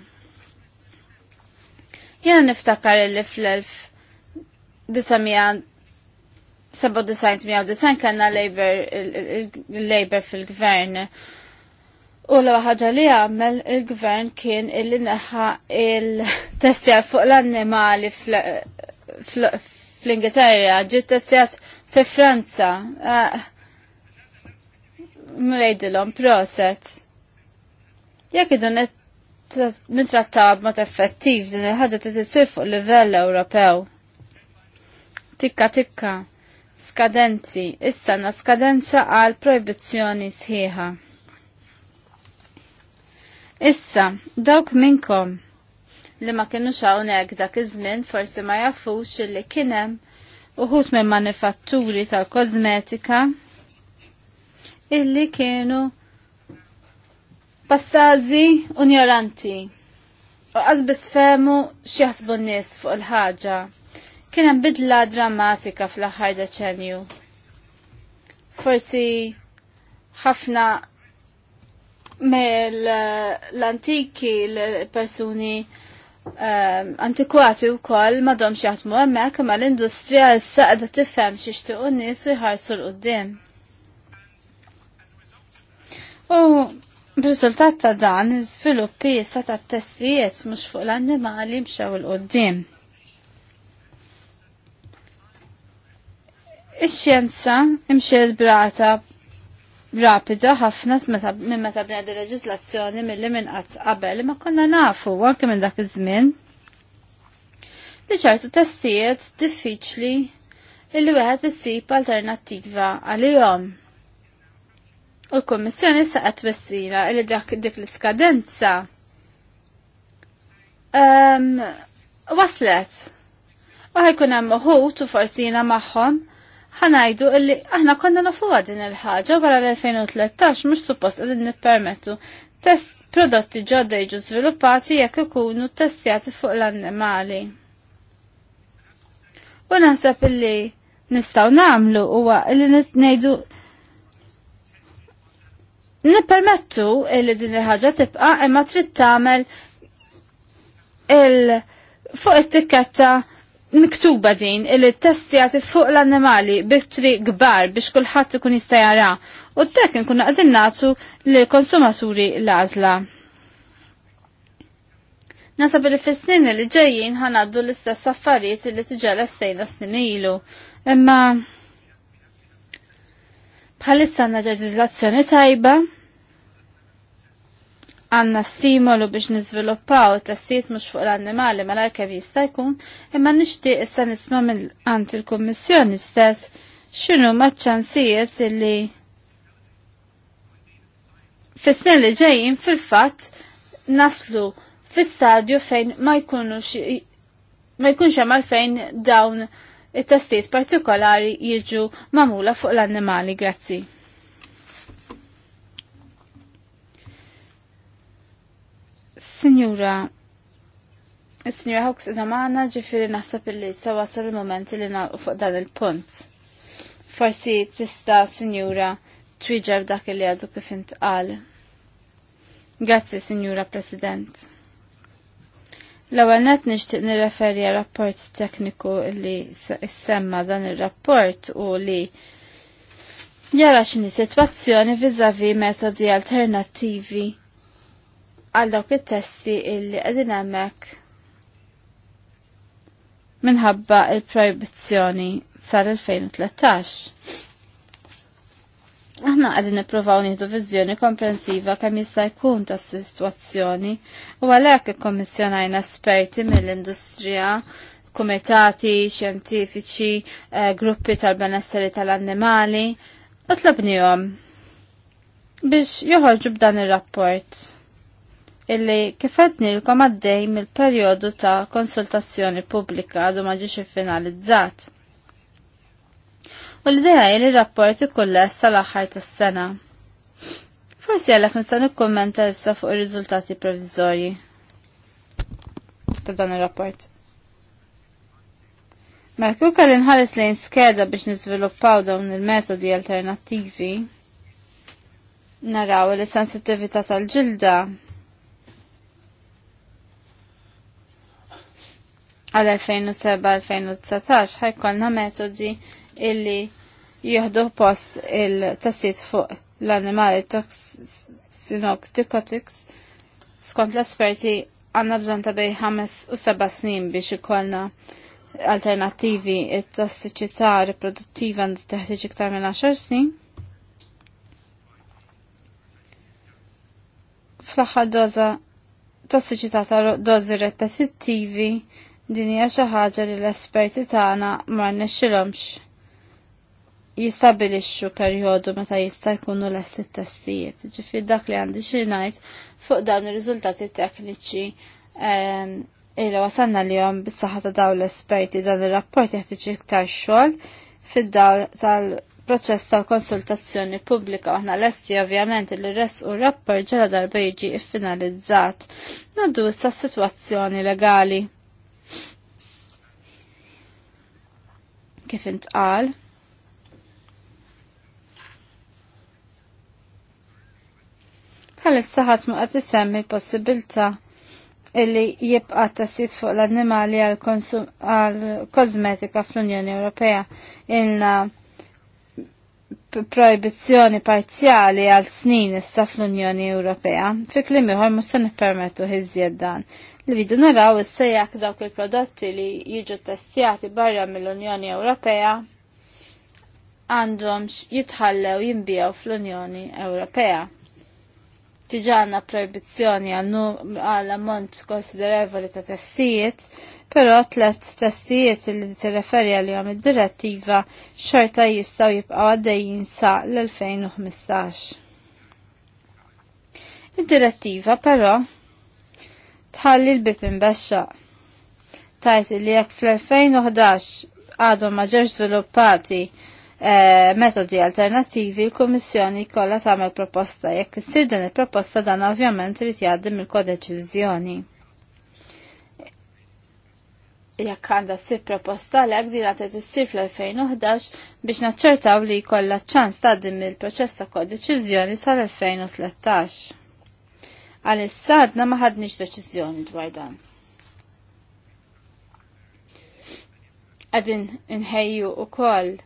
Jena niftakar li fl-1997 kanna labor fil-gvern. U l ħaġa li għamel il-gvern kien illi neħa il-testjar fuq l-annimali fl-Ingilterra, ġi testjat fi Franza. Ah, Mrejdilom proset. Jek idun nitrattaw b'mod effettiv din il-ħadda ta' tisir fuq livell Ewropew. Tikka tikka, skadenzi, issa na skadenza għal proibizzjoni sħiħa. Issa, dawk minkom li ma kienu hawnhekk dak iż-żmien forsi ma jafux li kien hemm uħut minn manifatturi tal-kosmetika illi kienu pastazi unjoranti. U għazbis femu xieħsbu n-nis fuq il-ħagġa. Kienem bidla drammatika fl-ħar deċenju. Forsi ħafna mill l-antiki l-persuni ehm, antikwati u koll dom xieħtmu għemmek ma l-industrija s-saqda tifem xiextiqu n-nis u jħarsu l-qoddim. U B'riżultat ta' dan, iżviluppi issa ta' testijiet mhux fuq l-annimali mxew il-qoddim. Ix-xjenza imxiet brata rapida ħafna minn meta bned il-leġislazzjoni milli minn qatt qabel ma konna nafu anke minn dak iż-żmien li ċertu testijiet diffiċli illi wieħed isib alternattiva għalihom. U l-Kommissjoni saqat messira li dak dik l-iskadenza ehm, waslet. U ħajkun hemm uħut u forsi jiena magħhom ħanajdu illi aħna konna nafuha din il-ħaġa wara l-2013 mhux suppost li nippermettu test prodotti ġodda jiġu żviluppati jekk ikunu testjati fuq l-annimali. U naħseb illi nistgħu nagħmlu huwa li ngħidu Nippermettu illi din il-ħaġa tibqa' imma trid tagħmel il fuq it-tikketta miktuba din il testjati fuq l-annimali biktri gbar biex kulħadd ikun jista' jara u dak nkun qegħdin nagħtu lill konsumaturi l-għażla. Nasab li fis-snin li ġejjin ħanaddu l-istess affarijiet li tiġa l-estejna snin ilu. Imma Bħalissa għandna leġiżlazzjoni tajba, għanna stimolu biex nizviluppaw testijiet mux fuq l-annimali ma l-arkev jista' jkun, imma nixtieq issa nisma' minn għand il-Kummissjoni stess xinu maċ-ċansijiet illi fis li ġejjin fil-fatt naslu fi stadju fejn ma jkunux ma jkunx hemm għalfejn dawn it-testijiet partikolari jiġu mamula fuq l-annimali. Grazzi. Signora, Signora Hawks id-damana ġifiri il illi sawa il moment li naqfu fuq dan il-punt. Forsi tista, Signora, triġab dak li għadu kif għal. Grazzi, Signora President. L-ewwel net nixtieq nirreferi għal rapport tekniku li semma dan ir-rapport u li jara x'inhi sitwazzjoni viżavi metodi alternattivi għal dawk it-testi illi qegħdin hemmhekk minħabba il-proibizzjoni sar 2013. Aħna għadin niprofaw nieħdu viżjoni komprensiva kemm jista' jkun tas sitwazzjoni u għalhekk ikkommissjonajna esperti mill-industrija, kumitati, xjentifiċi, eh, gruppi tal-benesseri tal-annimali u tlobnihom biex joħorġu b'dan ir-rapport illi kif l għaddej mill-perjodu ta' konsultazzjoni pubblika għadu maġiġi finalizzat u l-idea li rapporti kulla sal-aħħar tas-sena. Forsi għalek nista' kommenta issa fuq ir-riżultati provizorji ta' dan ir-rapport. Merku mela, kieku kelli nħares lejn skeda biex niżviluppaw dawn il-metodi alternattivi, naraw li sensitivita tal-ġilda għal 2007-2019 ħajkonna metodi illi jieħdu post il tassiet fuq l-animali toxinokticotics skont l-esperti għanna bżon ta' bej 5 u 7 snin biex ikollna alternativi il tossiċità riproduttiva għandu teħtieġ iktar minn 10 snin. Fl-aħħar doza tossiċità ta' dozi repetittivi din hija xi ħaġa li l-esperti tagħna ma rnexxilhomx jistabilixxu perjodu meta jista' jkunu lest it-testijiet. Ġifier dak li għandi xi ngħid fuq dawn ir-riżultati tekniċi ehm, illa wasanna li jom bis-saħħa ta' dawn l-esperti dan ir-rapport jeħtieġ iktar xogħol fid-dawl tal- proċess tal-konsultazzjoni pubblika aħna lesti ovvjament li res u rapport ġara darba jiġi iffinalizzat naddu issa situazzjoni legali. Kif intqal? bħalissa ħadd ma qed isemmi l-possibilità illi jibqa' tassis fuq l-annimali għal kosmetika fl-Unjoni Ewropea inna proibizzjoni parzjali għal snin issa fl-Unjoni Ewropea, fi klim ieħor mhux se nippermettu ħiżjed dan. Li ridu naraw issa jekk dawk il-prodotti li jiġu testjati barra mill-Unjoni Ewropea għandhomx jitħallew jinbijaw fl-Unjoni Ewropea tiġana proibizzjoni għal ammont konsiderevoli ta' testijiet, pero tlet testijiet li t-referi għal jom id-direttiva xorta jistaw jibqaw għaddejjin sa' l-2015. Id-direttiva però tħalli l-bib imbexxa. Tajt li jekk fl-2011 għadhom ma ġew Eh, metodi alternativi l-Kummissjoni kollha tagħmel proposta jekk issir din il-proposta dan ovvjament irid jgħaddim il-kodeċiżjoni. Jekk għandha ssir proposta l din qed issir fl-2011 biex naċċertaw li jkollha ċans tgħaddim il-proċess ta' kodeċiżjoni sal-2013. għal għadna ma ħadniex deċiżjoni dwar dan. għadin nħejju u koll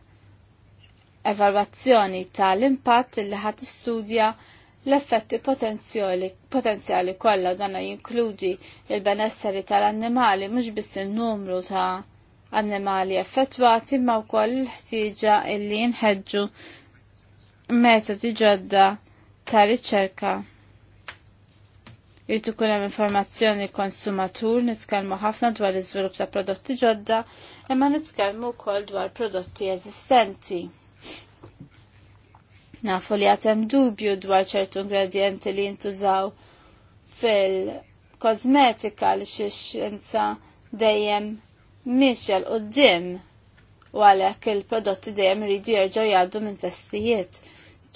evalwazzjoni tal-impatt li ħat istudja l-effetti potenzjali kollha dana jinkludi il-benesseri tal-annimali mhux biss in-numru ta' annimali effettwati ma wkoll il-ħtieġa illi jinħeġġu metodi ġodda ta' riċerka. Irtu kun hemm informazzjoni konsumatur nitkellmu ħafna dwar iż-żvilupp ta' prodotti ġodda imma nitkellmu wkoll dwar prodotti eżistenti. Nafu li għatem dubju dwar ċertu ingredienti li jintużaw fil-kosmetika li xiexenza dejjem miexel u d-dim u għalek il-prodotti dejjem rridu jirġaw jgħaddu minn testijiet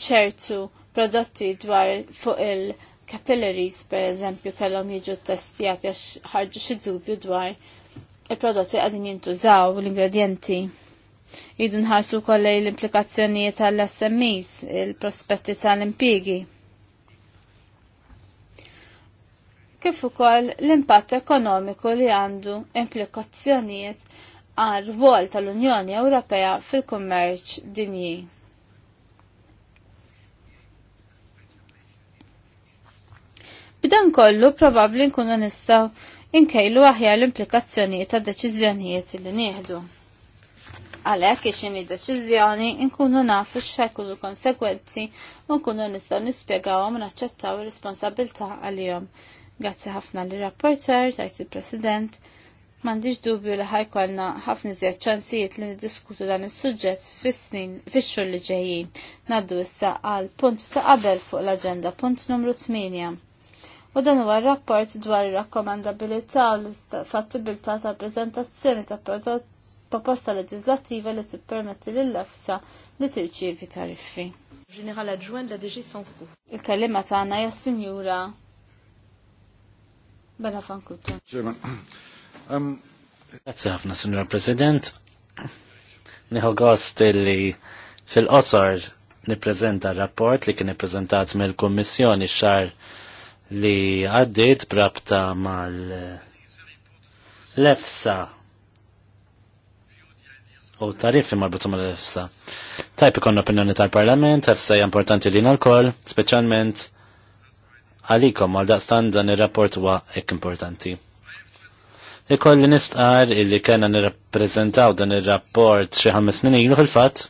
ċertu prodotti dwar fuq il-capillaries per eżempju kellhom jiġu testijat għax ħarġu xi dubju dwar il-prodotti għadin jintużaw l-ingredienti. Idu nħarsu kollej l-implikazzjonijiet tal-SMEs, il-prospetti tal-impiegi. Kif ukoll l-impatt ekonomiku li għandu implikazzjonijiet għal rwol tal-Unjoni Ewropea fil-kummerċ dinji. B'dan kollu probabbli nkunu nistgħu inkejlu aħjar l-implikazzjonijiet tad deċiżjonijiet li nieħdu għalek ixini deċizjoni nkunu nafu xekulu konsekwenzi u nkunu nistaw nispiegaw u naċċettaw responsabilta għal-jom. Grazzi ħafna li rapporter, tajt il-president, mandiġ dubju li ħajkolna ħafna zjed ċansijiet li niddiskutu dan is-suġġett fis-snin fix-xhur li ġejjin. Naddu issa għal punt ta' qabel fuq l-aġenda punt numru 8 u dan huwa rapport dwar ir-rakkomandabilità u l-fattibilità ta' preżentazzjoni ta' prodotti proposta leġislattiva li tippermetti lill-lefsa li tirċievi tariffi. General Adjoint la DG Sanfu. Il-kellima tagħna hija Sinjura Bella Fankuta. Um, Grazie ħafna, Sinjura President. Nieħu gost li fil-qosor nippreżenta rapport li kien ippreżentat mill-Kummissjoni xar li għaddiet brabta mal-lefsa u tariffi marbuta l efsa Tajp ikon opinjoni tal-Parlament, EFSA hija importanti li nalkol, specialment speċjalment għalikom għal daqstan dan ir-rapport huwa hekk importanti. Ikolli nistqar illi kena nirrappreżentaw dan ir-rapport xi ħames snin ilu fil-fatt,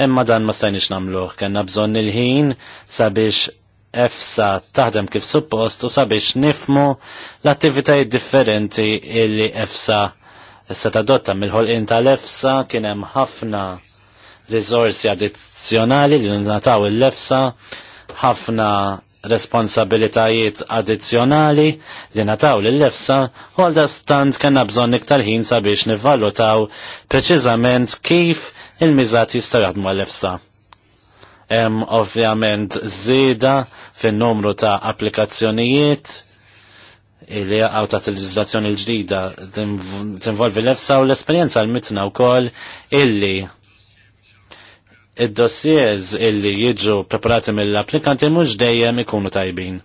imma dan ma stajniex nagħmluh, kellna bżonn il-ħin sabiex EFSA taħdem kif suppost u sabiex nifmu l-attivitajiet differenti illi EFSA Issa dotta mill-ħolqien tal-EFSA kien hemm ħafna riżorsi addizzjonali li nataw il lefsa ħafna responsabilitajiet addizzjonali li nataw lill lefsa u għal stand kena bżonn iktar ħin sabiex nivvalutaw preċiżament kif il-miżat jistgħu jaħdmu l-EFSA. Hemm ovvjament żieda fin-numru ta' applikazzjonijiet li għaw ta' t-leġizlazzjoni l-ġdida t-involvi l-efsa u l-esperienza l-mitna u koll illi id-dossiers illi jiġu preparati mill-applikanti mux dejjem ikunu tajbin.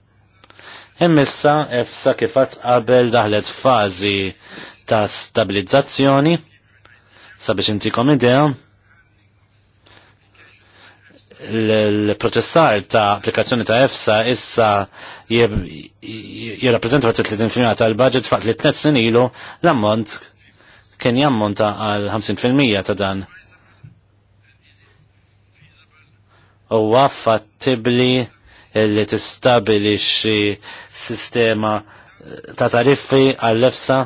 Immissa efsa kifat qabel daħlet fazi ta' stabilizzazzjoni sabiex intikom idea l-proċessar ta' applikazzjoni ta' EFSA issa jirrappreżenta għat 30% tal-budget faqt li t-net snilu l-ammont kien jammonta għal 50% ta' dan. U fattibli li tistabilixi sistema ta' tariffi għall-EFSA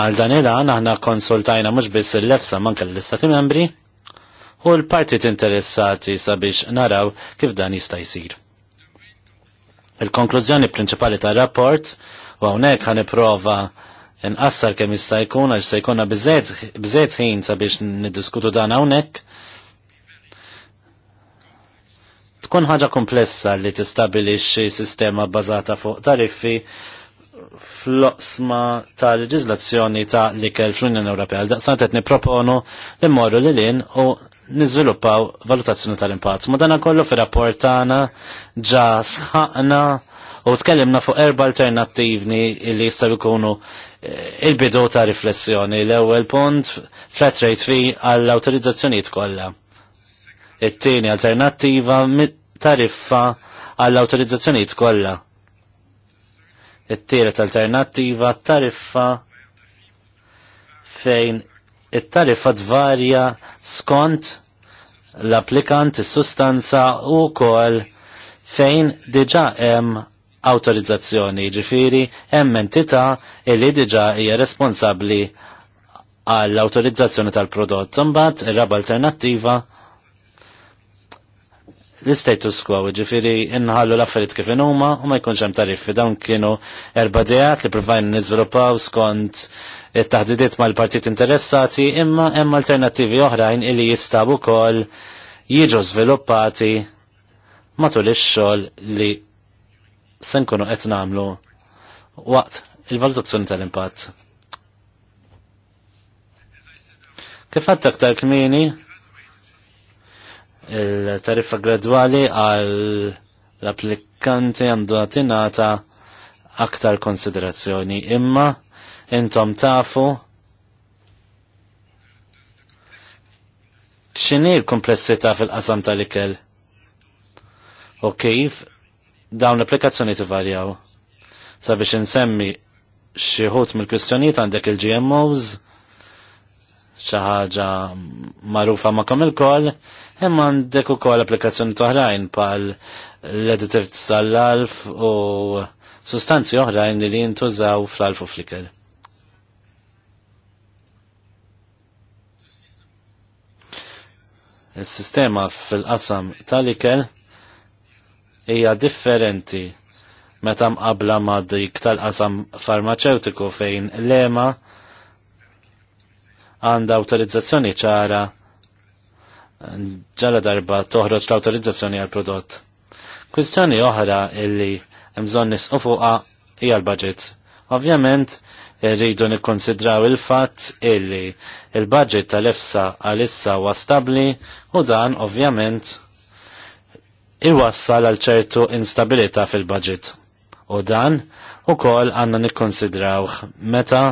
għal dan il-għan aħna konsultajna mux biss l-EFSA manka l-Istati membri u l-partit interessati sabiex naraw kif dan jista' jsir. Il-konklużjoni prinċipali tar-rapport u hawnhekk ħa nipprova nqassar kemm jista' jkun għax se jkunna biżejt ħin sabiex niddiskutu dan hawnhekk. Tkun ħaġa komplessa li tistabilixxi sistema bbażata fuq tariffi fl-oqsma ta' leġizlazzjoni ta' li kell fl-Unjoni Ewropea. Daqsan qed nipproponu li mmorru lil u niżviluppaw valutazzjoni tal-impatt. Ma kollu fi rapportana ġa sħaqna u tkellimna fuq erba alternattivni li jistaw ikunu eh, il-bidu ta' riflessjoni. L-ewwel punt flat rate fi għall awtorizzazzjonijiet kollha. It-tieni alternattiva tariffa għall awtorizzazzjonijiet kollha. It-tielet alternattiva tariffa fejn it-tariffa tvarja skont l-applikant is-sustanza u kol fejn diġa hemm autorizzazzjoni ġifiri hemm entità li diġa hija responsabbli għall autorizzazzjoni tal-prodott. Imbagħad ir-raba alternattiva l-status quo, ġifiri inħallu l-affarijiet kif huma u ma jkunx hemm tariffi dawn kienu erba' dejat li provajna niżviluppaw skont it-taħdidiet mal-partit interessati imma hemm alternattivi oħrajn illi jistabu kol jiġu sviluppati matul ix-xogħol li se nkunu qed nagħmlu waqt il-valutazzjoni tal-impatt. Kif għadd aktar kmini il-tariffa gradwali għal l-applikanti għandu tingħata aktar konsiderazzjoni imma intom tafu ċini l-komplessità fil-qasam tal-ikel u kif dawn l-applikazzjoni tivarjaw. Sabiex insemmi xieħut mill-kwistjonijiet għandek il-GMOs, ċaħġa marufa ma kom il-koll, imma għandek u koll applikazzjoni toħrajn pal l-editor tal-alf u sustanzi oħrajn li li jintużaw fl-alf u flikel. Il-sistema fil-qasam tal-ikel hija differenti meta mqabla ma dik tal-qasam farmaceutiku fejn l-ema għanda autorizzazzjoni ċara ġala darba toħroġ l-autorizzazzjoni għal prodott. Kwistjoni oħra illi mżon nisqu fuqa hija l-budget. Ovvjament rridu nikkonsidraw il-fatt illi il-budget tal-efsa għalissa huwa stabbli u dan ovvjament iwassal għal ċertu instabilità fil-budget. U dan ukoll għandna nikkonsidraw meta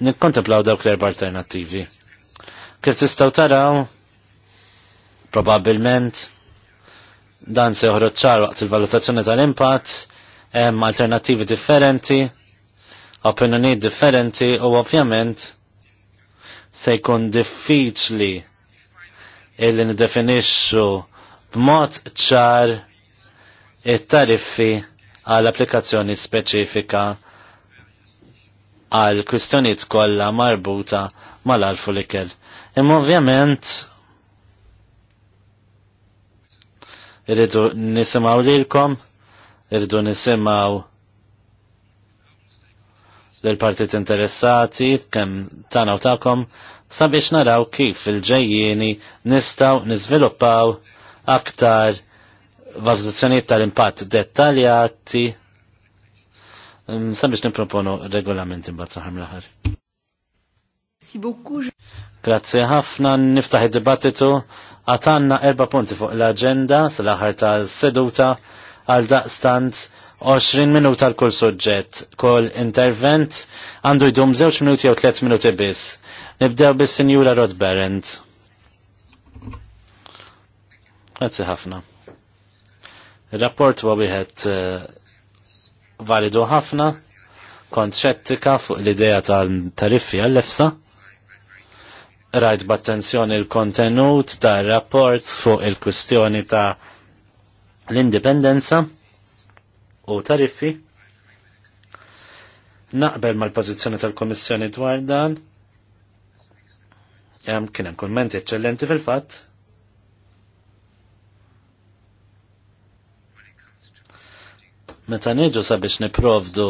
nikkontemplaw dawk l-erba alternattivi. Kif tistgħu taraw, Probabilment dan se waqt il-valutazzjoni tal-impatt hemm alternattivi differenti, opinjonijiet differenti u ovvjament se jkun diffiċli illi nidefinixxu b'mod ċar it-tariffi għall applikazzjoni speċifika għal kwistjonijiet kollha marbuta mal-alfu l-ikel. Imma ovvjament irridu nisimgħu lilkom irridu nisimgħu lill partit interessati kemm tanaw u tagħkom sabiex naraw kif il ġejjini nistgħu niżviluppaw aktar valutazzjoniet tal-impatt dettaljati mm, sabiex nipproponu regolamenti mbagħad l-aħħar Grazie ħafna, niftaħ id-dibattitu. Għatanna erba punti fuq l-agenda sal-aħħar tal-seduta għal daqstant 20 minuta għal kull suġġett. Kull intervent għandu jdum 0 minuti jew 3 minuti biss. Nibdew bis-Sinjura Rodberent. Grazzi ħafna. Il-rapport huwa wieħed eh, validu ħafna, kont xettika fuq l-idea tal-tariffi għall-efsa. Rajt b'attenzjoni l-kontenut tar rapport fuq il-kwistjoni ta' l-indipendenza u tariffi naqbel mal-pozizjoni tal-Komissjoni dwar dan kien hemm kummenti eċċellenti fil-fatt. Meta niġu sabiex niprovdu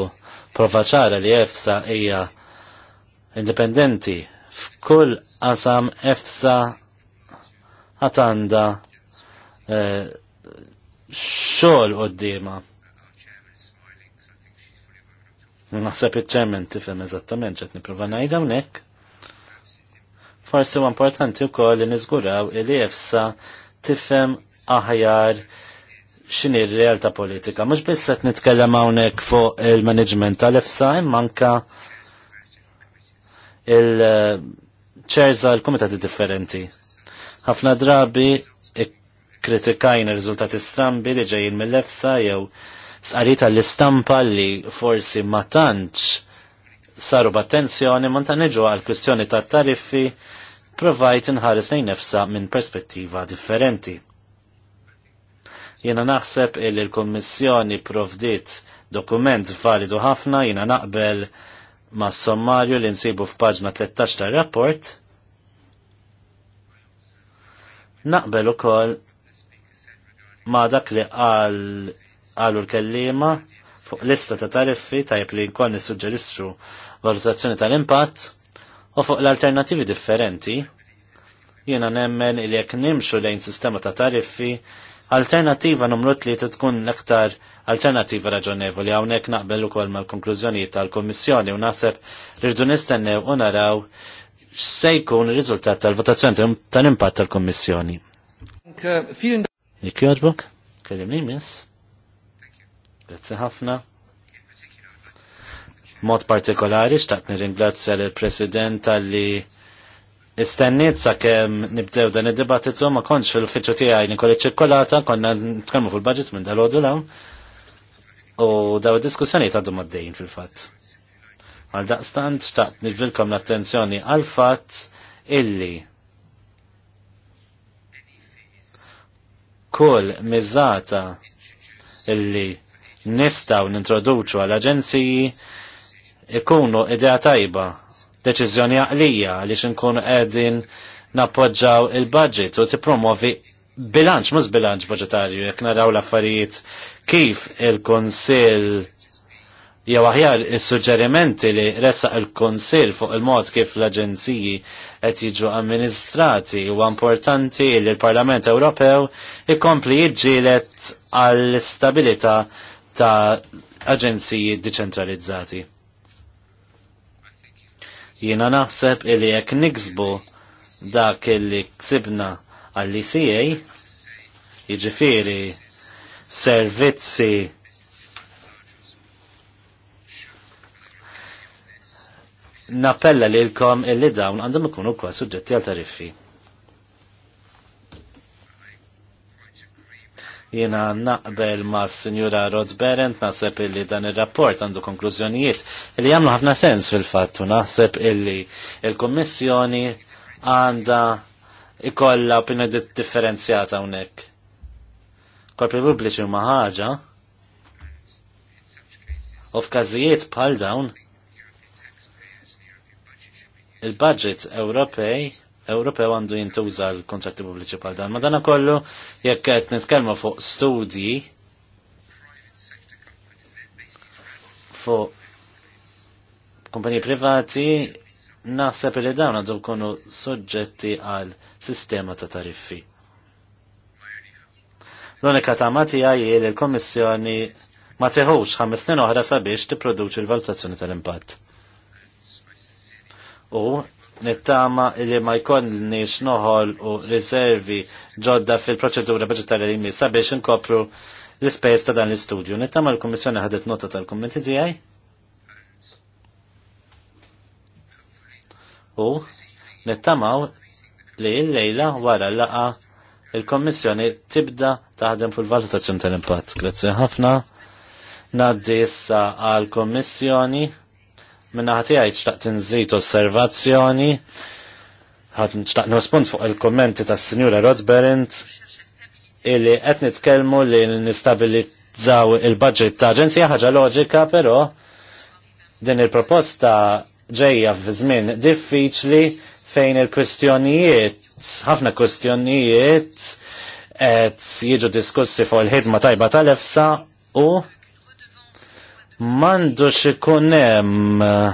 provaċara li EFSA hija indipendenti f'kull qasam EFSA għatanda eh, xogħol qoddima. Naħseb il ċermen tifhem eżattament ġed nipprova ngħid hawnhekk. Forsi huwa importanti wkoll li niżguraw li jefsa tifhem aħjar x'inhi r-realtà politika. Mux biss qed nitkellem hawnhekk fuq il-management tal-efsa manka il-ċerza l-komitati differenti. Ħafna drabi kritikajn il-rizultati strambi li ġejjin mill-lefsa jew sqarita l-istampa li forsi ma tantx saru b'attenzjoni ma ta' niġu għal kwistjoni ta' tariffi provajt inħares lejn nefsa minn perspettiva differenti. Jena naħseb il l-Kommissjoni provdit dokument validu ħafna jena naqbel ma' sommarju li nsibu f'paġna 13 tar rapport Naqbel ukoll ma dak li għal qalu l-kellima fuq lista ta' tariffi tajb li jkun nissuġġerixxu valutazzjoni tal-impatt u fuq l-alternativi differenti jiena nemmen li jekk nimxu lejn sistema ta' tariffi alternativa numru li tkun l-aktar alternativa raġonevoli hawnhekk naqbel ukoll mal-konklużjonijiet tal-Kummissjoni u naħseb rridu nistennew u naraw x'se jkun ir-riżultat tal-votazzjoni tal-impatt tal-Kummissjoni. Jek joġbok, kellim li miss. Grazzi ħafna. Mod partikolari xtaqt nirringrazzja l-President tal-li Istenniet sa' kem nibdew dan id-dibattitu ma konx fil-uffiċċju tiegħi nikolli ċekkolata, konna nitkellmu fil-budget minn dal l law. U daw id-diskussjoni għadhom għaddejjin fil-fatt. Għal daqstant xtaqt nġbilkom l-attenzjoni għal fatt illi kull miżata illi nistaw nintroduċu għal-aġenziji ikunu idea tajba, deċiżjoni għalija li xinkun għedin nappoġġaw il-budget u tipromovi bilanċ, mus bilanċ budgetarju, jek naraw l-affarijiet kif il-konsil jew aħjar is-suġġerimenti li resaq il-Konsil fuq il-mod kif l-aġenziji qed jiġu amministrati huwa importanti li l-Parlament Ewropew ikompli jiġġielet għall-istabilità ta' aġenziji deċentralizzati. Jiena naħseb li jekk niksbu dak li ksibna għall-ICA, jiġifieri servizzi napella lilkom illi dawn għandhom ikunu wkoll suġġetti għal tariffi. Jiena naqbel ma' Sinjura Rod Berent naħseb illi dan ir-rapport għandu konklużjonijiet li jagħmlu ħafna sens fil-fatt u naħseb illi il-Kummissjoni għandha ikolla opinjoni differenzjata hawnhekk. Korpi pubbliċi ma ħaġa u f'każijiet bħal dawn il-budget Ewropej Ewropew għandu jintuża l-kontratti pubbliċi bħal dan. dan kollu jekk qed nitkellmu fuq studji fuq kumpaniji privati naħseb li dawn għadu kunu soġġetti għal sistema ta' tariffi. L-unika ta' mati li l-Komissjoni ma teħux ħames snin oħra sabiex tipproduċi l-valutazzjoni tal-impatt u nittama li ma jkollniex noħol u riservi ġodda fil-proċedura budgetarja li jmissa biex nkopru l-ispejs ta' dan l-istudju. Nittama l-Kommissjoni ħadet nota tal-kommenti tiegħi. U nittamaw li l-lejla wara laqa il-Kommissjoni tibda taħdem fil-valutazzjoni tal-impatt. Grazie ħafna. Naddi issa għal-Kommissjoni. Minna ħati għajt xtaqt nżid osservazzjoni, ħat xtaqt nħospund fuq il-kommenti ta' Sinjura Rodberent, illi qed nitkellmu li nistabilizzaw il-budget ta' aġenzija ħaġa loġika, però din il-proposta ġejja żmien diffiċli fejn il-kwestjonijiet, ħafna kwestjonijiet qed jiġu diskussi fuq il-ħidma tajba tal-efsa u M'għandux ikun hemm eh,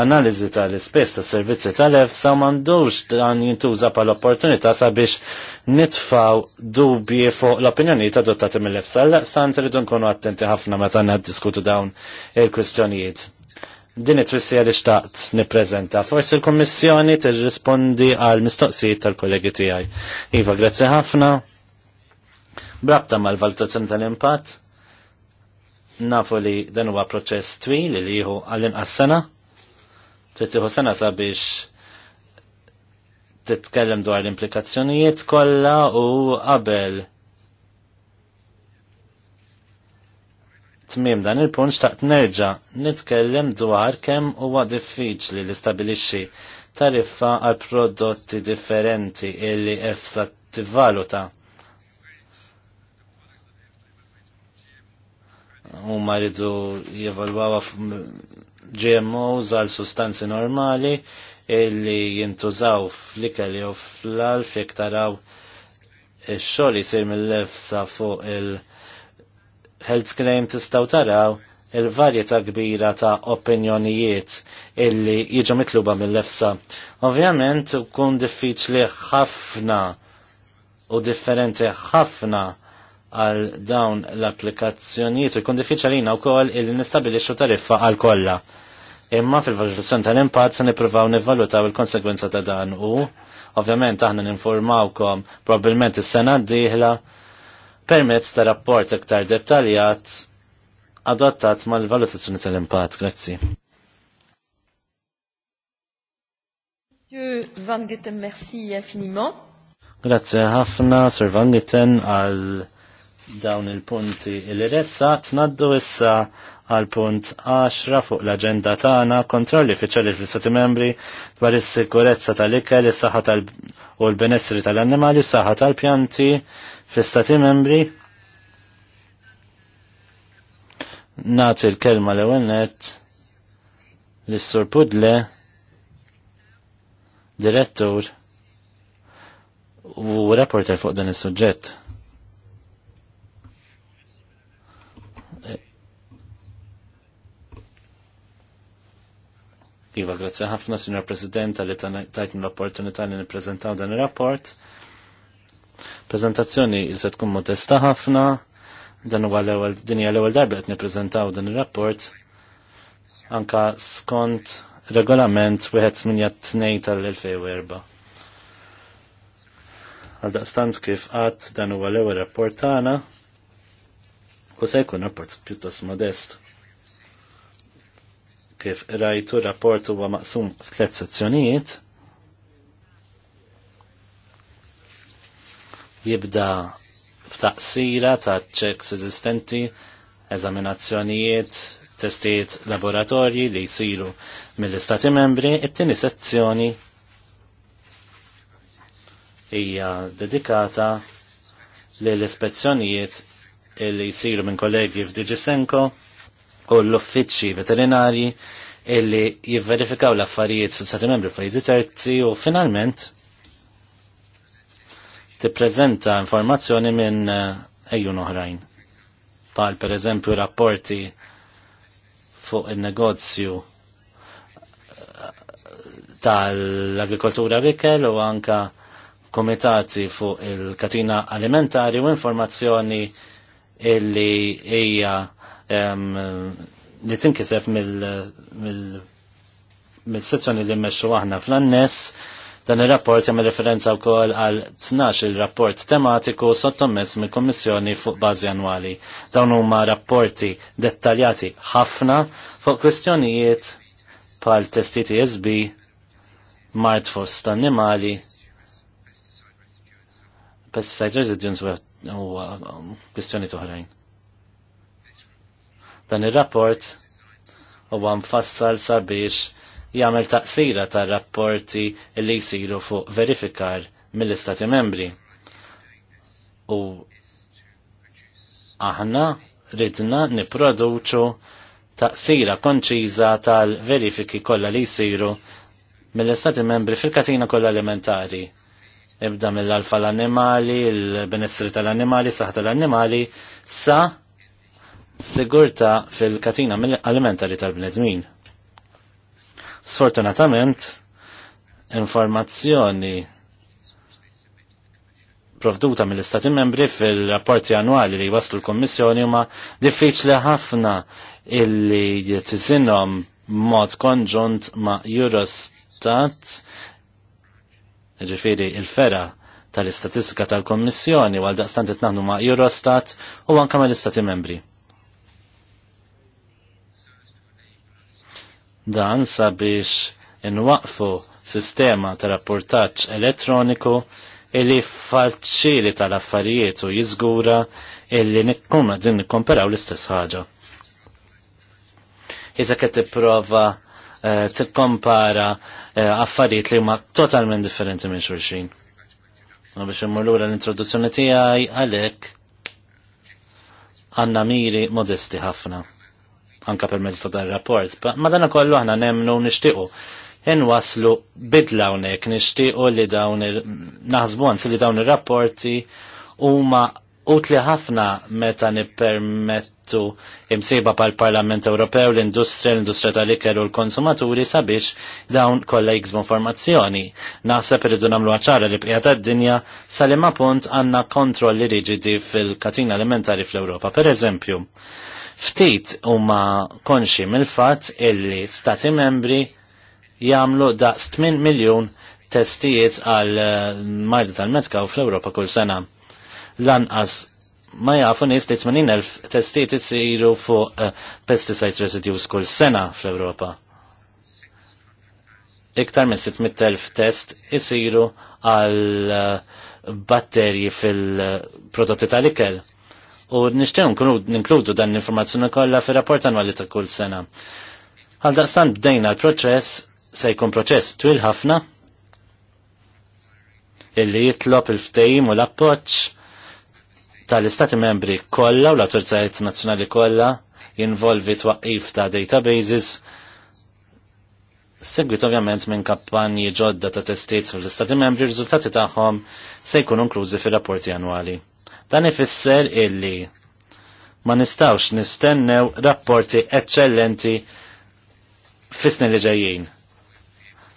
analizi tal-ispess ta' servizzi tal-EFSA mandux dan jintuża pal opportunità sabiex nitfaw dubji fuq l-opinjoni ta' dottati mill-EFSA. L-sant rridu nkunu attenti ħafna meta għandna diskutu dawn il-kwistjonijiet. Din it trissi li xtaqt niprezenta. Forsi l-Kommissjoni tirrispondi għal mistoqsijiet tal-kollegi tiegħi. Iva, grazzi ħafna. Brabta mal-valutazzjoni tal-impatt. Nafu li dan huwa proċess twil li jieħu għall-inqas sena. Trid sena sabiex titkellem dwar l-implikazzjonijiet kollha u qabel tmim dan il-punt xtaqt nerġa nitkellem dwar kemm huwa diffiċli li stabilixxi tariffa għal prodotti differenti illi EFSA tivvaluta. U maridu jevalwawa GMOs għal sustanzi normali illi jintużaw fl-ikel jew fl-alf jektaraw ix xoli sir mill-EFSA fuq il- health claim tistaw taraw il-varjeta kbira ta' opinjonijiet illi jiġu mitluba mill-lefsa. Ovvjament, kun diffiċli ħafna u differenti ħafna għal dawn l-applikazzjonijiet u jkun u wkoll illi nistabilixxu tariffa għal kollha. Imma fil-valutazzjoni tal-impatt se nippruvaw nivvalutaw il-konsegwenza ta' dan u ovvjament aħna ninformawkom probabbilment is-sena d-dieħla permezz ta' rapport iktar dettaljat adottat mal-valutazzjoni tal-impatt. Grazzi. Van Gitten, merci infiniment. Grazie ħafna, Sir Van Gitten, għal dawn il-punti il-ressa. Tnaddu issa għal punt 10 fuq l-agenda tagħna kontrolli fiċċali fl-Istati Membri dwar is-sikurezza tal-ikel, is-saħħa tal- u l-benessri tal-annimali, is-saħħa tal-pjanti, fl-istati membri. Nati l-kelma l-ewennet l-Sur Pudle, direttur u rapporter fuq dan is-suġġett. Iva, grazzi ħafna, Signor President, li tajtni l-opportunità li nippreżentaw dan ir rapport Prezentazzjoni il se tkun modesta ħafna, dan huwa l-ewwel din hija l-ewwel darba qed nippreżentaw dan ir-rapport anka skont regolament wieħed tnejn tal-2004. Għaldaqstant kif qatt dan huwa l-ewwel rapport tagħna u se jkun rapport pjuttost modest kif rajtu rapport huwa maqsum f'tliet sezzjonijiet, jibda b'taqsira ta' checks eżistenti, eżaminazzjonijiet, testijiet laboratorji li jisiru mill-Istati membri, it-tieni sezzjoni hija dedikata lill ispezzjonijiet li jisiru minn kollegi f'Digisenko u l-uffiċċji veterinarji illi jivverifikaw l-affarijiet fil-Stati membri f'pajjiżi terzi u finalment tippreżenta informazzjoni minn eh, ejjun oħrajn. Pal per eżempju rapporti fuq il-negozju eh, tal-agrikoltura rikel u anka komitati fuq il-katina alimentari u informazzjoni illi hija li tinkiseb mill-sezzjoni li mmexxu aħna fl-annes Dan il-rapport jem referenza wkoll għal 12 il-rapport tematiku sottomess mill-Kommissjoni fuq bażi annwali. Dawn huma rapporti dettaljati ħafna fuq kwistjonijiet bħal testi TSB, mart fost annimali, pesticide residues u um, kwestjoni oħrajn. Dan ir rapport huwa mfassal sabiex jagħmel taqsira tar-rapporti li jsiru fuq verifikar mill-Istati membri. U aħna ridna niproduċu taqsira konċiża tal-verifiki kollha li jsiru mill-Istati membri fil-katina kollha elementari. Ibda mill-alfa l-annimali, l benessri tal-annimali, saħ tal-annimali, sa sigurta fil-katina mill-alimentari tal-bnedmin. Sfortunatament, informazzjoni provduta mill-Istati membri fil-rapporti annwali li waslu l-Kommissjoni huma diffiċli ħafna illi tisinhom mod konġunt ma' Eurostat ġifiri il-fera tal-istatistika tal-Kommissjoni għal daqstant itnaħnu ma' Eurostat u anka ma' istati membri. dan sabiex inwaqfu sistema ta' rapportaġġ elettroniku illi faċċili tal-affarijiet u jizgura illi nikkumma din nikkomperaw l-istess ħaġa. Iżda qed tipprova eh, tikkompara eh, affarijiet li huma totalment differenti minn xulxin. U biex immur lura l-introduzzjoni tiegħi għalhekk għandna miri modesti ħafna anka permezz ta' dan rapport. Ma dan kollu aħna nemnu nixtiequ. Hen waslu bidla hawnhekk nixtiequ li dawn naħsbu anzi li dawn ir-rapporti huma utli ħafna meta nippermettu imsiba pal parlament Ewropew l-industrija, l-industrija tal-ikel u l-konsumaturi sabiex dawn kollha jiksbu informazzjoni. Naħseb irridu nagħmlu ċara li bqija tad-dinja sal punt għandna kontrolli riġidi fil-katina alimentari fl-Ewropa. Per eżempju, Ftit huma konxi mill-fatt illi stati membri jagħmlu daqs 8 miljun testijiet għal eh, marda tal-metkaw fl-Ewropa kull sena. Lanqas ma jafu nis li 80.000 testijiet isiru fuq eh, pesticide residues kull sena fl-Ewropa. Iktar minn 600.000 test isiru għal eh, batterji fil-prodotti tal-ikel. U nishtiq ninkludu dan l-informazzjoni kollha fir-rapport annwali ta' kull sena. Għal daqstan bdejna l-proċess se jkun proċess twil ħafna illi jitlob il ftejim u l-appoċ tal-istati membri kollha u l autorizzajiet nazzjonali kollha jinvolvi twaqqif ta' databases segwit ovvjament minn kampanji ġodda ta' testiet fl-istati membri, r riżultati tagħhom se jkunu inklużi fir-rapporti annwali. Dan ifisser illi ma nistawx nistennew rapporti eccellenti fisni li ġejjin.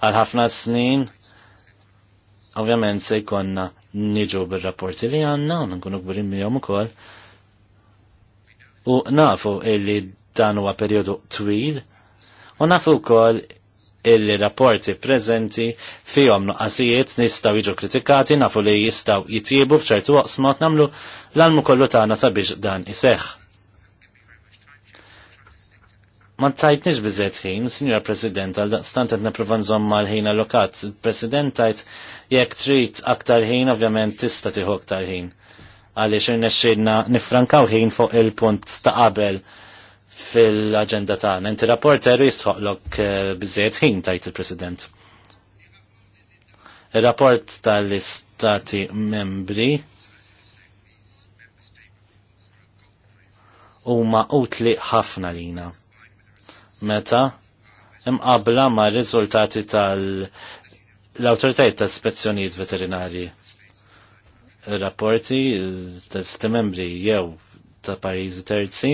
Għal ħafna snin, ovvjament se jkonna niġu bil-rapporti li għanna, u nkunu gburin miħom ukoll. U nafu illi dan huwa periodu twil, u nafu koll il-rapporti prezenti fihom nuqqasijiet nistgħu jiġu kritikati nafu li jistgħu jitjiebu f'ċertu waqsmot nagħmlu l-almu kollu tagħna sabiex dan iseħħ. Ma tajtniex biżet ħin, Signor President, għal stant qed nipprova nżomm l-ħin allokat. Il-President tajt jekk trid aktar ħin, ovvjament tista' tieħu aktar ħin. Għaliex irnexxielna nifrankaw ħin fuq il-punt ta' qabel fil-agenda tagħna. Inti rapporter jisħoqlok eh, biżejjed ħin tajt il-President. Il-rapport tal-Istati membri huma utli ħafna lina. Meta imqabla ma' riżultati tal-Awtoritajiet ta' spezzjoniet Veterinari rapporti eh, tal istati membri jew ta' pajjiżi terzi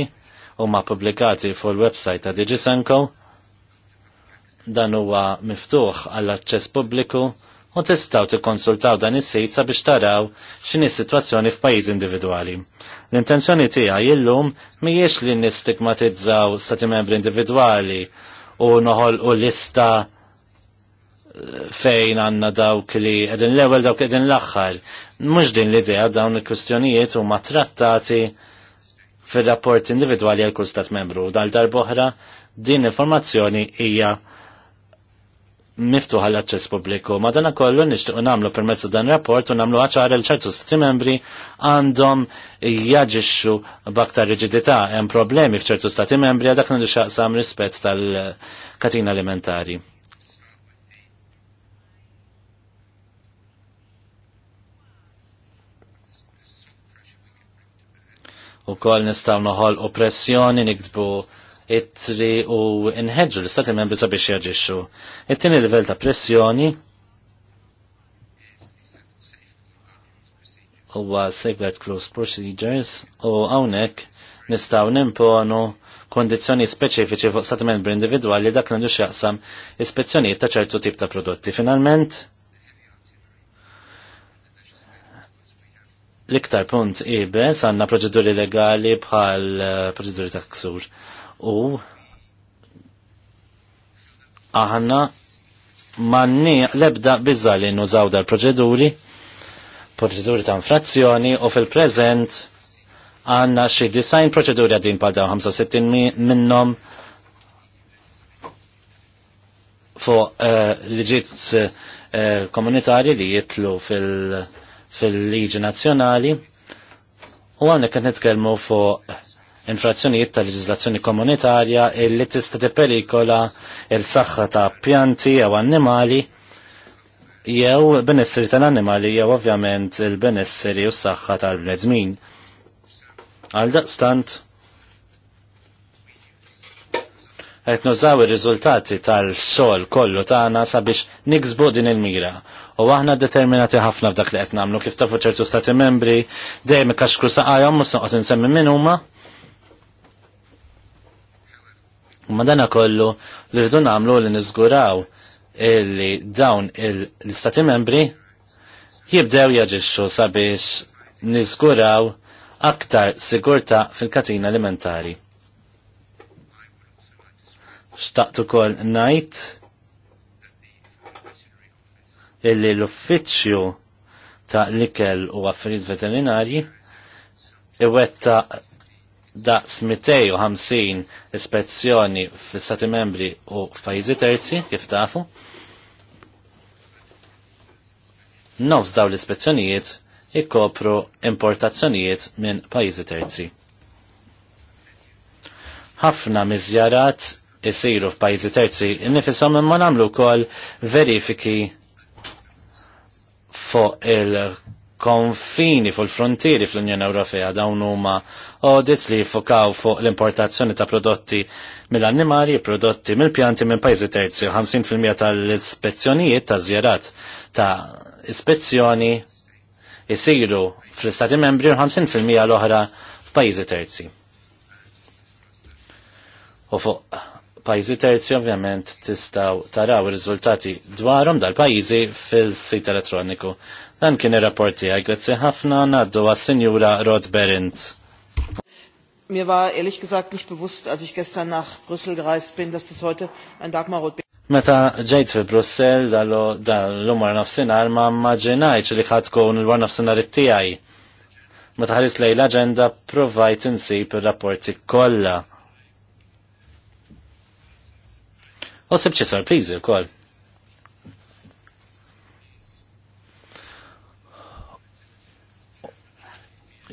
huma pubblikati fuq il-website ta' DigiSanko. Dan huwa miftuħ għall-aċċess pubbliku u tistaw tikkonsultaw dan is-sit sabiex taraw x'inhi s-sitwazzjoni f'pajjiż individwali. L-intenzjoni tiegħi illum mhijiex li nistigmatizzaw stati membri individwali u noħol u lista eh, fejn għanna dawk li edin l ewwel dawk edin l aħħar mhux din l-idea dawn il kwistjonijiet huma trattati fil-rapport individwali għal kull stat membru. Dal darboħra din informazzjoni hija miftuħa l-aċċess pubbliku. Madana kollu nagħmlu permezz dan rapport u nagħmlu ħaċar il ċertu stati membri għandhom jaġixxu b'aktar riġidità hemm problemi f'ċertu stati membri għal dak xaqsam rispett tal-katina alimentari. u kol nistaw noħol oppressjoni nikdbu it-tri u nħedġu l-istati membri sabiex jaġixxu. It-tieni livell ta' pressjoni huwa Secret Close Procedures u hawnhekk nistgħu nimponu kondizjoni speċifiċi fuq stati membri individwali dak l-għandu xjaqsam ispezzjonijiet ta' ċertu tip ta' prodotti. Finalment, l-iktar punt ibes għanna proċeduri legali bħal eh, proċeduri ta' ksur. U aħna manni lebda bizza li nużaw dal proċeduri proċeduri ta' infrazzjoni u fil-prezent għanna xi design proċeduri għadin pa' daw 65 minnom fuq uh, eh, liġiet uh, eh, komunitarji li jitlu fil- fil-liġi nazzjonali u għamnek qed nitkellmu fuq infrazzjonijiet ta' leġislazzjoni komunitarja illi tista' perikola, il-saħħa ta' pjanti jew annimali jew benessiri tal-annimali jew ovvjament il-benessiri u s-saħħa tal-bnedmin. Għal daqstant qed nużaw ir-riżultati tal sol kollu tagħna sabiex niksbu din il-mira U aħna determinati ħafna f'dak li qed nagħmlu kif tafu ċertu stati membri dejjem ikaxkru saqajhom u noqgħod insemmi min huma. Ma dana kollu li rridu nagħmlu li niżguraw illi dawn l-istati membri jibdew jaġixxu sabiex niżguraw aktar sigurta fil-katina alimentari. Xtaqt ukoll ngħid illi l-uffiċċju ta' l-ikel u affarijiet veterinarji iwetta da' 250 ispezzjoni fis-stati membri u f'pajjiżi terzi kif tafu. Nofs daw l-ispezzjonijiet ikopru importazzjonijiet minn pajjiżi terzi. Ħafna miżjarat isiru f'pajjiżi terzi, nifisom imma nagħmlu wkoll verifiki fuq il-konfini, fuq il-frontieri fl-Unjoni Ewropea dawn huma audits li jiffokaw fuq l-importazzjoni ta' prodotti mill-annimali, prodotti mill-pjanti minn pajzi terzi u 50% tal-ispezzjonijiet ta' zjarat ta' ispezzjoni jisiru fl-Istati membri u 50% l-oħra f'pajzi terzi. U fuq Pajjiżi terzi ovvjament tistaw taraw ir-riżultati dwarhom dal-pajjiżi fil-sit elettroniku. Dan kien ir rapporti għaj, grazzi ħafna għaddu għas-Sinjura Rod Berendt. Mir war ehrlich gesagt nicht bewusst, als ich gestern nach Brüssel gereist bin, dass das heute ein Dagmar Rot Meta ġejt fi Brussel dal lumar wara nafsinhar ma mmaġinajtx li ħadd l il-wara it tiegħi. Meta ħares lej l-aġenda provajt insib ir-rapporti kollha U sibċi sorpriżi wkoll.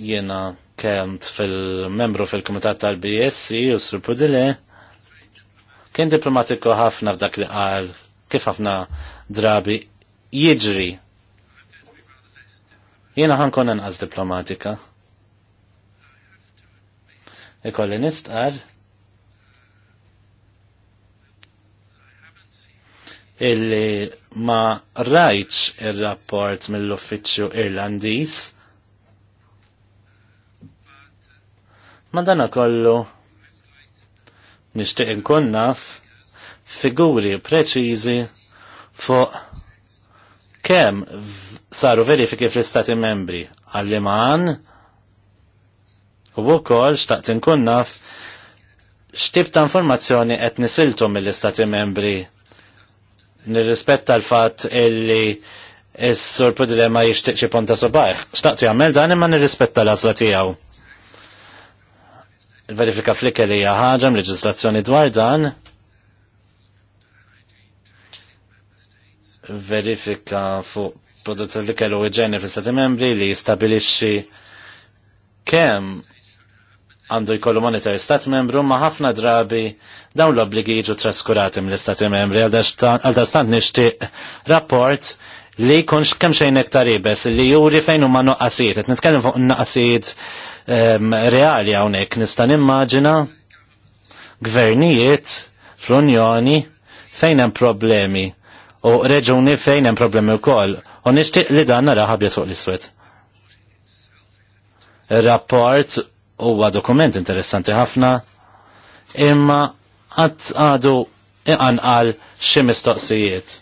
Jiena kent fil-membru fil-Kumitat tal-BSC u Sur Pudile kien diplomatiku ħafna f'dak li qal kif ħafna drabi jiġri Jiena ħankun inqas diplomatika. Ikolli nistqar illi ma rajtx il-rapport mill-uffiċċju Irlandiż. Ma dana kollu nixtieq inkun naf figuri preċiżi fuq kemm saru verifiki fl-Istati membri għall-iman u wkoll xtaqt inkun naf x'tib ta' informazzjoni qed nisiltu mill-Istati membri nirrispetta l-fat illi Is-sur Pudile ma jishtiq xi ponta sobaħ. Xtaqtu jagħmel dan imma nirrispetta l-għażla tiegħu. Il-verifika flicker hija ħaġa leġislazzjoni dwar dan. Verifika fuq prodotti li kellu iġeni fl-Stati Membri li jistabilixxi kemm għandu jkollu monitor stat membru ma ħafna drabi dawn l-obbligi jiġu traskurati mill-istati membri għal-dastant nixtieq rapport li jkunx kemm xejn iktar ibes li juri fejn huma nuqqasijiet. Qed nitkellem fuq nuqqasijiet ehm, reali hawnhekk nista' nimmaġina gvernijiet fl-Unjoni fejn hemm problemi u reġuni fejn hemm problemi wkoll u nixtieq li dan nara fuq l-iswed. Rapport huwa dokument interessanti ħafna imma għad għadu iqan għal xi mistoqsijiet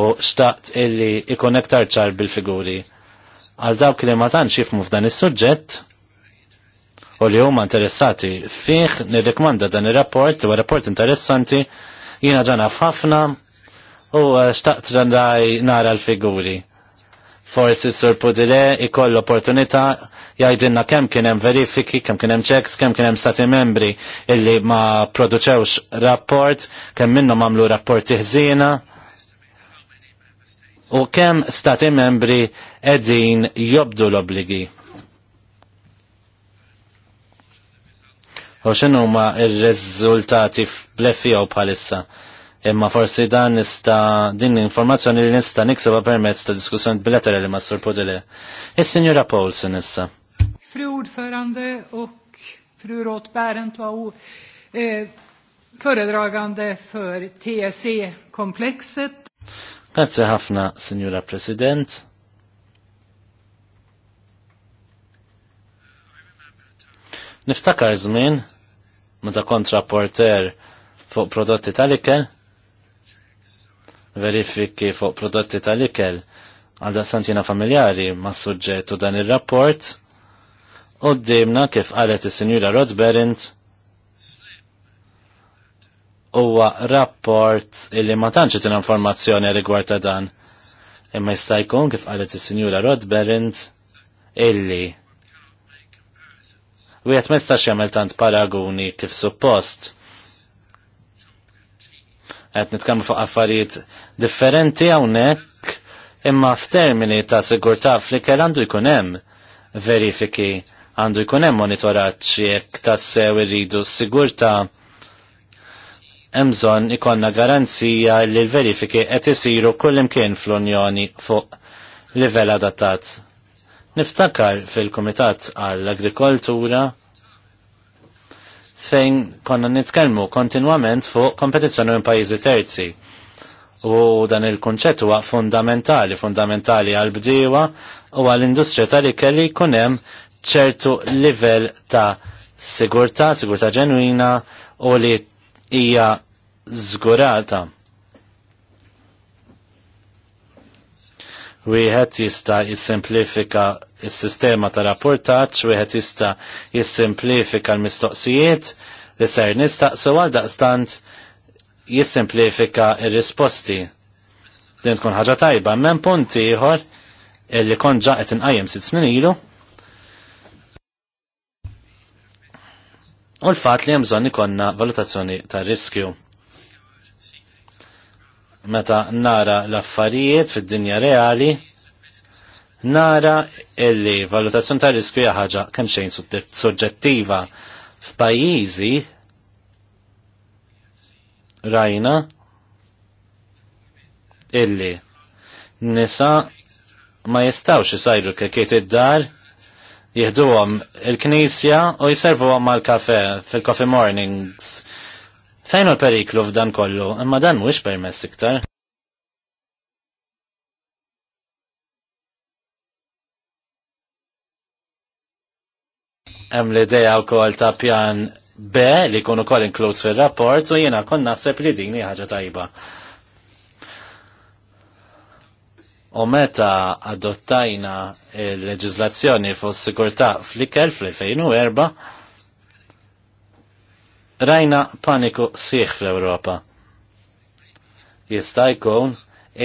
u xtaqt illi ikun iktar ċar bil-figuri għal dawk li ma tantx jifmu f'dan is-suġġett u li huma interessati fih nirrikmanda dan ir-rapport li huwa rapport interessanti jiena ġana ħafna u eh, xtaqt randaj nara l-figuri forsi sur Pudire ikoll opportunità jgħidilna kemm kien hemm verifiki, kemm kien hemm checks, kemm kien hemm stati membri illi ma produċewx rapport, kemm minnhom għamlu rapporti iħzina u kemm stati membri qegħdin jobdu l-obligi. U x'inhuma r-riżultati bleffi u bħalissa? imma forsi dan nista din l-informazzjoni li nista nikseba permezz ta' diskussjoni bilaterali ma' Sur Podile. Is-Sinjura Paulsen issa. Fru ordförande och fru Roth Berendt var eh, föredragande för TSE-komplexet. Grazie ħafna, Signora President. Niftakar żmien meta kont rapporter fuq prodotti tal-ikel, verifiki fuq prodotti tal-ikel għal santina familjari ma' suġġettu dan il-rapport u d-dimna kif għalet il-Sinjura Rodberint huwa rapport illi ma tantx tin informazzjoni rigward ta' dan. Imma jista' jkun kif qalet is-Sinjura Rodberint illi wieħed ma jistax jagħmel tant paraguni kif suppost qed nitkellmu fuq affarijiet differenti hawnhekk imma f'termini ta' sigurtà flikker għandu jkun hemm verifiki għandu jkun hemm monitoraġġ jekk tassew irridu s-sigurtà hemm bżonn ikollna garanzija li l-verifiki qed isiru kull imkien fl-Unjoni fuq livell adattat. Niftakar fil-Kumitat għall-Agrikoltura fejn konna nitkellmu kontinwament fuq kompetizzjoni minn pajjiżi terzi. U dan il-kunċett huwa fundamentali, fundamentali għal bdiewa u għall industrija tal kelli jkun hemm ċertu livell ta' sigurtà, sigurtà ġenwina u li hija żgurata. wieħed jista' jissimplifika s-sistema ta' rapportaġġ, wieħed jista' jissimplifika l-mistoqsijiet li ser nistaqsu għal daqstant jissimplifika r-risposti. Din tkun ħaġa tajba, men punti ieħor illi kont ġaqet inqajjem sitt snin ilu. U l-fatt li hemm bżonn ikonna valutazzjoni ta' riskju meta nara l-affarijiet fid-dinja reali, nara illi valutazzjoni ta' riskju hija ħaġa kemm xejn soġġettiva f'pajjiżi rajna illi nisa ma jistawx isajru kekiet id-dar jihduhom il-knisja u jiservuhom mal-kafe fil-coffee mornings Tajna l-periklu f'dan kollu, imma dan mhuwiex permess iktar. Hemm l-idea wkoll ta' pjan B li jkun ukoll inkluż fir-rapport u jiena kon naħseb li din ħaġa tajba. U meta adottajna il-leġizlazzjoni fuq sigurtà fl-ikel fl-2004, Rajna paniku sħiħ fl-Ewropa. Jista' jkun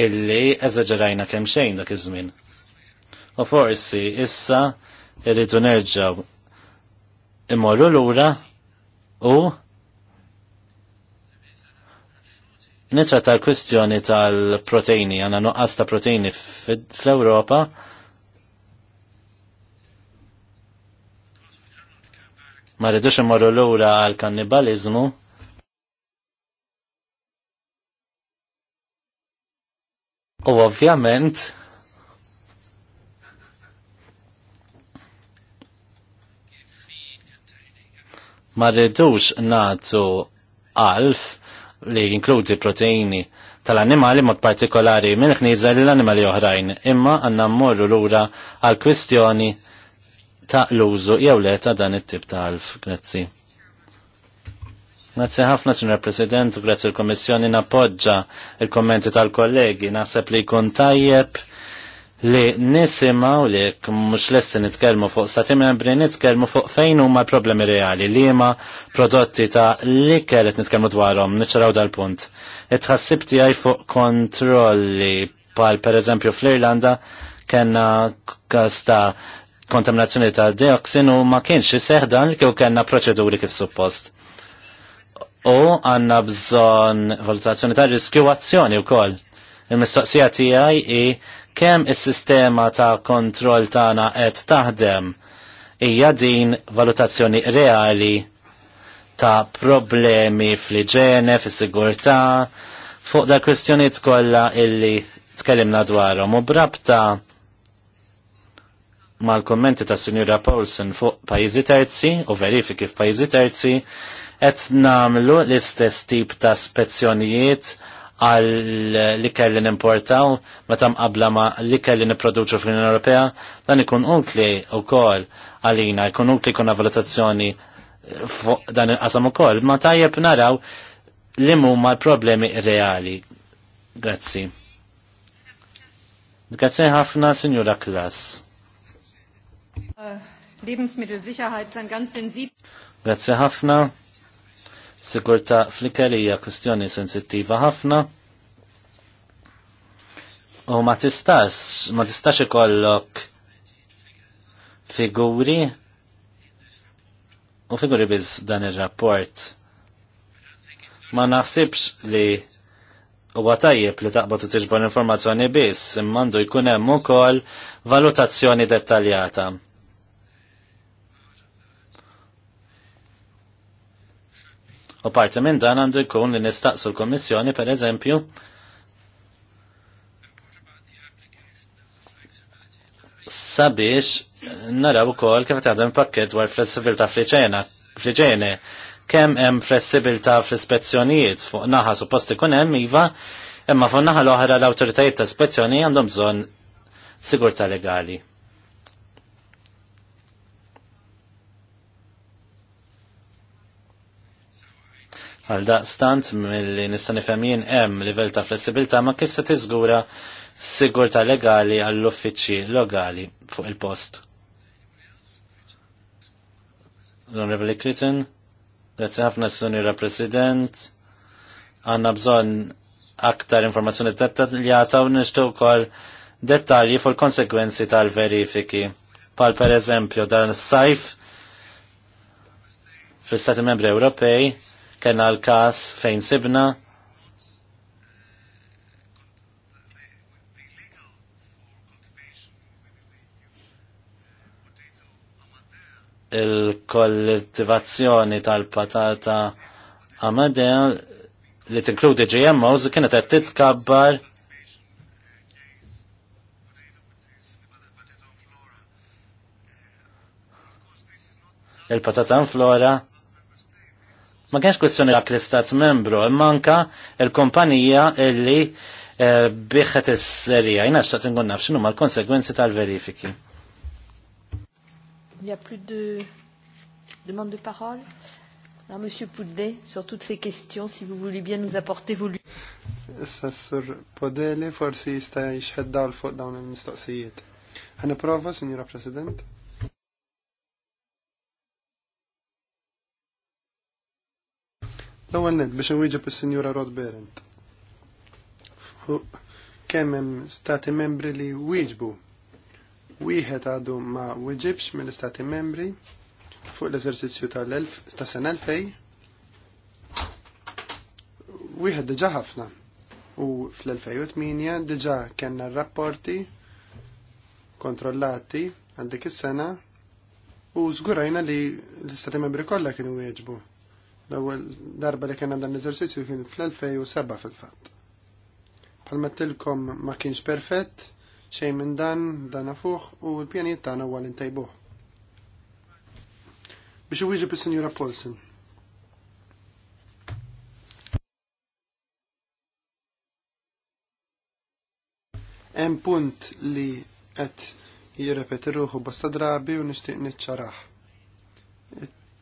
illi eżaġerajna kemm xejn dak iż-żmien. U forsi issa irridu nerġgħu imorru lura u nitra tal-kwistjoni tal-proteini, għanna nuqqas ta' proteini fl-Europa, ma rridux imorru lura għal kannibalizmu. U ovvjament ma rridux nagħtu alf li jinkludi proteini tal-annimali mod partikolari minn ħnieża l-annimali oħrajn, imma għandna mmorru lura għal kwistjoni ta' l-użu jew le ta' dan it-tip ta' alf. Grazzi. Grazzi ħafna, Sr. President, u grazzi l-Komissjoni napoġġa il-kommenti tal-kollegi. Naħseb li jkun tajjeb li nisimaw li mux lessi nitkelmu fuq stati membri, nitkelmu fuq fejn huma problemi reali, li ma prodotti ta' li kellet nitkelmu dwarhom, niċċaraw dal-punt. Itħassib tiegħi fuq kontrolli pal per eżempju fl-Irlanda kena kasta ta' kontaminazzjoni ta' dioxin u ma kienx iseħ dan li kellna proċeduri kif suppost. U għanna bżonn valutazzjoni ta' riskju azzjoni wkoll. Il-mistoqsija tiegħi i kemm is-sistema ta' kontroll tagħna qed taħdem hija din valutazzjoni reali ta' problemi fl-iġene, fis-sigurtà, fuq da' kwestjonijiet kollha illi tkellimna dwarhom u brabta' mal-kommenti ta' Signora Paulsen fuq pajizi terzi u verifiki f'pajizi terzi qed namlu l-istess tip ta' spezzjonijiet għal li kelli nimportaw meta qabla ma li kelli nipproduċu fl-Unjoni Ewropea dan ikun unkli wkoll għalina ikun unkli kuna valutazzjoni fuq dan il-qasam ukoll ma tajjeb naraw li huma l-problemi reali. Grazzi. Grazzi ħafna, Sinjura Klass. Grazie ħafna. Sigurta fliker hija kwestjoni sensittiva ħafna. U ma tistax, ma tistax ikollok figuri u figuri biz dan ir-rapport. Ma naħsibx li huwa tajjeb li taqbad u tiġbor informazzjoni biss, immandu jkun hemm ukoll valutazzjoni dettaljata U parti minn dan għandu jkun li nistaqsu l-Kommissjoni per eżempju sabiex naraw ukoll kif taħdem pakket dwar flessibilità fl-ġejna kemm hemm flessibilità fl-ispezzjonijiet fuq naħa suppost ikun hemm iva, imma fuq naħa l-oħra l-awtoritajiet ta' ispezzjoni għandhom bżonn sigurtà legali. Għal stant mill-li nista' nifhem jien hemm livell ta' flessibilità ma kif se tiżgura sigurtà legali għall-uffiċċji lokali fuq il-post. L-Onorevoli Clinton, grazie ħafna s-sunira President, għanna bżon aktar informazzjoni dettaljata u nishtu kol dettalji fuq konsekwenzi tal-verifiki. Pal per eżempju, dan s-sajf fl-Stati Membri Ewropej, kena l-kas fejn sibna. il-kollettivazzjoni tal-patata Amadea li tinkludi GMOs kienet qed titkabbar il-patata flora Ma kienx kwestjoni dak l-istat membru, manka anka l-kumpanija illi eh, biħet is-serija. Jina xtaqt nkun naf x'inhuma l-konsegwenzi tal-verifiki. Il n'y a plus de demande de parole. Alors, Monsieur Poudet, sur toutes ces questions, si vous voulez bien nous apporter vos lumières. Issa sur Podele forsi jista' jixħedda l fuq dawn il-mistoqsijiet. Ħana prova, Signora President. L-ewwel nett biex inwieġeb is-Sinjura Rod Berend. Kemm hemm stati membri li wieġbu. Wieħed għadu ma wieġibx mill-istati membri fuq l-eżerċizzju tal-1000 ta' sena 2000. Wieħed diġà ħafna. U fl-2008 diġà kellna rapporti kontrollati għal dik is-sena u żgurajna li l-istati membri kollha kienu wieġbu L-ewwel darba li kien dan l-eżerċizzju kien fl-2007 fil-fatt. Palmettilkom ma kienx perfett, xejn minn dan, dan fuq u l-pjanijiet tagħna huwa li ntejbuh. Biex uwieġib is-Sinjura Paulsen. Hemm punt li qed jirrepeti ruħu bosta drabi u nixtieq niċċaraħ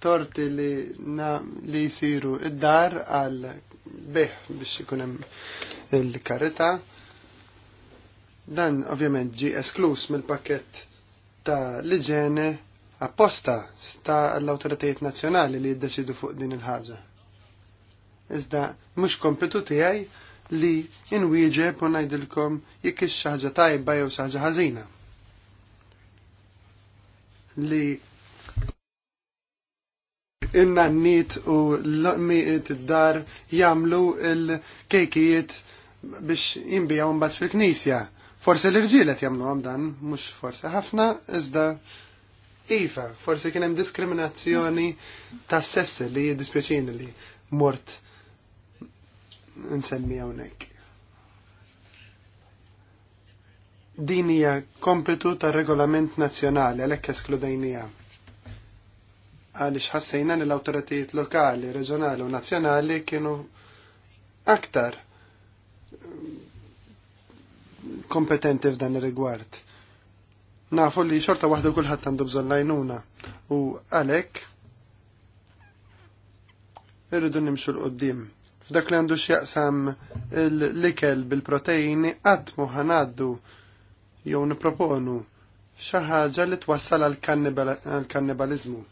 torti li, na, li jisiru id-dar għal beħ biex ikunem il-karita. Dan ovvjament ġi esklus mill-pakket ta' liġene apposta sta' l-autoritajiet nazjonali li jiddeċidu fuq din il-ħaġa. Iżda mhux kompetu tiegħi li inwieġeb u ngħidilkom jekk ix xi ħaġa tajba jew xi ħaġa ħażina. Li in-nannit u l-miqit id-dar jagħmlu l-kejkijiet biex jinbijaw mbagħad fil-knisja. Forse l irġilet jamlu għamdan, dan, mhux forse ħafna, iżda iva, forse kien hemm diskriminazzjoni ta' sessi li jiddispjaċini li mort nsemmi hawnhekk. Din hija kompetu tar regolament nazzjonali għalhekk eskludajnija għaliex ħassejna li l-awtoritajiet lokali, reġjonali u nazzjonali kienu aktar mm, kompetenti f'dan ir-rigward. Nafu li xorta waħda kulħadd għandu bżonn lajnuna u għalhekk irridu nimxu l-qoddim. F'dak li għandu x'jaqsam l-ikel bil-proteini qatt mu ħanaddu jew niproponu xi ħaġa li twassal għall kannibaliżmu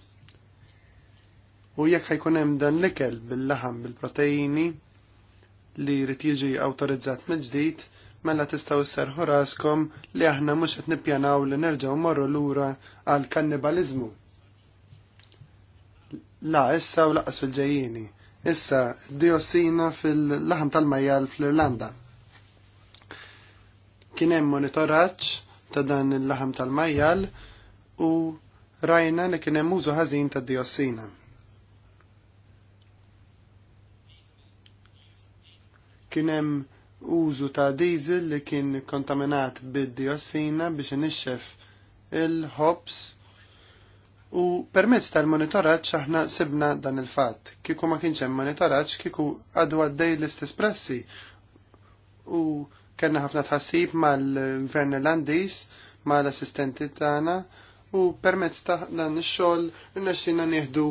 U jekk ħajkun hemm dan l-ikel bil-laħam bil-proteini li jrid jiġi awtorizzat mill-ġdid, mela tistgħu sserħu raskom li aħna mhux qed nippjanaw li nerġgħu morru lura għal kannibaliżmu. La issa u laqas fil-ġejjieni. Issa diossina fil-laħam tal-majjal fl-Irlanda. Kien hemm monitoraġġ ta' dan il-laħam tal-majjal u rajna li kien hemm użu ħażin tad diossina kien hemm użu ta' diesel li kien kontaminat bid-diossina biex inixxef il-ħobs u permezz tal-monitoraġġ aħna sibna dan il-fatt. Kieku ma kienx hemm monitoraġġ kieku għadu għaddej l-istess pressi u kellna ħafna tħassib mal-Gvern Irlandiż mal-assistenti tagħna u permezz ta' dan ix-xogħol rnexxina nieħdu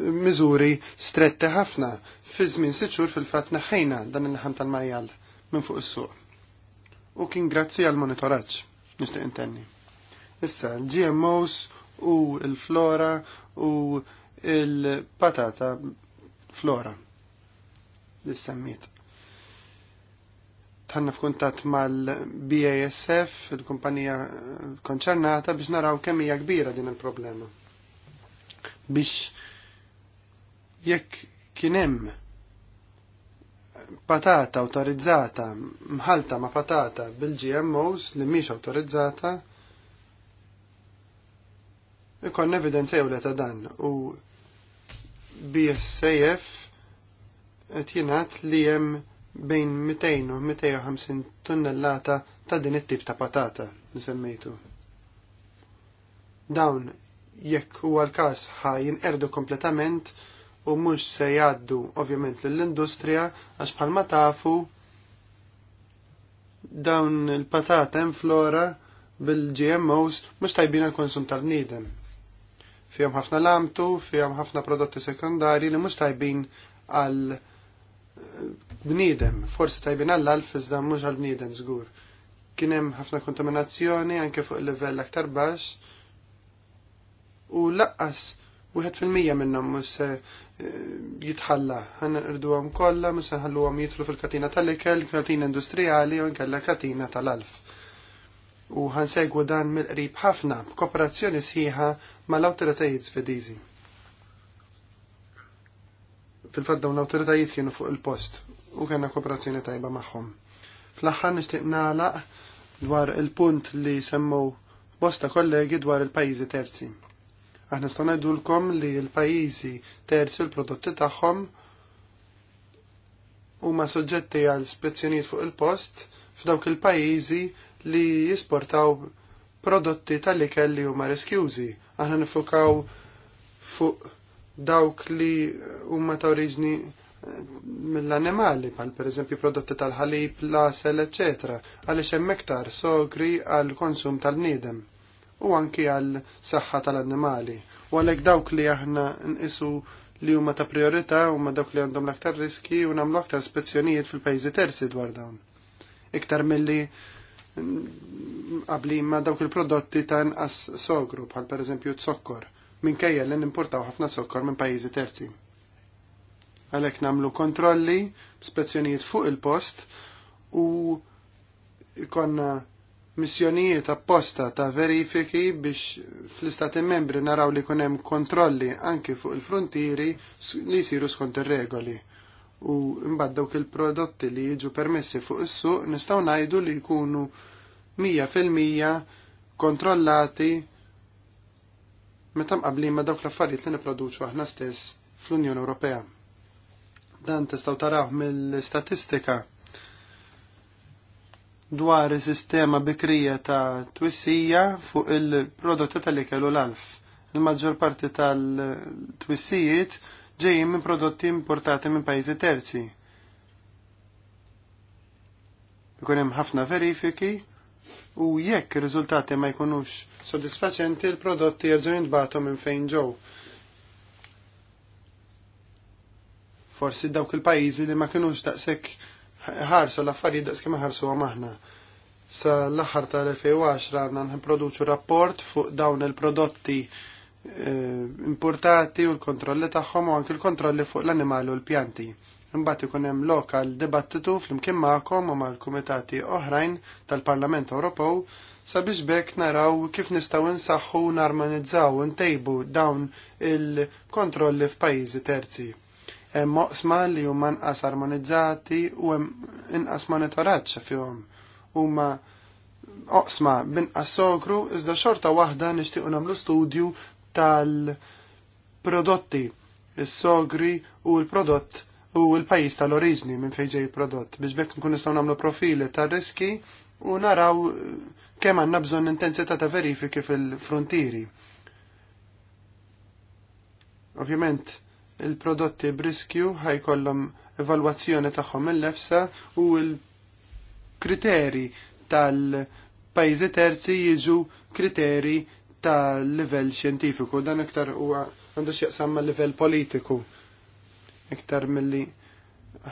miżuri stretti ħafna. Fi żmien sitt xhur fil-fatt neħħejna dan il-ħam tal-majjal minn fuq is-suq. U kien grazzi għal monitoraġġ nixtieq intenni. Issa l-GMOs u l-flora u l-patata flora li semmiet. Tħanna f'kuntat mal-BASF, il-kumpanija konċernata, biex naraw kemm hija kbira din il-problema. Biex jekk kien hemm patata awtorizzata mħalta ma' patata bil-GMOs li mhix awtorizzata ikon evidenza jew ta' dan u BSAF qed jingħad li hemm bejn 200 u 250 tonnellata ta' din it-tip ta' patata li semmejtu. Dawn jekk huwa l-każ ħajin erdu kompletament u mhux se jgħaddu ovvjament lill-industrija għax ma tafu dawn il-patata in flora bil-GMOs mhux tajbin għall-konsum tal-bniedem. Fihom ħafna lamtu, fihom ħafna prodotti sekondari li mhux tajbin għal eh, bniedem, forsi tajbin għall-alf iżda mhux għal bniedem żgur. Kien hemm ħafna kontaminazzjoni anke fuq il-livell aktar baxx u laqqas wieħed fil-mija minnhom mhux se jitħalla. Għan irdu għam kolla, misa għallu għam jitlu fil-katina tal-ikel, katina industrijali u nkella katina tal-alf. U għan segwu dan mill-qrib ħafna, kooperazzjoni sħiħa ma l-autoritajiet svedizi. Fil-fat dawn l-autoritajiet kienu fuq il-post u kena kooperazzjoni tajba maħħom. Fl-axħar nishtiq nalaq dwar il-punt li semmu bosta kollegi dwar il-pajizi terzi Aħna staw ngħidulkom li l-pajjiżi terzi l-prodotti tagħhom huma soġġetti għal spezzjonijiet fuq il-post f'dawk il-pajjiżi li jisportaw prodotti tal-ikel li huma riskjużi. Aħna nifukaw fuq dawk li huma ta' oriġni eh, mill-animali, pal per eżempju prodotti tal-ħalib, l-asel, ecc. għaliex hemm iktar sogri għal konsum tal niedem u anki għal saħħa tal-annimali. U għalhekk dawk li aħna nqisu li huma ta' priorità huma dawk li għandhom l-aktar riski u nagħmlu aktar spezzjonijiet fil-pajjiżi terzi dwar dawn. Iktar milli qabli ma dawk il-prodotti ta' nqas sogru bħal pereżempju t-sokkor minkejja li nimportaw ħafna sokkor minn pajjiżi terzi. Għalhekk nagħmlu kontrolli, spezzjonijiet fuq il-post u konna missjonijiet apposta ta' verifiki biex fl-istati membri naraw li kunem kontrolli anki fuq il-frontieri li jisiru skont ir-regoli. U mbagħad dawk il-prodotti li jiġu permessi fuq is-suq nistgħu ngħidu li jkunu 100% kontrollati meta mqablin ma' dawk l-affarijiet li nipproduċu aħna stess fl-Unjoni Ewropea. Dan tistgħu taraw mill istatistika dwar sistema bikrija ta' twissija fuq il-prodotti tal-ikel u l-alf. Il-maġġor parti tal-twissijiet ġejjin minn prodotti importati minn pajjiżi terzi. Ikun hemm ħafna verifiki u jekk ir-riżultati ma jkunux sodisfaċenti l-prodotti jerġgħu jintbagħtu minn fejn ġew. Forsi dawk il-pajjiżi li ma kinux daqshekk ħarsu l-affarijiet daqs kemm ħarsu maħna. Sa l-aħħar tal-2010 għandna nipproduċu rapport fuq dawn il-prodotti eh, importati u l-kontrolli tagħhom u anke l-kontrolli fuq l-annimali u l-pjanti. Imbagħad ikun hemm lokal dibattitu flimkien magħkom u mal-kumitati oħrajn tal-Parlament Ewropew sabiex bekk naraw kif nistgħu nsaħħu narmonizzaw ntejbu dawn il-kontrolli f'pajjiżi terzi. Hemm moqsma li huma nqas armonizzati u hemm inqas monitoraġġ fihom. Huma oqsma binqas sokru iżda xorta waħda nixtiequ nagħmlu studju tal-prodotti is-sogri u l-prodott u l-pajjiż tal-oriġni minn fejn ġej il-prodott biex bekk nkun nistgħu nagħmlu profili tar-riski u naraw eh, kemm għandna bżonn intensità ta' verifiki fil-frontieri. Ovvjament, il-prodotti briskju ħajkollhom evalwazzjoni tagħhom il lefsa u l-kriteri tal-pajjiżi terzi jiġu kriteri tal livell xjentifiku, dan iktar huwa għandu xieqsam ma' livell politiku, iktar mill-li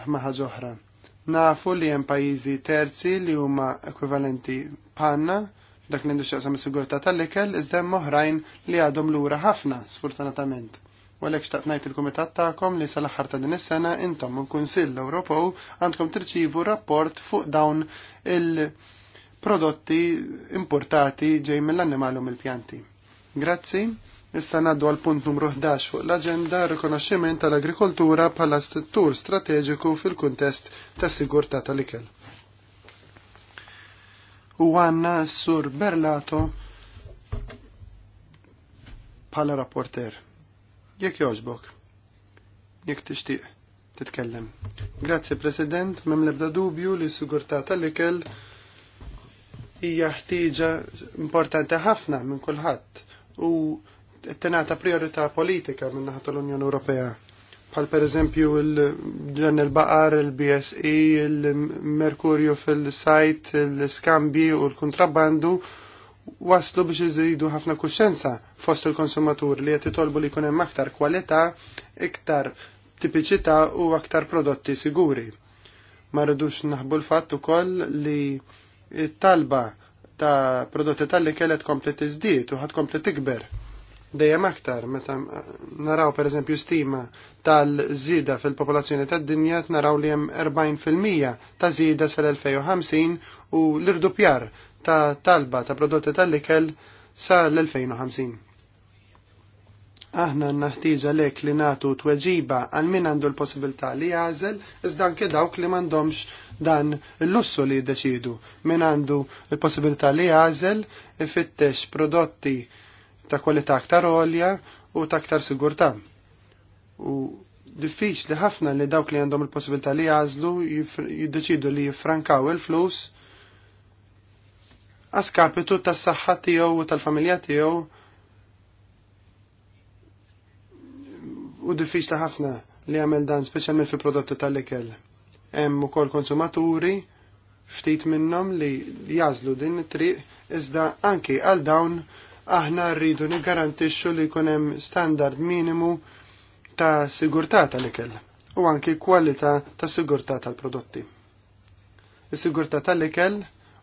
maħħa Nafu li hemm pajjiżi terzi li huma ekwivalenti panna, dak li għandu xieqsam is-sigurtà tal-ikel, iżda hemm oħrajn li għadhom lura ħafna, sfortunatament u għalhekk xtaqt ngħid il-kumitat tagħkom li sal axar ta' din is-sena intom il-Kunsill Ewropew għandkom tirċivu rapport fuq dawn il-prodotti importati ġej mill annimalu mill-pjanti. Grazzi. Issa naddu għal punt numru 11 fuq l-agenda rikonoxximent tal-agrikoltura bħala struttur strateġiku fil-kuntest tas sigurtà tal-ikel. U għanna sur Berlato bħala rapporter jekk jogħġbok, jekk tixtieq titkellem. Grazzi President, l ebda dubju li s-sigurtà tal-ikel hija ħtieġa importanti ħafna minn kulħadd u tenata priorità politika minn naħat l-Unjoni Ewropea. Bħal per eżempju ġen il-baqar, il-BSE, il-merkurju fil-sajt, l-skambi u l-kontrabbandu waslu biex iżidu ħafna kuxenza fost il-konsumatur li qed tolbu li jkun hemm aktar kwalità, iktar tipiċità u aktar prodotti siguri. Ma rridux naħbu l-fatt ukoll li t-talba ta' prodotti tal li kellet komplet tiżdied u ħad komplet tikber dejjem aktar meta naraw pereżempju stima tal żida fil-popolazzjoni tad-dinja naraw li hemm 40% ta' żida sal-2050 u l-irdupjar ta' talba ta' prodotti tal-ikel sa' l-2050. Aħna naħtiġa lek li natu tweġiba għal min għandu l-possibilità li jażel iżda anke dawk li m'għandhomx dan l-lussu li jiddeċidu. Min għandu l-possibilità li jażel ifittex prodotti ta' kwalità aktar olja u ta' aktar sigurtà. U diffiċ li ħafna li dawk li għandhom il-possibilità li jażlu jiddeċidu li jiffrankaw il-flus għaskapitu tas-saħħa tiegħu u tal-familja tiegħu u diffiċli ħafna li għamel dan speċjalment fi prodotti tal-ikel. Hemm ukoll konsumaturi ftit minnhom li jażlu din it-triq iżda anki għal dawn aħna rridu niggarantixxu li jkun hemm standard minimu ta' sigurtà tal-ikel u anki kwalità ta' sigurtà tal-prodotti. Is-sigurtà tal-ikel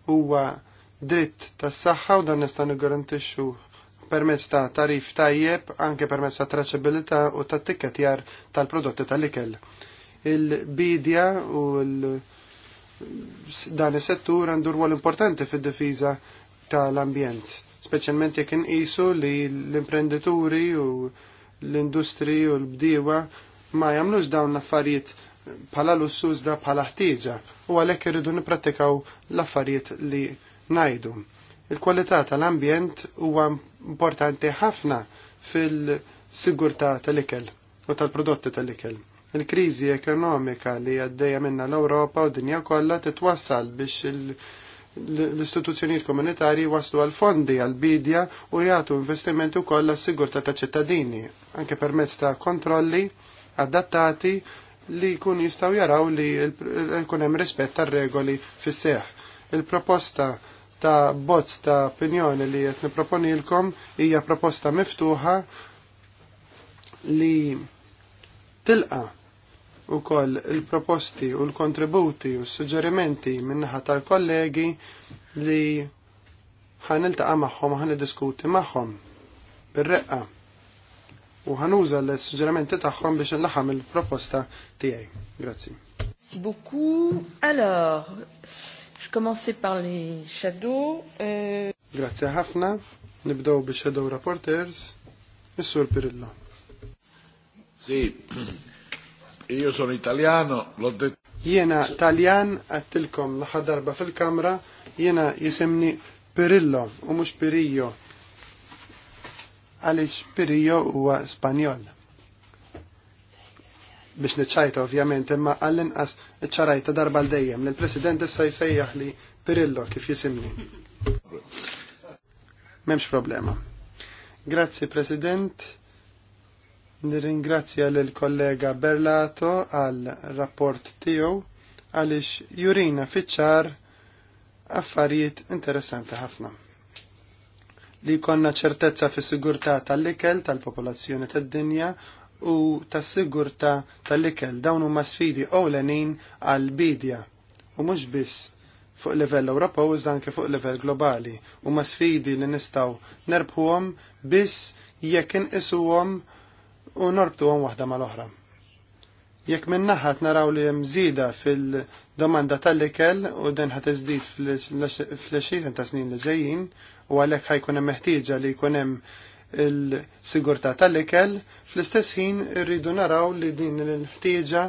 huwa dritt tas-saħħa u dan nistgħu niggarantixxu permezz ta' tarif tajjeb anke permezz ta' traċabilità u ta' tikketjar tal-prodotti tal-ikel. Il-bidja u l dan is-settur għandu rwol importanti fid-difiża tal-ambjent, speċjalment jekk inqisu li l-imprendituri u l-industri u l-bdiewa ma jagħmlux dawn l-affarijiet bħala lussuż da bħala ħtieġa u għalhekk irridu nipprattikaw l-affarijiet li ngħidu. Il-kwalità tal-ambjent huwa importanti ħafna fil-sigurtà tal-ikel u tal-prodotti tal-ikel. Il-kriżi ekonomika li għaddejja minna l-Ewropa u dinja kollha titwassal biex l-istituzzjonijiet komunitarji waslu għal fondi għal bidja u jagħtu investimenti wkoll għas-sigurtà ta' ċittadini, anke permezz ta' kontrolli adattati li jkun jistgħu jaraw li jkun hemm rispett tar-regoli fis-seħħ. Il-proposta il proposta ta' bozz ta' opinjoni li qed niproponilkom hija proposta miftuħa li tilqa ukoll il-proposti u l-kontributi u s-suġġerimenti minnaħa tal-kollegi li ħan iltaqa' magħhom ħan diskuti magħhom bir-reqqa u ħanuża l-suġġerimenti tagħhom biex nlaħam il-proposta tiegħi. Grazzi. beaucoup. Alors, Je commence par les shadow. Euh... Grazie Hafna. Nibdow bi shadow reporters. is Pirillo. Sì, io sono italiano, l'ho detto. Jena Taljan għattilkom l darba fil-kamra, jena jisemni Pirillo u mux Pirillo. Għalix Pirillo huwa Spanjol biex niċċajta ovvjament imma għall-inqas iċċarajta darba l dejjem l president issa jsejjaħ li Pirillo kif jisimni. Memx problema. Grazzi President. Nirringrazzja lil kollega Berlato għal rapport tiegħu għaliex jurina fiċċar affarijiet interessanti ħafna. Li konna ċertezza fis sigurtà tal-ikel tal-popolazzjoni tad-dinja u tas sigurta tal-ikel dawn huma sfidi ewlenin għal bidja u mhux biss fuq livell Ewropew iżda anke fuq livell globali huma sfidi li nistgħu nerbħuhom biss jekk inqisuhom u norbtuhom waħda mal-oħra. Jekk min naħat naraw li hemm żieda fil-domanda tal-ikel u din ħad iżdid fl-20 ta' snin li ġejjin u għalhekk ħajkun hemm meħtieġa li jkun hemm il-sigurtà tal-ikel, fl-istess ħin rridu naraw li din il-ħtieġa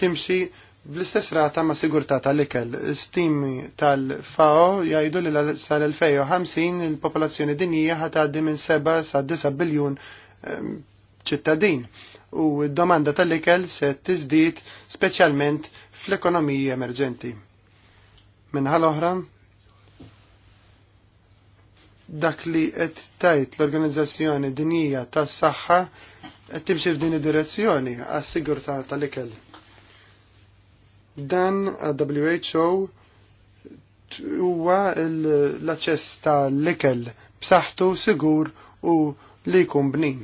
timxi bl-istess rata ma' sigurta tal-ikel. Stimi tal-FAO jgħidu li sal-2050 il-popolazzjoni dinjija ħatgħaddi minn 7 sa' 9 biljun ehm, ċittadin u d-domanda tal-ikel se tiżdied speċjalment fl-ekonomiji emerġenti. Minħal oħra, dak li qed tajt l-Organizzazzjoni Dinija tas-Saħħa qed timxi f'din id-direzzjoni għas-sigurtà tal-ikel. Dan WHO huwa l-aċċess tal-ikel b'saħħtu sigur u li jkun bnin.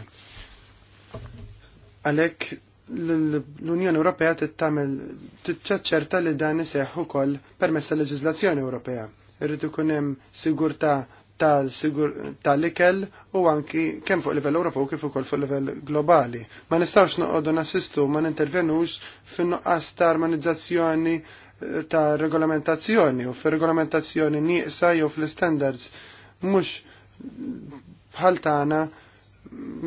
Għalhekk l-Unjoni Ewropea tittamel tiċċerta li dan iseħħ ukoll permezz tal-leġiżlazzjoni Ewropea. Irrid ikun hemm sigurtà tal-ikel u anki kemm fuq livell Ewropew kif ukoll fuq livell globali. Ma nistgħux noqogħdu nassistu ma nintervenux fin-nuqqas ta' armonizzazzjoni eh, ta' regolamentazzjoni u fir-regolamentazzjoni nieqsa jew fl-standards mhux bħal tagħna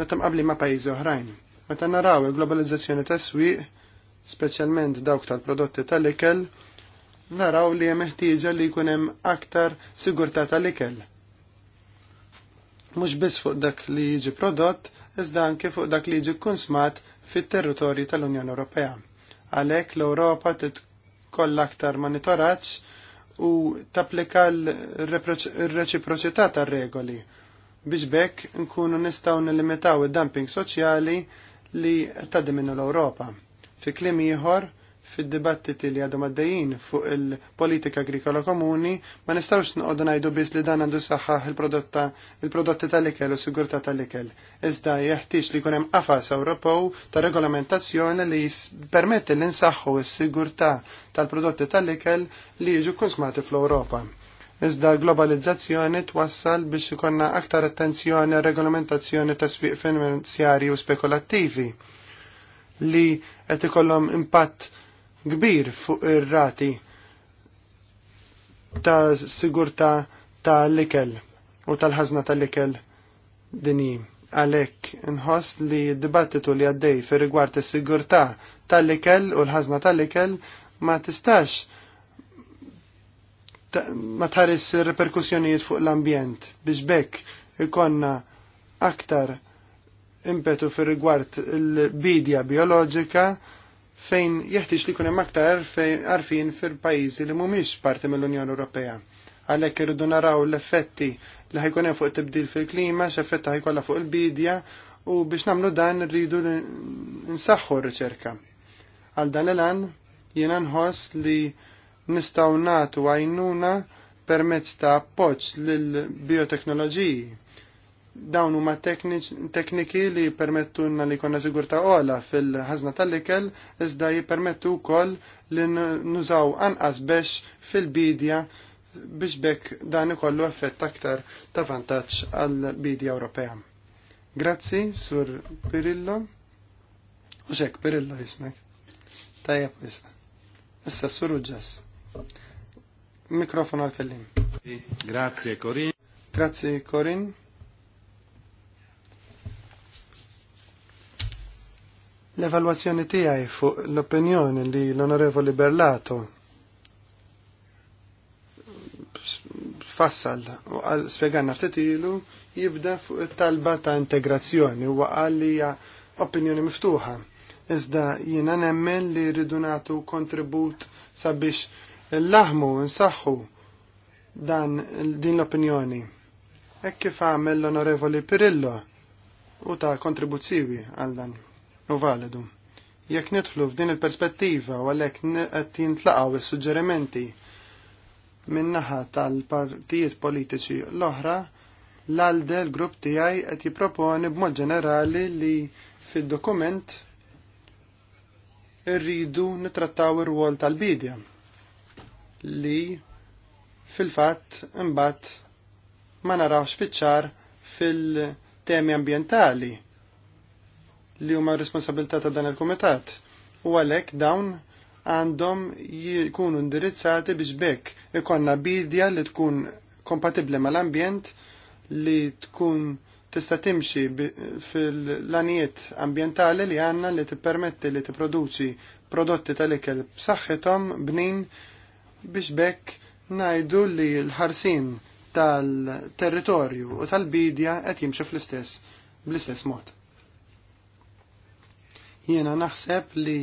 meta mqabli ma' pajjiżi oħrajn. Meta naraw il-globalizzazzjoni tas-swieq, speċjalment dawk tal-prodotti tal-ikel, naraw li hemm ħtieġa li jkun hemm aktar sigurtà tal-ikel mhux biss fuq dak li jiġi prodott, iżda anke fuq dak li jiġi kunsmat fit-territorju tal-Unjoni Ewropea. Għalhekk l-Ewropa titkollha aktar monitoraġġ u tapplika l-reċiproċità tar-regoli biex bekk nkunu nistgħu nilimitaw id-dumping soċjali li taddi minnu l-Ewropa. Fi kliem ieħor, fid-dibattiti li għadhom għaddejjin fuq il-politika agrikola komuni ma nistawx nqogħdu ngħidu biss li dan għandu saħħaħ il-prodotti tal-ikel u sigurtà tal-ikel. Iżda jeħtieġ li jkun hemm qafas Ewropew ta' regolamentazzjoni li permetti li nsaħħu s-sigurtà tal-prodotti tal-ikel li jiġu konsmati fl-Ewropa iżda globalizzazzjoni twassal biex ikonna aktar attenzjoni għal regolamentazzjoni ta' sfiq finanzjarji u spekulattivi li qed ikollhom impatt kbir fuq ir-rati ta' sigurta tal-ikel u tal-ħazna tal-ikel dinji. Għalek nħoss li dibattitu li għaddej fir rigward is-sigurta tal-ikel u l-ħazna tal-ikel ma tistax ma tħares reperkussjonijiet fuq l-ambjent biex bekk ikonna aktar impetu fir rigward il-bidja biologika fejn jeħtieġ li jkun hemm aktar għarfien fil-pajjiżi li mhumiex parti mill-Unjoni Ewropea. Għalhekk irridu naraw l-effetti li ħajkun hemm fuq tibdil fil-klima, x'effetti ħajkollha fuq il-bidja u biex nagħmlu dan rridu nsaħħu r-riċerka. Għal dan l-an jiena nħoss li nistgħu nagħtu għajnuna permezz ta' appoġġ lill bioteknoloġiji dawn huma tekniki li permettuna li konna sigurta ola fil-ħazna tal-ikel iżda jippermettu wkoll li nużaw anqas biex fil-bidja biex bekk dan ikollu effett aktar ta' vantaġġ għall-bidja Ewropea. Grazzi, Sur Pirillo. U xek, Pirillo jismek. Tajja issa. Issa, Sur Uġas. Mikrofon għal-kellim. Grazie, Corin. Grazie, Corin. L-evalwazzjoni tiegħi fuq l-opinjoni li l-Onorevoli Berlato fassal u spjeganna ftit ilu jibda fuq it-talba ta' integrazzjoni u qal li hija opinjoni miftuħa. Iżda jiena nemmen li rridu nagħtu kontribut sabiex l-laħmu nsaħħu dan din l-opinjoni. Hekk kif għamel l-Onorevoli Pirillo u ta' kontribuzzjoni għal dan u validu. Jekk nidħlu f'din il-perspettiva u għalhekk qed jintlaqgħu is-suġġerimenti min-naħa tal-partijiet politiċi l-oħra, l-ALDE l-grupp tiegħi qed jipproponi b'mod ġenerali li fid-dokument irridu nitrattaw ir-rwol tal-bidja li fil-fatt imbagħad ma narawx fiċ-ċar fil-temi ambientali li huma responsabilità ta' dan il-kumitat. U għalhekk dawn għandhom jkunu indirizzati biex bekk ikonna bidja li tkun kompatibbli mal-ambjent li tkun tista' timxi fil-lanijiet ambjentali li għandna li tippermetti li tipproduċi prodotti tal-ikel b'saħħithom bnin biex bekk ngħidu li l-ħarsin tal-territorju u tal-bidja qed jimxu fl-istess bl-istess mod. Jiena naħseb li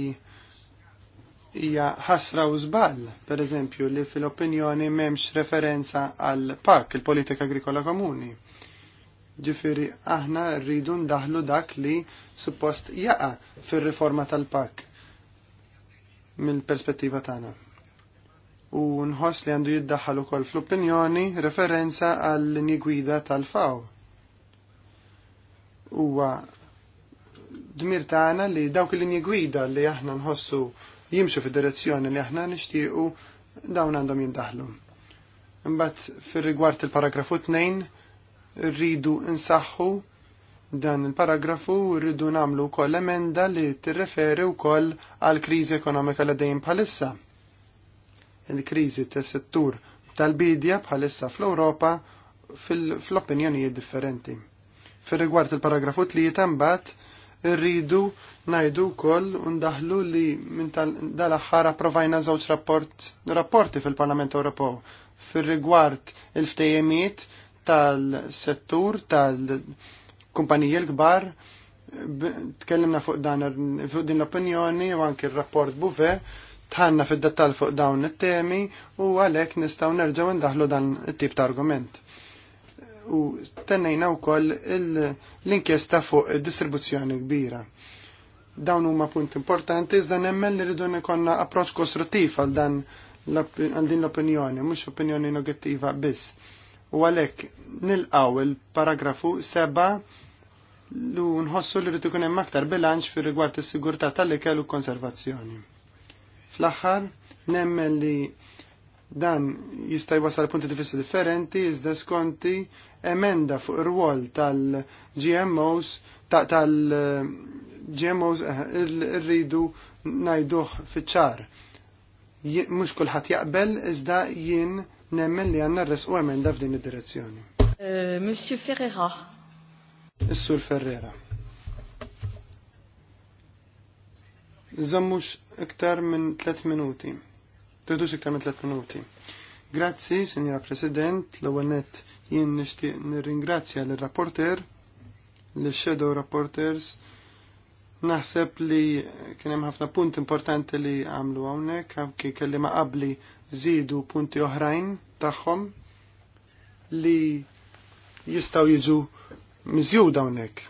hija ħasra u żball, pereżempju li fil-opinjoni m'hemmx referenza għal PAK, il-Politika Agrikola Komuni. Ġifieri aħna rridu ndaħlu dak li suppost jaqa fir-riforma tal-PAK mill-perspettiva tagħna. U nħoss li għandu jiddaħħal ukoll fl-opinjoni referenza għall linji gwida tal-faw. Huwa dmir tagħna li dawk il-linji gwida li aħna nħossu jimxu fid-direzzjoni li aħna nixtiequ dawn għandhom jindaħlu. Imbagħad fir-rigward il-paragrafu tnejn rridu nsaħħu dan il-paragrafu rridu nagħmlu wkoll emenda li tirreferi wkoll għal kriżi ekonomika li dejjem bħalissa. Il-kriżi tas settur tal-bidja bħalissa fl-Ewropa fl-opinjonijiet differenti. Fir-rigward il-paragrafu 3 mbagħad rridu najdu koll undaħlu li minn dal axħara approvajna żewġ rapport, rapporti fil-Parlament Ewropew fil-rigward il-ftejemiet tal-settur tal-kumpanija l-kbar tkellimna fuq dan fuq din l-opinjoni u anki r-rapport buve tħanna fid-dettal fuq dawn it-temi u għalhekk nistgħu nerġgħu ndaħlu dan it-tip ta' argument u tennejna wkoll l-inkjesta fuq distribuzzjoni kbira. Dawn huma punt importanti iżda nemmen li rridu ikonna approċċ kostruttiv għal dan għal din l-opinjoni, mhux opinjoni negattiva biss. U għalhekk nilqgħu il-paragrafu seba' lu nħossu li rridu kunem aktar bilanċ fir rigward is-sigurtà tal-ikel u konservazzjoni. Fl-aħħar, nemmen li dan jista' jwasal punti di differenti, iżda skonti emenda fuq ir-rwol tal-GMOs tal-GMOs eh, irridu ngħiduh fiċ-ċar. Mhux kulħadd jaqbel iżda jien nemmen li għandna rresqu emenda f'din id-direzzjoni. Eh, Monsieur Ferreira. Is-Sur Ferreira. Zammux iktar minn 3 minuti. Tidux iktar minn 3 minuti. Grazzi, Senjora President, l-ewwel nett Jien nixtieq nirringrazzja lir rapporter l shadow rapporters. Naħseb li kien hemm ħafna punt importanti li għamlu hawnhekk anke kelli ma qabli żidu punti oħrajn tagħhom li jistgħu jiġu miżjud hawnhekk.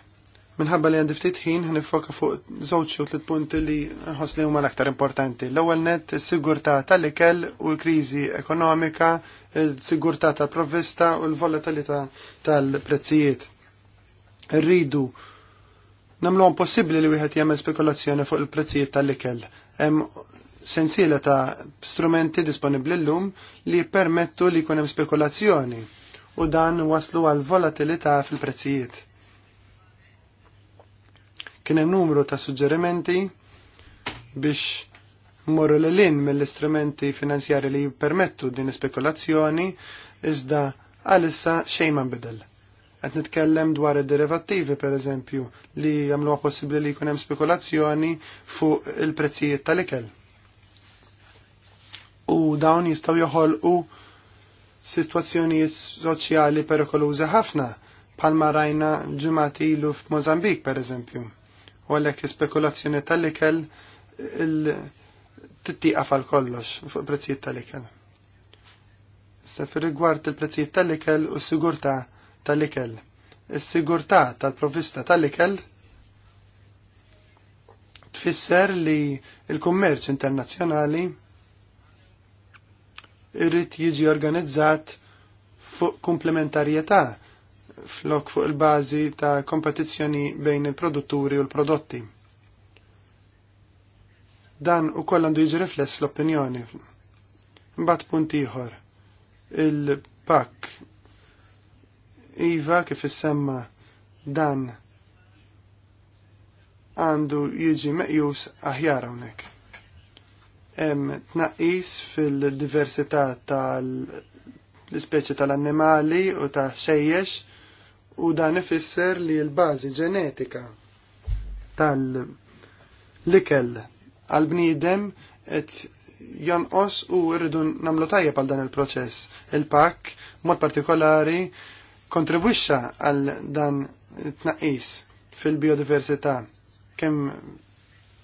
Minħabba li għandi ftit ħin ħnifoka fuq żewġ u tliet punti li nħoss li huma l-aktar importanti. L-ewwel net is-sigurtà tal-ikel u l-kriżi ekonomika il-sigurtà ta' provvista u l-volatilità tal-prezzijiet. Rridu namlu possibbli li wieħed jagħmel spekulazzjoni fuq il-prezzijiet tal-ikel. Hemm sensiela ta' strumenti disponibbli llum li permettu li jkun hemm spekulazzjoni u dan waslu għal volatilità fil-prezzijiet. Kien hemm numru ta' suġġerimenti biex morru l lin mill-istrumenti finanzjari li jippermettu din spekulazzjoni iżda għalissa xejn ma nbidel. Qed nitkellem dwar id-derivattivi pereżempju li jagħmluha possibbli li jkun hemm spekulazzjoni fuq il-prezzijiet tal-ikel. U dawn jistgħu joħolqu sitwazzjonijiet soċjali perikolużi ħafna palma rajna ġimgħat ilu f'Mozambik pereżempju. U għalhekk spekulazzjoni tal-ikel il- tittiqa għal kollox fuq prezzijiet tal-ikel. Issa fir rigward il-prezzijiet tal-ikel u s-sigurtà tal-ikel. Is-sigurtà tal-provvista tal-ikel tfisser li il-kummerċ internazzjonali irrid jiġi organizzat fuq komplementarjetà flok fuq il-bażi ta' kompetizzjoni bejn il-produtturi u l-prodotti. Dan u koll għandu jiġi rifless l-opinjoni. Mbagħad punt ieħor. Il-pak iva kif semma dan għandu jiġi meqjus aħjar hawnhekk. Hemm tnaqqis fil-diversità tal-ispeċi tal-annimali u ta' xejjex u dan ifisser li l-bażi ġenetika tal-likel għal-bniedem qed jonqos u rridu nagħmlu tajjeb għal dan il-proċess. Il-pak mod partikolari kontribwixxa għal dan it-tnaqqis fil-biodiversità kemm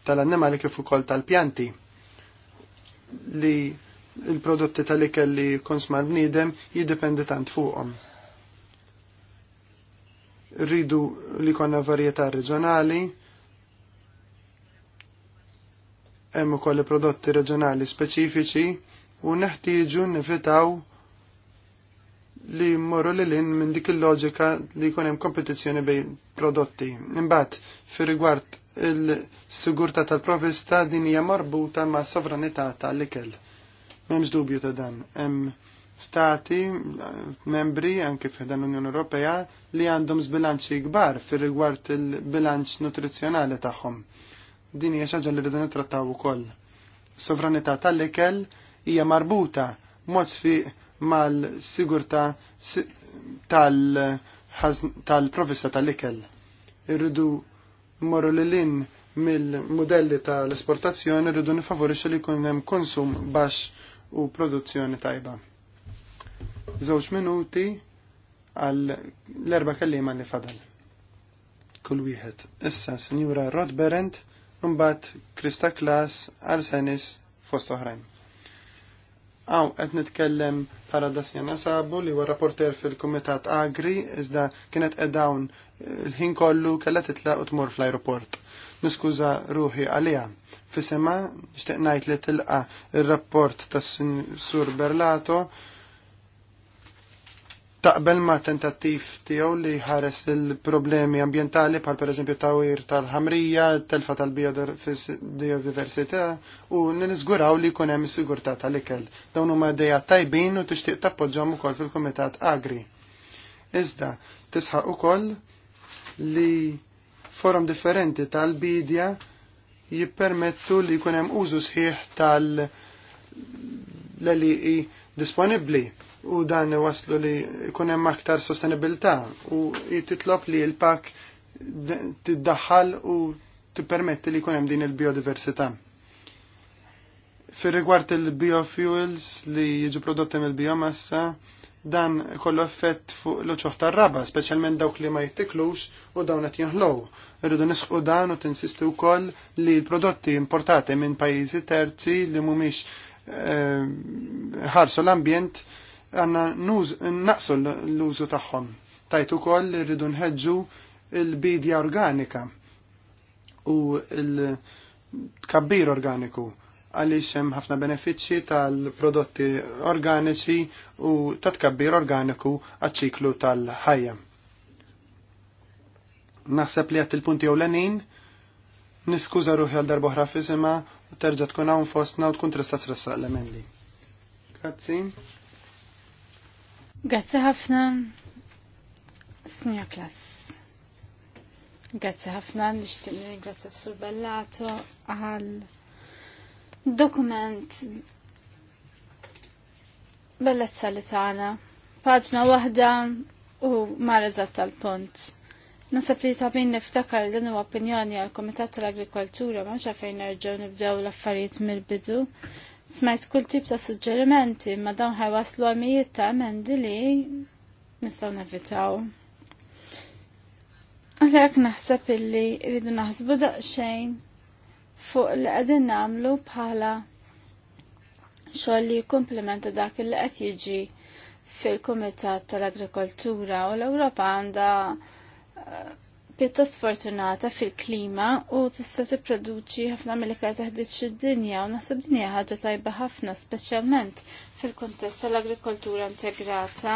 tal-annimali kif ukoll tal-pjanti li il-prodotti tal-ikel li konsma l-bniedem jiddependi tant fuqhom rridu li konna varjetà reġjonali, hemm ukoll prodotti reġjonali speċifiċi u neħtieġu nifitaw li mmorru li lin minn dik il-loġika li jkun hemm kompetizzjoni bejn prodotti. Imbagħad fir-rigward il-sigurtà tal-provista din hija marbuta ma' sovranità tal-ikel. M'hemmx dubju ta' dan. Hemm stati membri anke f'dan dan unjoni Ewropea li għandhom zbilanċi kbar fir-rigward il-bilanċ nutrizzjonali tagħhom din hija xaġa li rridu nittrattaw ukoll. Sovranità tal-ikel hija marbuta mod sfiq mal-sigurtà tal-provista tal-ikel. Irridu morru lil lin mill-modelli tal-esportazzjoni rridu nifavorixxu li jkun hemm konsum baxx u produzzjoni tajba. Żewġ minuti għal l-erba' kelliema li fadal. Kull wieħed. Issa, Sinjura Berendt, Mbatt Krista Klas, Arsenis fost oħrajn. Għaw, għed nitkellem Paradas Sabu li huwa rapporter fil-Kumitat Agri, iżda kienet edawn eh, l-ħin kollu kalla titlaq u tmur fl-aeroport. Niskuża ruħi għalija. Fisema, nixtieq ngħid li tilqa' il rapport tas-Sur Berlato taqbel ma' tentattiv tiegħu li ħares il-problemi ambientali bħal pereżempju tawir tal-ħamrija, telfa tal-biodiversità u niżguraw li jkun hemm is-sigurtà tal-ikel. Dawn huma idejat tajbin u tixtieq tappoġġhom ukoll fil-Kumitat Agri. Iżda, tisħaq ukoll li forum differenti tal-bidja jippermettu li jkun hemm użu sħiħ tal-LEI e disponibbli u dan waslu li jkun hemm aktar sostenibilità u titlob li l-pak tiddaħħal u tippermetti li jkun hemm din il-biodiversità. Fir rigward il-biofuels li jiġu prodotti mill-biomassa, dan kollu effett fuq l-oċoħ tar-raba, speċjalment dawk li ma jittiklux u dawn qed jinħlow. Irridu nisqu dan u tinsisti wkoll li l-prodotti importati minn pajjiżi terzi li mhumiex eh, ħarsu l-ambjent għanna naqsu l-użu tagħhom. Tajtu koll li rridu nħedġu il-bidja organika u il-kabbir organiku għaliex hemm ħafna benefiċċji tal-prodotti organiċi u ta' tkabbir organiku għaċ-ċiklu tal-ħajja. Naħseb li għat il-punti ewlenin, niskuża ruħi għal darbohra fisima u terġa' tkun hawn fostna u tkun tista' tressaq l-emendi. Grazzi. Grazzi ħafna, Sinja Klass. Grazzi ħafna, nishtiq ringrazzi f'Sur Bellato għal dokument bellezza li tagħna. Paġna waħda u mara tal-punt. Nasab li ta' min niftakar din huwa opinjoni għal Komitat tal-Agrikoltura ma' fejn nerġgħu nibdew l-affarijiet mill-bidu smajt kull tip ta' suġġerimenti, ma dawn ħajwaslu għamijiet ta' emendi li nistaw nevitaw. Għalek naħseb illi rridu naħsbu daqxejn fuq li għadin namlu bħala xoll li komplementa dak li qed jiġi fil-Kumitat tal-Agrikoltura u l-Ewropa għandha pjuttost fortunata fil-klima u tista' tipproduċi ħafna milika teħdiċ id-dinja u naħseb din hija ħaġa tajba ħafna speċjalment fil-kuntest tal-agrikoltura integrata.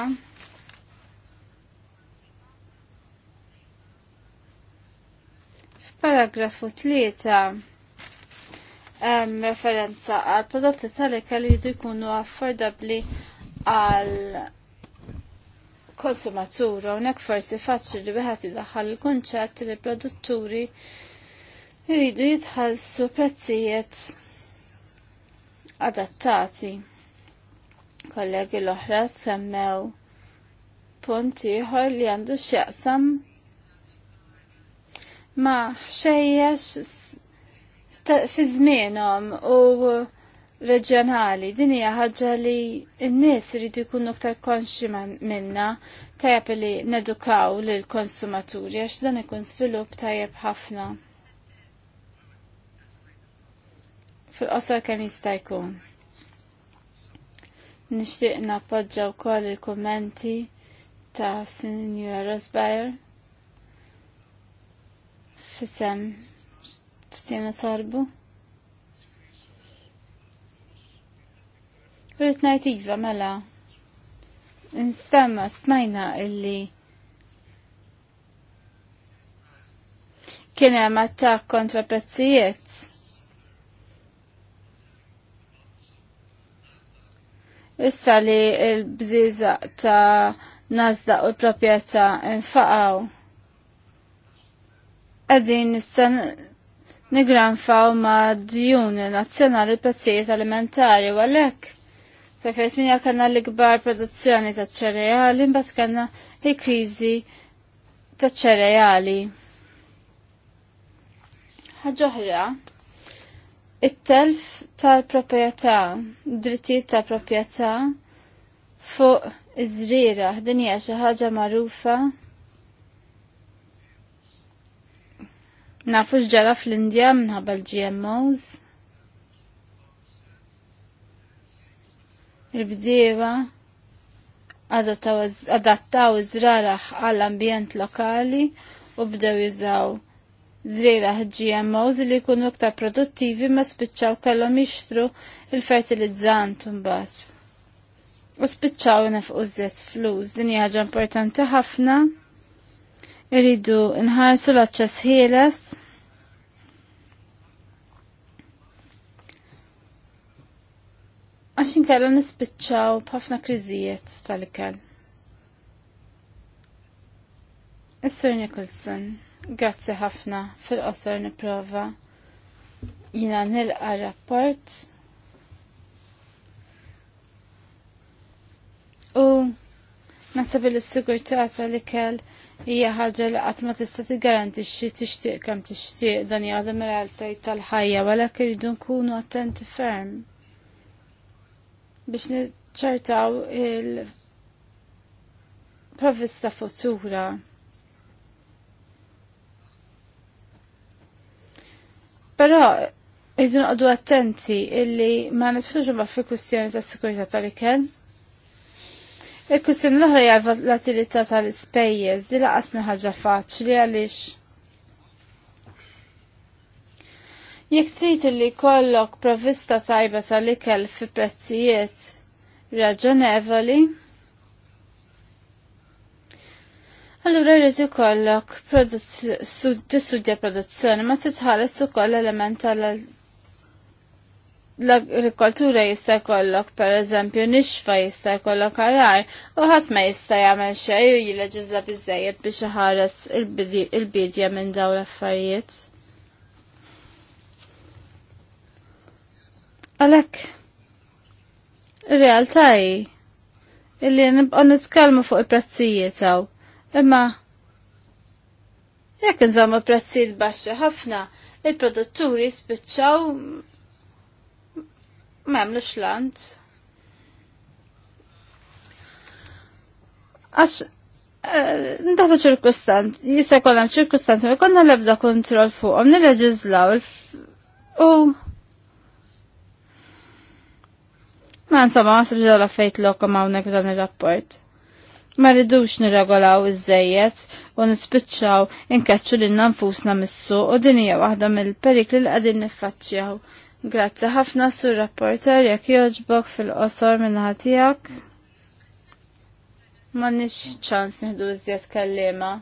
F'paragrafu 3 um, referenza għal prodotti tal-ek li jridu jkunu affordabli għal Konsumatura, hawnhekk forsi faċli li wieħed idaħħal il-kunċett li produtturi jridu jitħallsu prezzijiet adattati. Kollegi l-oħra semmew punt ieħor li għandu x'jaqsam ma' xejjex fi żmienhom u reġjonali. Din hija ħaġa li n-nies iridu jkunu aktar konxi minna tajjeb li nedukaw lil konsumaturi għax dan ikun svilupp tajjeb ħafna. Fil-qosor kemm jista' jkun. Nixtieq nappoġġa wkoll il-kummenti ta' Sinjura Rosbayer fisem tutjena sarbu. Rrit ngħid iva mela. Instemma smajna illi kien hemm kontra prezzijiet. Issa li l bżiza ta' nazda u l-propjetà infaqaw. Qegħdin issa nigranfaw ma' djuni nazzjonali prezzijiet alimentari u għalhekk Fl-2008 kanna l-ikbar produzzjoni ta' ċereali, mbagħad kanna l-kriżi ta' ċereali. Ħaġoħra, it-telf tal-proprjetà, drittijiet tal-proprjetà fuq iż żrira din hija xi ħaġa magħrufa Nafux ġara fl-Indja minħabba l-GMOs. il-bdiewa adattaw zraraħ għall-ambjent lokali u bdew jużaw zriraħ GMOs li jkunu iktar produttivi ma spiċċaw kellhom jixtru il-fertilizzant imbagħad. U spiċċaw nefqu żett flus, din hija ħaġa importanti ħafna. Iridu nħarsu l-aċċess ħieles għaxin kalla nispiċċaw b'ħafna kriżijiet tal-ikel. Is-Sur Nicholson, grazzi ħafna fil-qosor niprofa jina nilqa rapport u nasab il-sigurtà tal-ikel hija ħaġa li qatt ma tista' tigarantixxi tixtieq kemm tixtieq dan jgħadem realtajt tal-ħajja għalak irridu nkunu attenti ferm biex niċċertaw il-provvista futura. Però irridu noqdu attenti illi ma nitħluġu ma fi kwistjoni ta' sikurità tal-ikel. Il-kwistjoni l-oħra hija l-volatilità tal-ispejjeż, di laqas ħaġa faċli għaliex Jekk trid li kollok provvista tajba tal-ikel fi prezzijiet raġonevoli, Allura rrid ikollok tistudja produzzjoni ma titħares ukoll element tal l-agrikoltura jista' jkollok pereżempju nixfa jista' jkollok arar u ħadd ma jista' jagħmel xejn u jileġisla biżejjed biex iħares il-bidja minn dawn l-affarijiet. Għalek, realtaj, illi nibqa nitkalmu fuq il-prezzijiet għaw, imma jekk nżommu prezzijiet baxxi ħafna, il-produtturi spiċċaw m'għamlux lant. Għax eh, ndaħlu ċirkustanz jista' jkollhom ċirkustanz ma konna l-ebda kontroll fuqhom, leġizlaw u Ma insomma, ma sabġa la fejt ma għawnek dan il-rapport. Ma rridux nirregolaw iż-żejjed u nispiċċaw inkaċċu lil nfusna missu u din hija waħda mill-perikli li qegħdin niffaċċjaw. Grazzi ħafna sur rapporter jekk jogħġbok fil-qosor minnaħa tiegħek. M'għandniex ċans nieħdu iżjed kellima.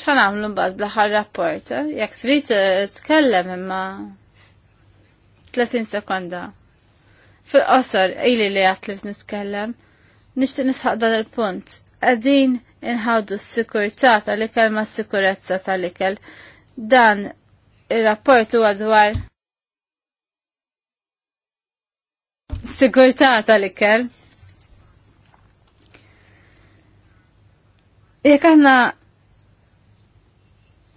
ċan għamlu bad blaħar rapport, jek trid tkellem imma 30 sekonda. Fil-qosor, ili li għat li niskellem, nishti nisħaq dan il-punt. Għadin inħawdu s-sikurta tal-ikel ma s-sikurezza tal-ikel. Dan il-rapport huwa dwar sigurta tal-ikel. Jek għanna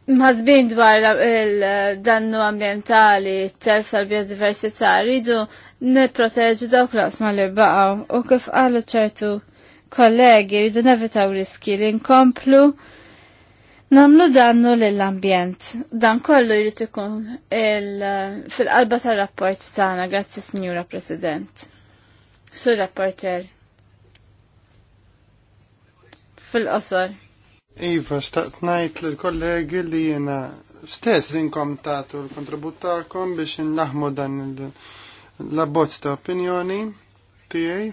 Mħazbin dwar il-dannu ambientali, t-telf tal-biodiversità, rridu niproteġu dawk l-osma li baqaw u kif għallu ċertu kollegi rridu nevitaw riski li nkomplu namlu dannu l-ambjent. Dan kollu jrid ikun fil-qalba tal-rapport tagħna, grazzi Signora President. Sur rapporter. Fil-qosor. Iva, xtaqt najt l-kollegi li jena stess inkom tatu l kontributakom biex naħmu dan l-abbozz ta' opinjoni tiegħi.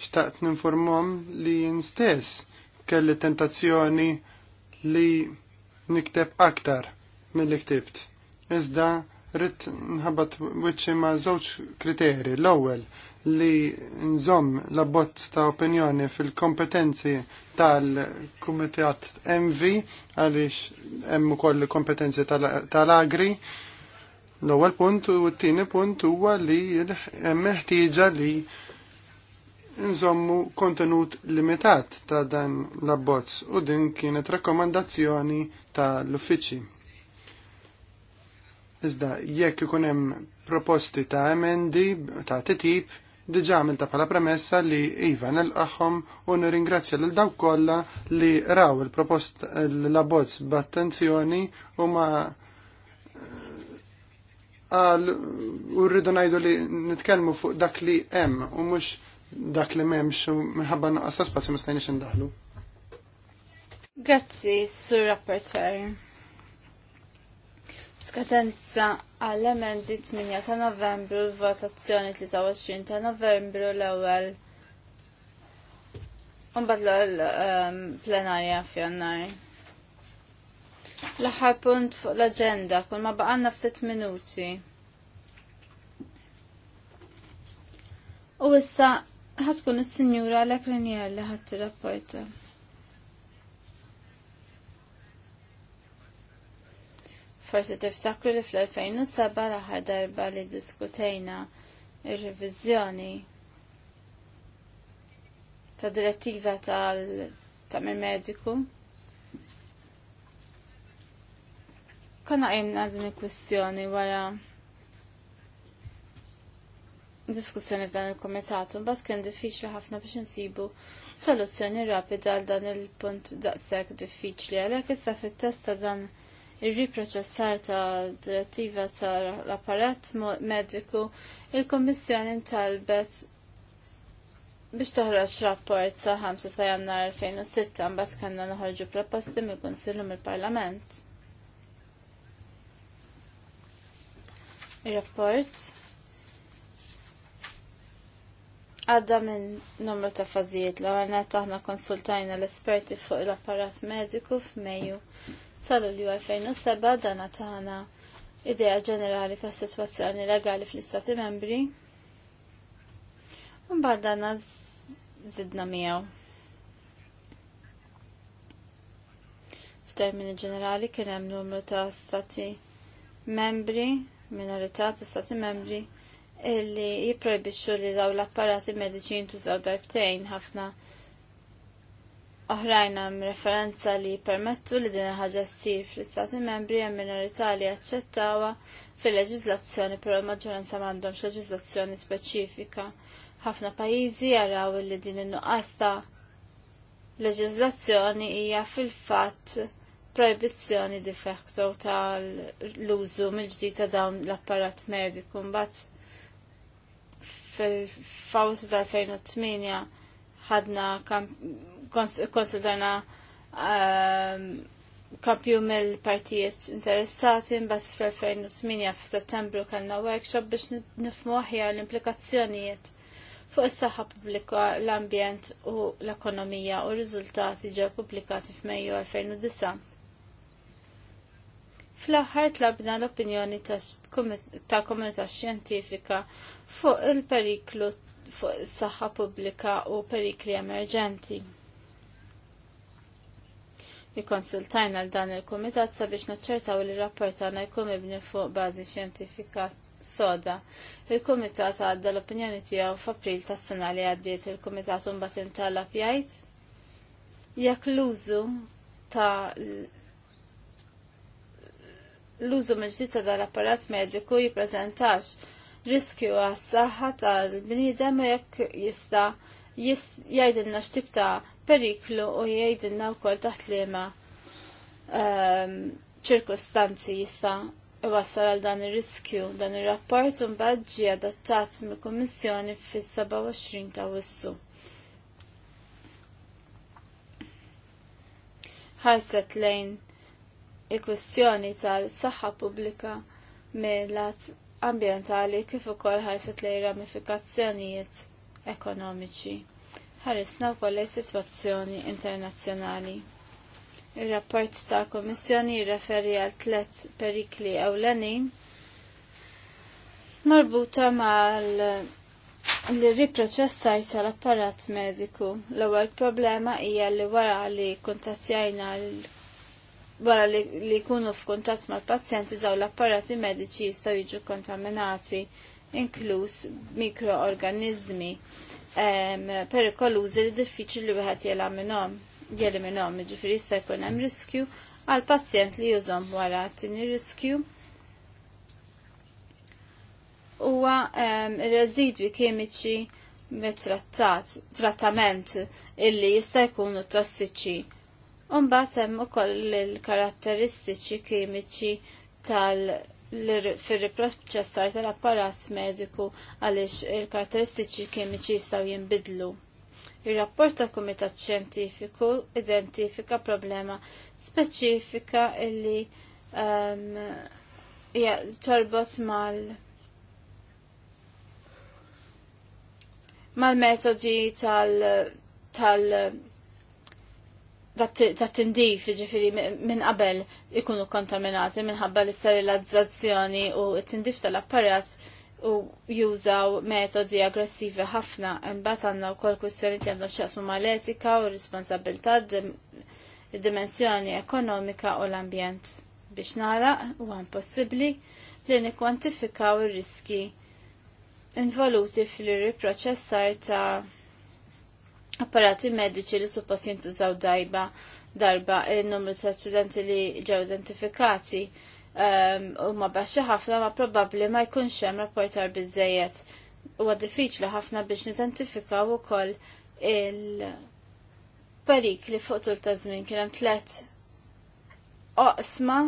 Xtaqt ninformom li jien stess kelli tentazzjoni li nikteb aktar mill-li ktibt. Iżda rrit nħabat wiċċi ma' żewġ kriteri. L-ewwel li nżomm l-abbozz ta' opinjoni fil-kompetenzi tal-Kumitat MV għaliex hemm ukoll kompetenzi tal-Agri. L-ewwel punt u t-tieni punt huwa li hemm meħtieġa li nżommu kontenut limitat ta' dan l-abbozz u din kienet rakkomandazzjoni tal-uffiċċji. Iżda jekk ikun hemm proposti ta' emendi ta' titib diġa għamilta bħala premessa li Iva nilqaħħom u nirringrazzja lil dawk kollha li raw il-propost l laboz b'attenzjoni u ma eh, għal u rridu ngħidu li nitkellmu fuq dak li hemm u mhux dak li m'hemmx xum minħabba naqas spazju ma stajniex indaħlu. Grazzi, Sur Rapporteur. Skadenza għall-emendi 8 ta' novembru, l-votazzjoni 23 ta' novembru l-ewel. Unbad l-plenarja ehm, f'jannar. L-aħħar punt fuq l-agenda, kun ma baqanna ftit minuti. U issa ħatkun is-sinjura l-ekranjer li ħadd rapporta. Forsi tiftakru li fl-2007 l-aħħar darba li diskutejna il-revizjoni ta' direttiva tal tamir mediku. Konna għimna din il-kwistjoni wara diskussjoni f'dan il-komitatu, mbagħad kien diffiċli ħafna biex insibu soluzzjoni rapida għal dan il-punt daqshekk diffiċli għalhekk issa fit-test ta' dan ir-riproċessar ta' direttiva tal-apparat mediku, il-Kommissjoni talbet biex toħroġ rapport sa' 5 ta' jannar 2006 mbagħad kanna noħorġu proposti mill-Kunsillu mill-Parlament. Ir-rapport għadda minn numru ta' fażijiet l għarnet aħna konsultajna l-esperti fuq l-apparat mediku f'Mejju sal-Ulju 2007 dana tagħna idea ġenerali ta' situazzjoni legali fl-Istati membri. Mbagħad danna zidna miegħu. F'termini ġenerali kien hemm numru ta' stati membri, minorità ta' stati membri illi jipprojbixxu li daw l-apparati mediċin tużaw darbtejn ħafna oħrajn hemm referenza li permettu li din ħaġa ssir fl-istati membri hemm minorità li aċċettawha fil-leġiżlazzjoni però l-maġġoranza m'għandhomx leġiżlazzjoni speċifika. Ħafna pajjiżi jaraw li din in-nuqqas ta' leġiżlazzjoni hija fil-fatt proibizzjoni de facto tal-użu mill-ġdid ta' dawn l-apparat mediku mbagħad fil-fawt tal-2008 ħadna konsultana ehm, kampju mill-partijiet interessati bas f 2008 f'Settembru kellna workshop biex nifmu aħjar l-implikazzjonijiet fuq is-saħħa pubblika, l-ambjent u l-ekonomija u r-riżultati ġew pubblikati f'Mejju 2009. Fl-aħħar tlabna l-opinjoni ta' komunità xjentifika fuq il-periklu fuq is-saħħa pubblika u perikli emerġenti. Nikonsultajna l dan il-Kumitat sabiex naċċertaw li rapportana jkun ibni fuq bażi xjentifika soda. Il-Kumitat għadda l-opinjoni tiegħu f'April tas-sena li għaddiet il-Kumitat imbagħad intallab jgħid jekk l-użu ta' l-użu mill-ġdid ta' dal-apparat mediku jippreżentax riskju għas-saħħa tal-bniedem jekk jista' jgħidilna x'tib ta' periklu u jgħidilna wkoll taħt liema ehm, ċirkustanzi jista' iwassal għal dan ir-riskju. Dan ir-rapport un ġie adattat mill-Kummissjoni fis-27 ta' Wissu. Ħarset lejn il-kwestjoni tal-saħħa pubblika mill-lat ambjentali kif ukoll ħarset lejn ramifikazzjonijiet ekonomiċi ħarisna wkoll lejn situazzjoni internazzjonali. Ir-rapport ta' Kummissjoni jirreferi għal tliet perikli ewlenin marbuta mal li riproċessar tal-apparat mediku. L-ewwel problema hija li wara li kuntattjajna wara li, li jkunu f'kuntatt mal-pazjenti daw l-apparati mediċi jistgħu jiġu kontaminati inkluż mikroorganizmi perikolużi li diffiċli li wieħed jela minnhom jeli minnhom, jiġifieri jista' jkun hemm riskju għal pazjent li jużom wara tieni riskju. Huwa residwi kemiċi mit-trattat, trattament illi jista' jkunu tossiċi. Umbagħad hemm ukoll il-karatteristiċi kemiċi tal- fil-riproċessar tal-apparat mediku għaliex il-karatteristiċi kemiċi jistgħu jinbidlu. Ir-rapport tal Kumitat ċentifiku identifika problema speċifika illi um, ja, torbot mal mal-metodi tal tal dat tindif ġifiri minn qabel ikunu kontaminati minħabba l-isterilizzazzjoni u t-tindif tal-apparat u jużaw metodi aggressivi ħafna imbagħad għandna wkoll kwistjoni li għandhom x'jaqsmu mal-etika u responsabilità id-dimensjoni ekonomika u l-ambjent. Biex u huwa impossibbli li nikkwantifikaw ir-riski involuti fil-riproċessar ta' apparati mediċi li suppost jintużaw dajba darba il-numru ta' accidenti li ġew identifikati ehm, huma ma baxxi ħafna ma probabbli ma jkunx hemm rapportar biżejjed. Huwa diffiċli ħafna biex nidentifikaw ukoll il-parik li fuq tul ta' żmien kien hemm tliet oqsma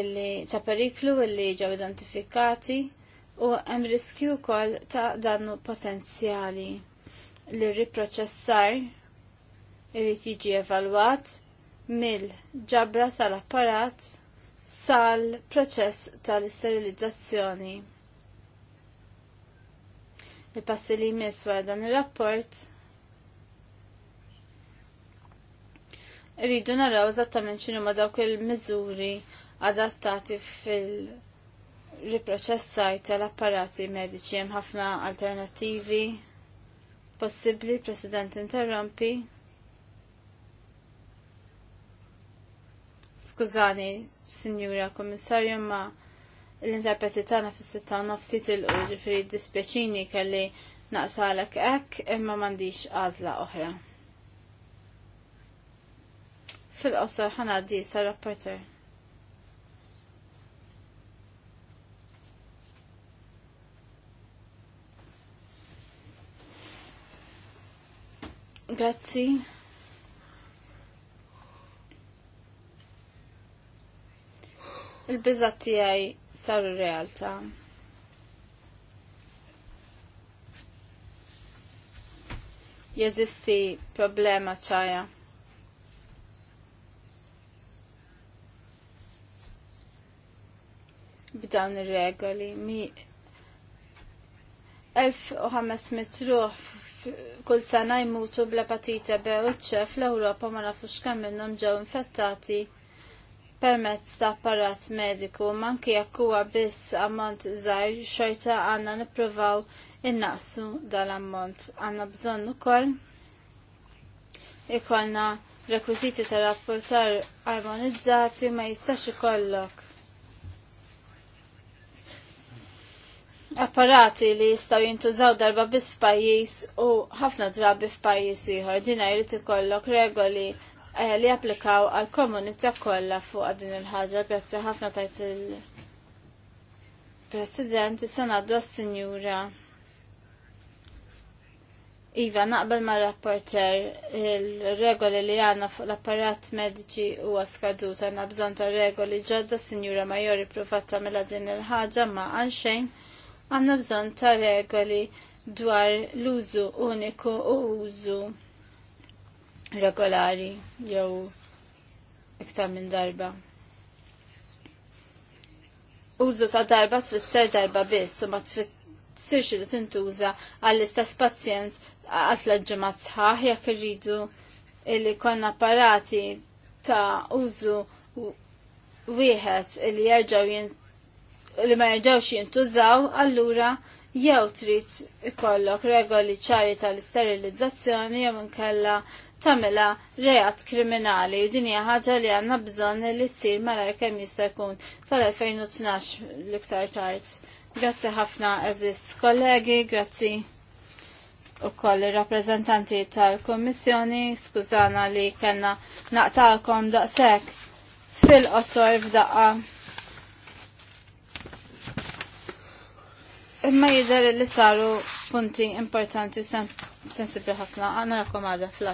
illi ta' periklu li ġew identifikati u hemm riskju wkoll ta' dannu potenzjali li riproċessar irrid jiġi evalwat mill-ġabra tal-apparat sal-proċess tal sterilizzazzjoni Il-passi li jmiss wara dan ir-rapport rridu naraw eżattament x'inhu ma dawk il-miżuri adattati fil- riproċessaj tal-apparati mediċi hemm ħafna alternattivi possibbli, President interrompi. Skużani, Sinjura Kommissarju, ma l-interpreti tagħna fis-sitta nofsi tilqu ġifieri dispjaċini kelli naqsalek hekk imma m'għandix għażla oħra. Fil-qosor ħanaddi sa rapporter. Grazzi. Il-biżat tiegħi saru realtà. Jeżisti problema ċaja? B'dawn ir-regoli mi 1500 ruħ kull sena jmutu bl-epatite B u ċef l-Ewropa ma nafux kemm minnhom ġew infettati permezz ta' apparat mediku manki jekk huwa biss ammont żgħir xorta għandna nippruvaw innaqsu dal-ammont. Għandna bżonn ukoll ikollna rekwiżiti ta' rapportar armonizzati ma jistax ikollok apparati li jistaw jintużaw darba biss f'pajjiż u ħafna drabi f'pajjiż ieħor din jrid ikollok regoli eh, li applikaw għal komunità kollha fuq din il-ħaġa grazzi ħafna tajt il- President, sanaddu għas-Sinjura. Iva, naqbel ma' rapporter il-regoli li għanna fuq l-apparat mediċi u għaskaduta għanna bżon ta' regoli ġodda, Sinjura Majori provat mela din il-ħagġa ma' għanxejn għanna bżon ta' regoli dwar l-użu uniku u użu regolari jew iktar minn darba. Użu ta' darba tfisser darba biss u ma tfissirx li tintuża għall-istess pazjent għatla ġemat sħaħ jekk irridu illi konna apparati ta' użu wieħed illi jerġgħu li ma jirġawx jintużaw, allura jew trid ikollok regoli ċari tal-isterilizzazzjoni jew inkella tagħmilha reat kriminali u din hija ħaġa li għandna bżonn li ssir malar kemm jista' jkun tal-2012 l-iktar tard. Grazzi ħafna eżis kollegi, grazzi u koll rappresentanti tal-Kommissjoni, skużana li kellna naqtalkom daqshekk fil-qosor f'daqqa. Imma jidher li saru punti importanti sensibbli sensibli ħafna, għana rakomada fl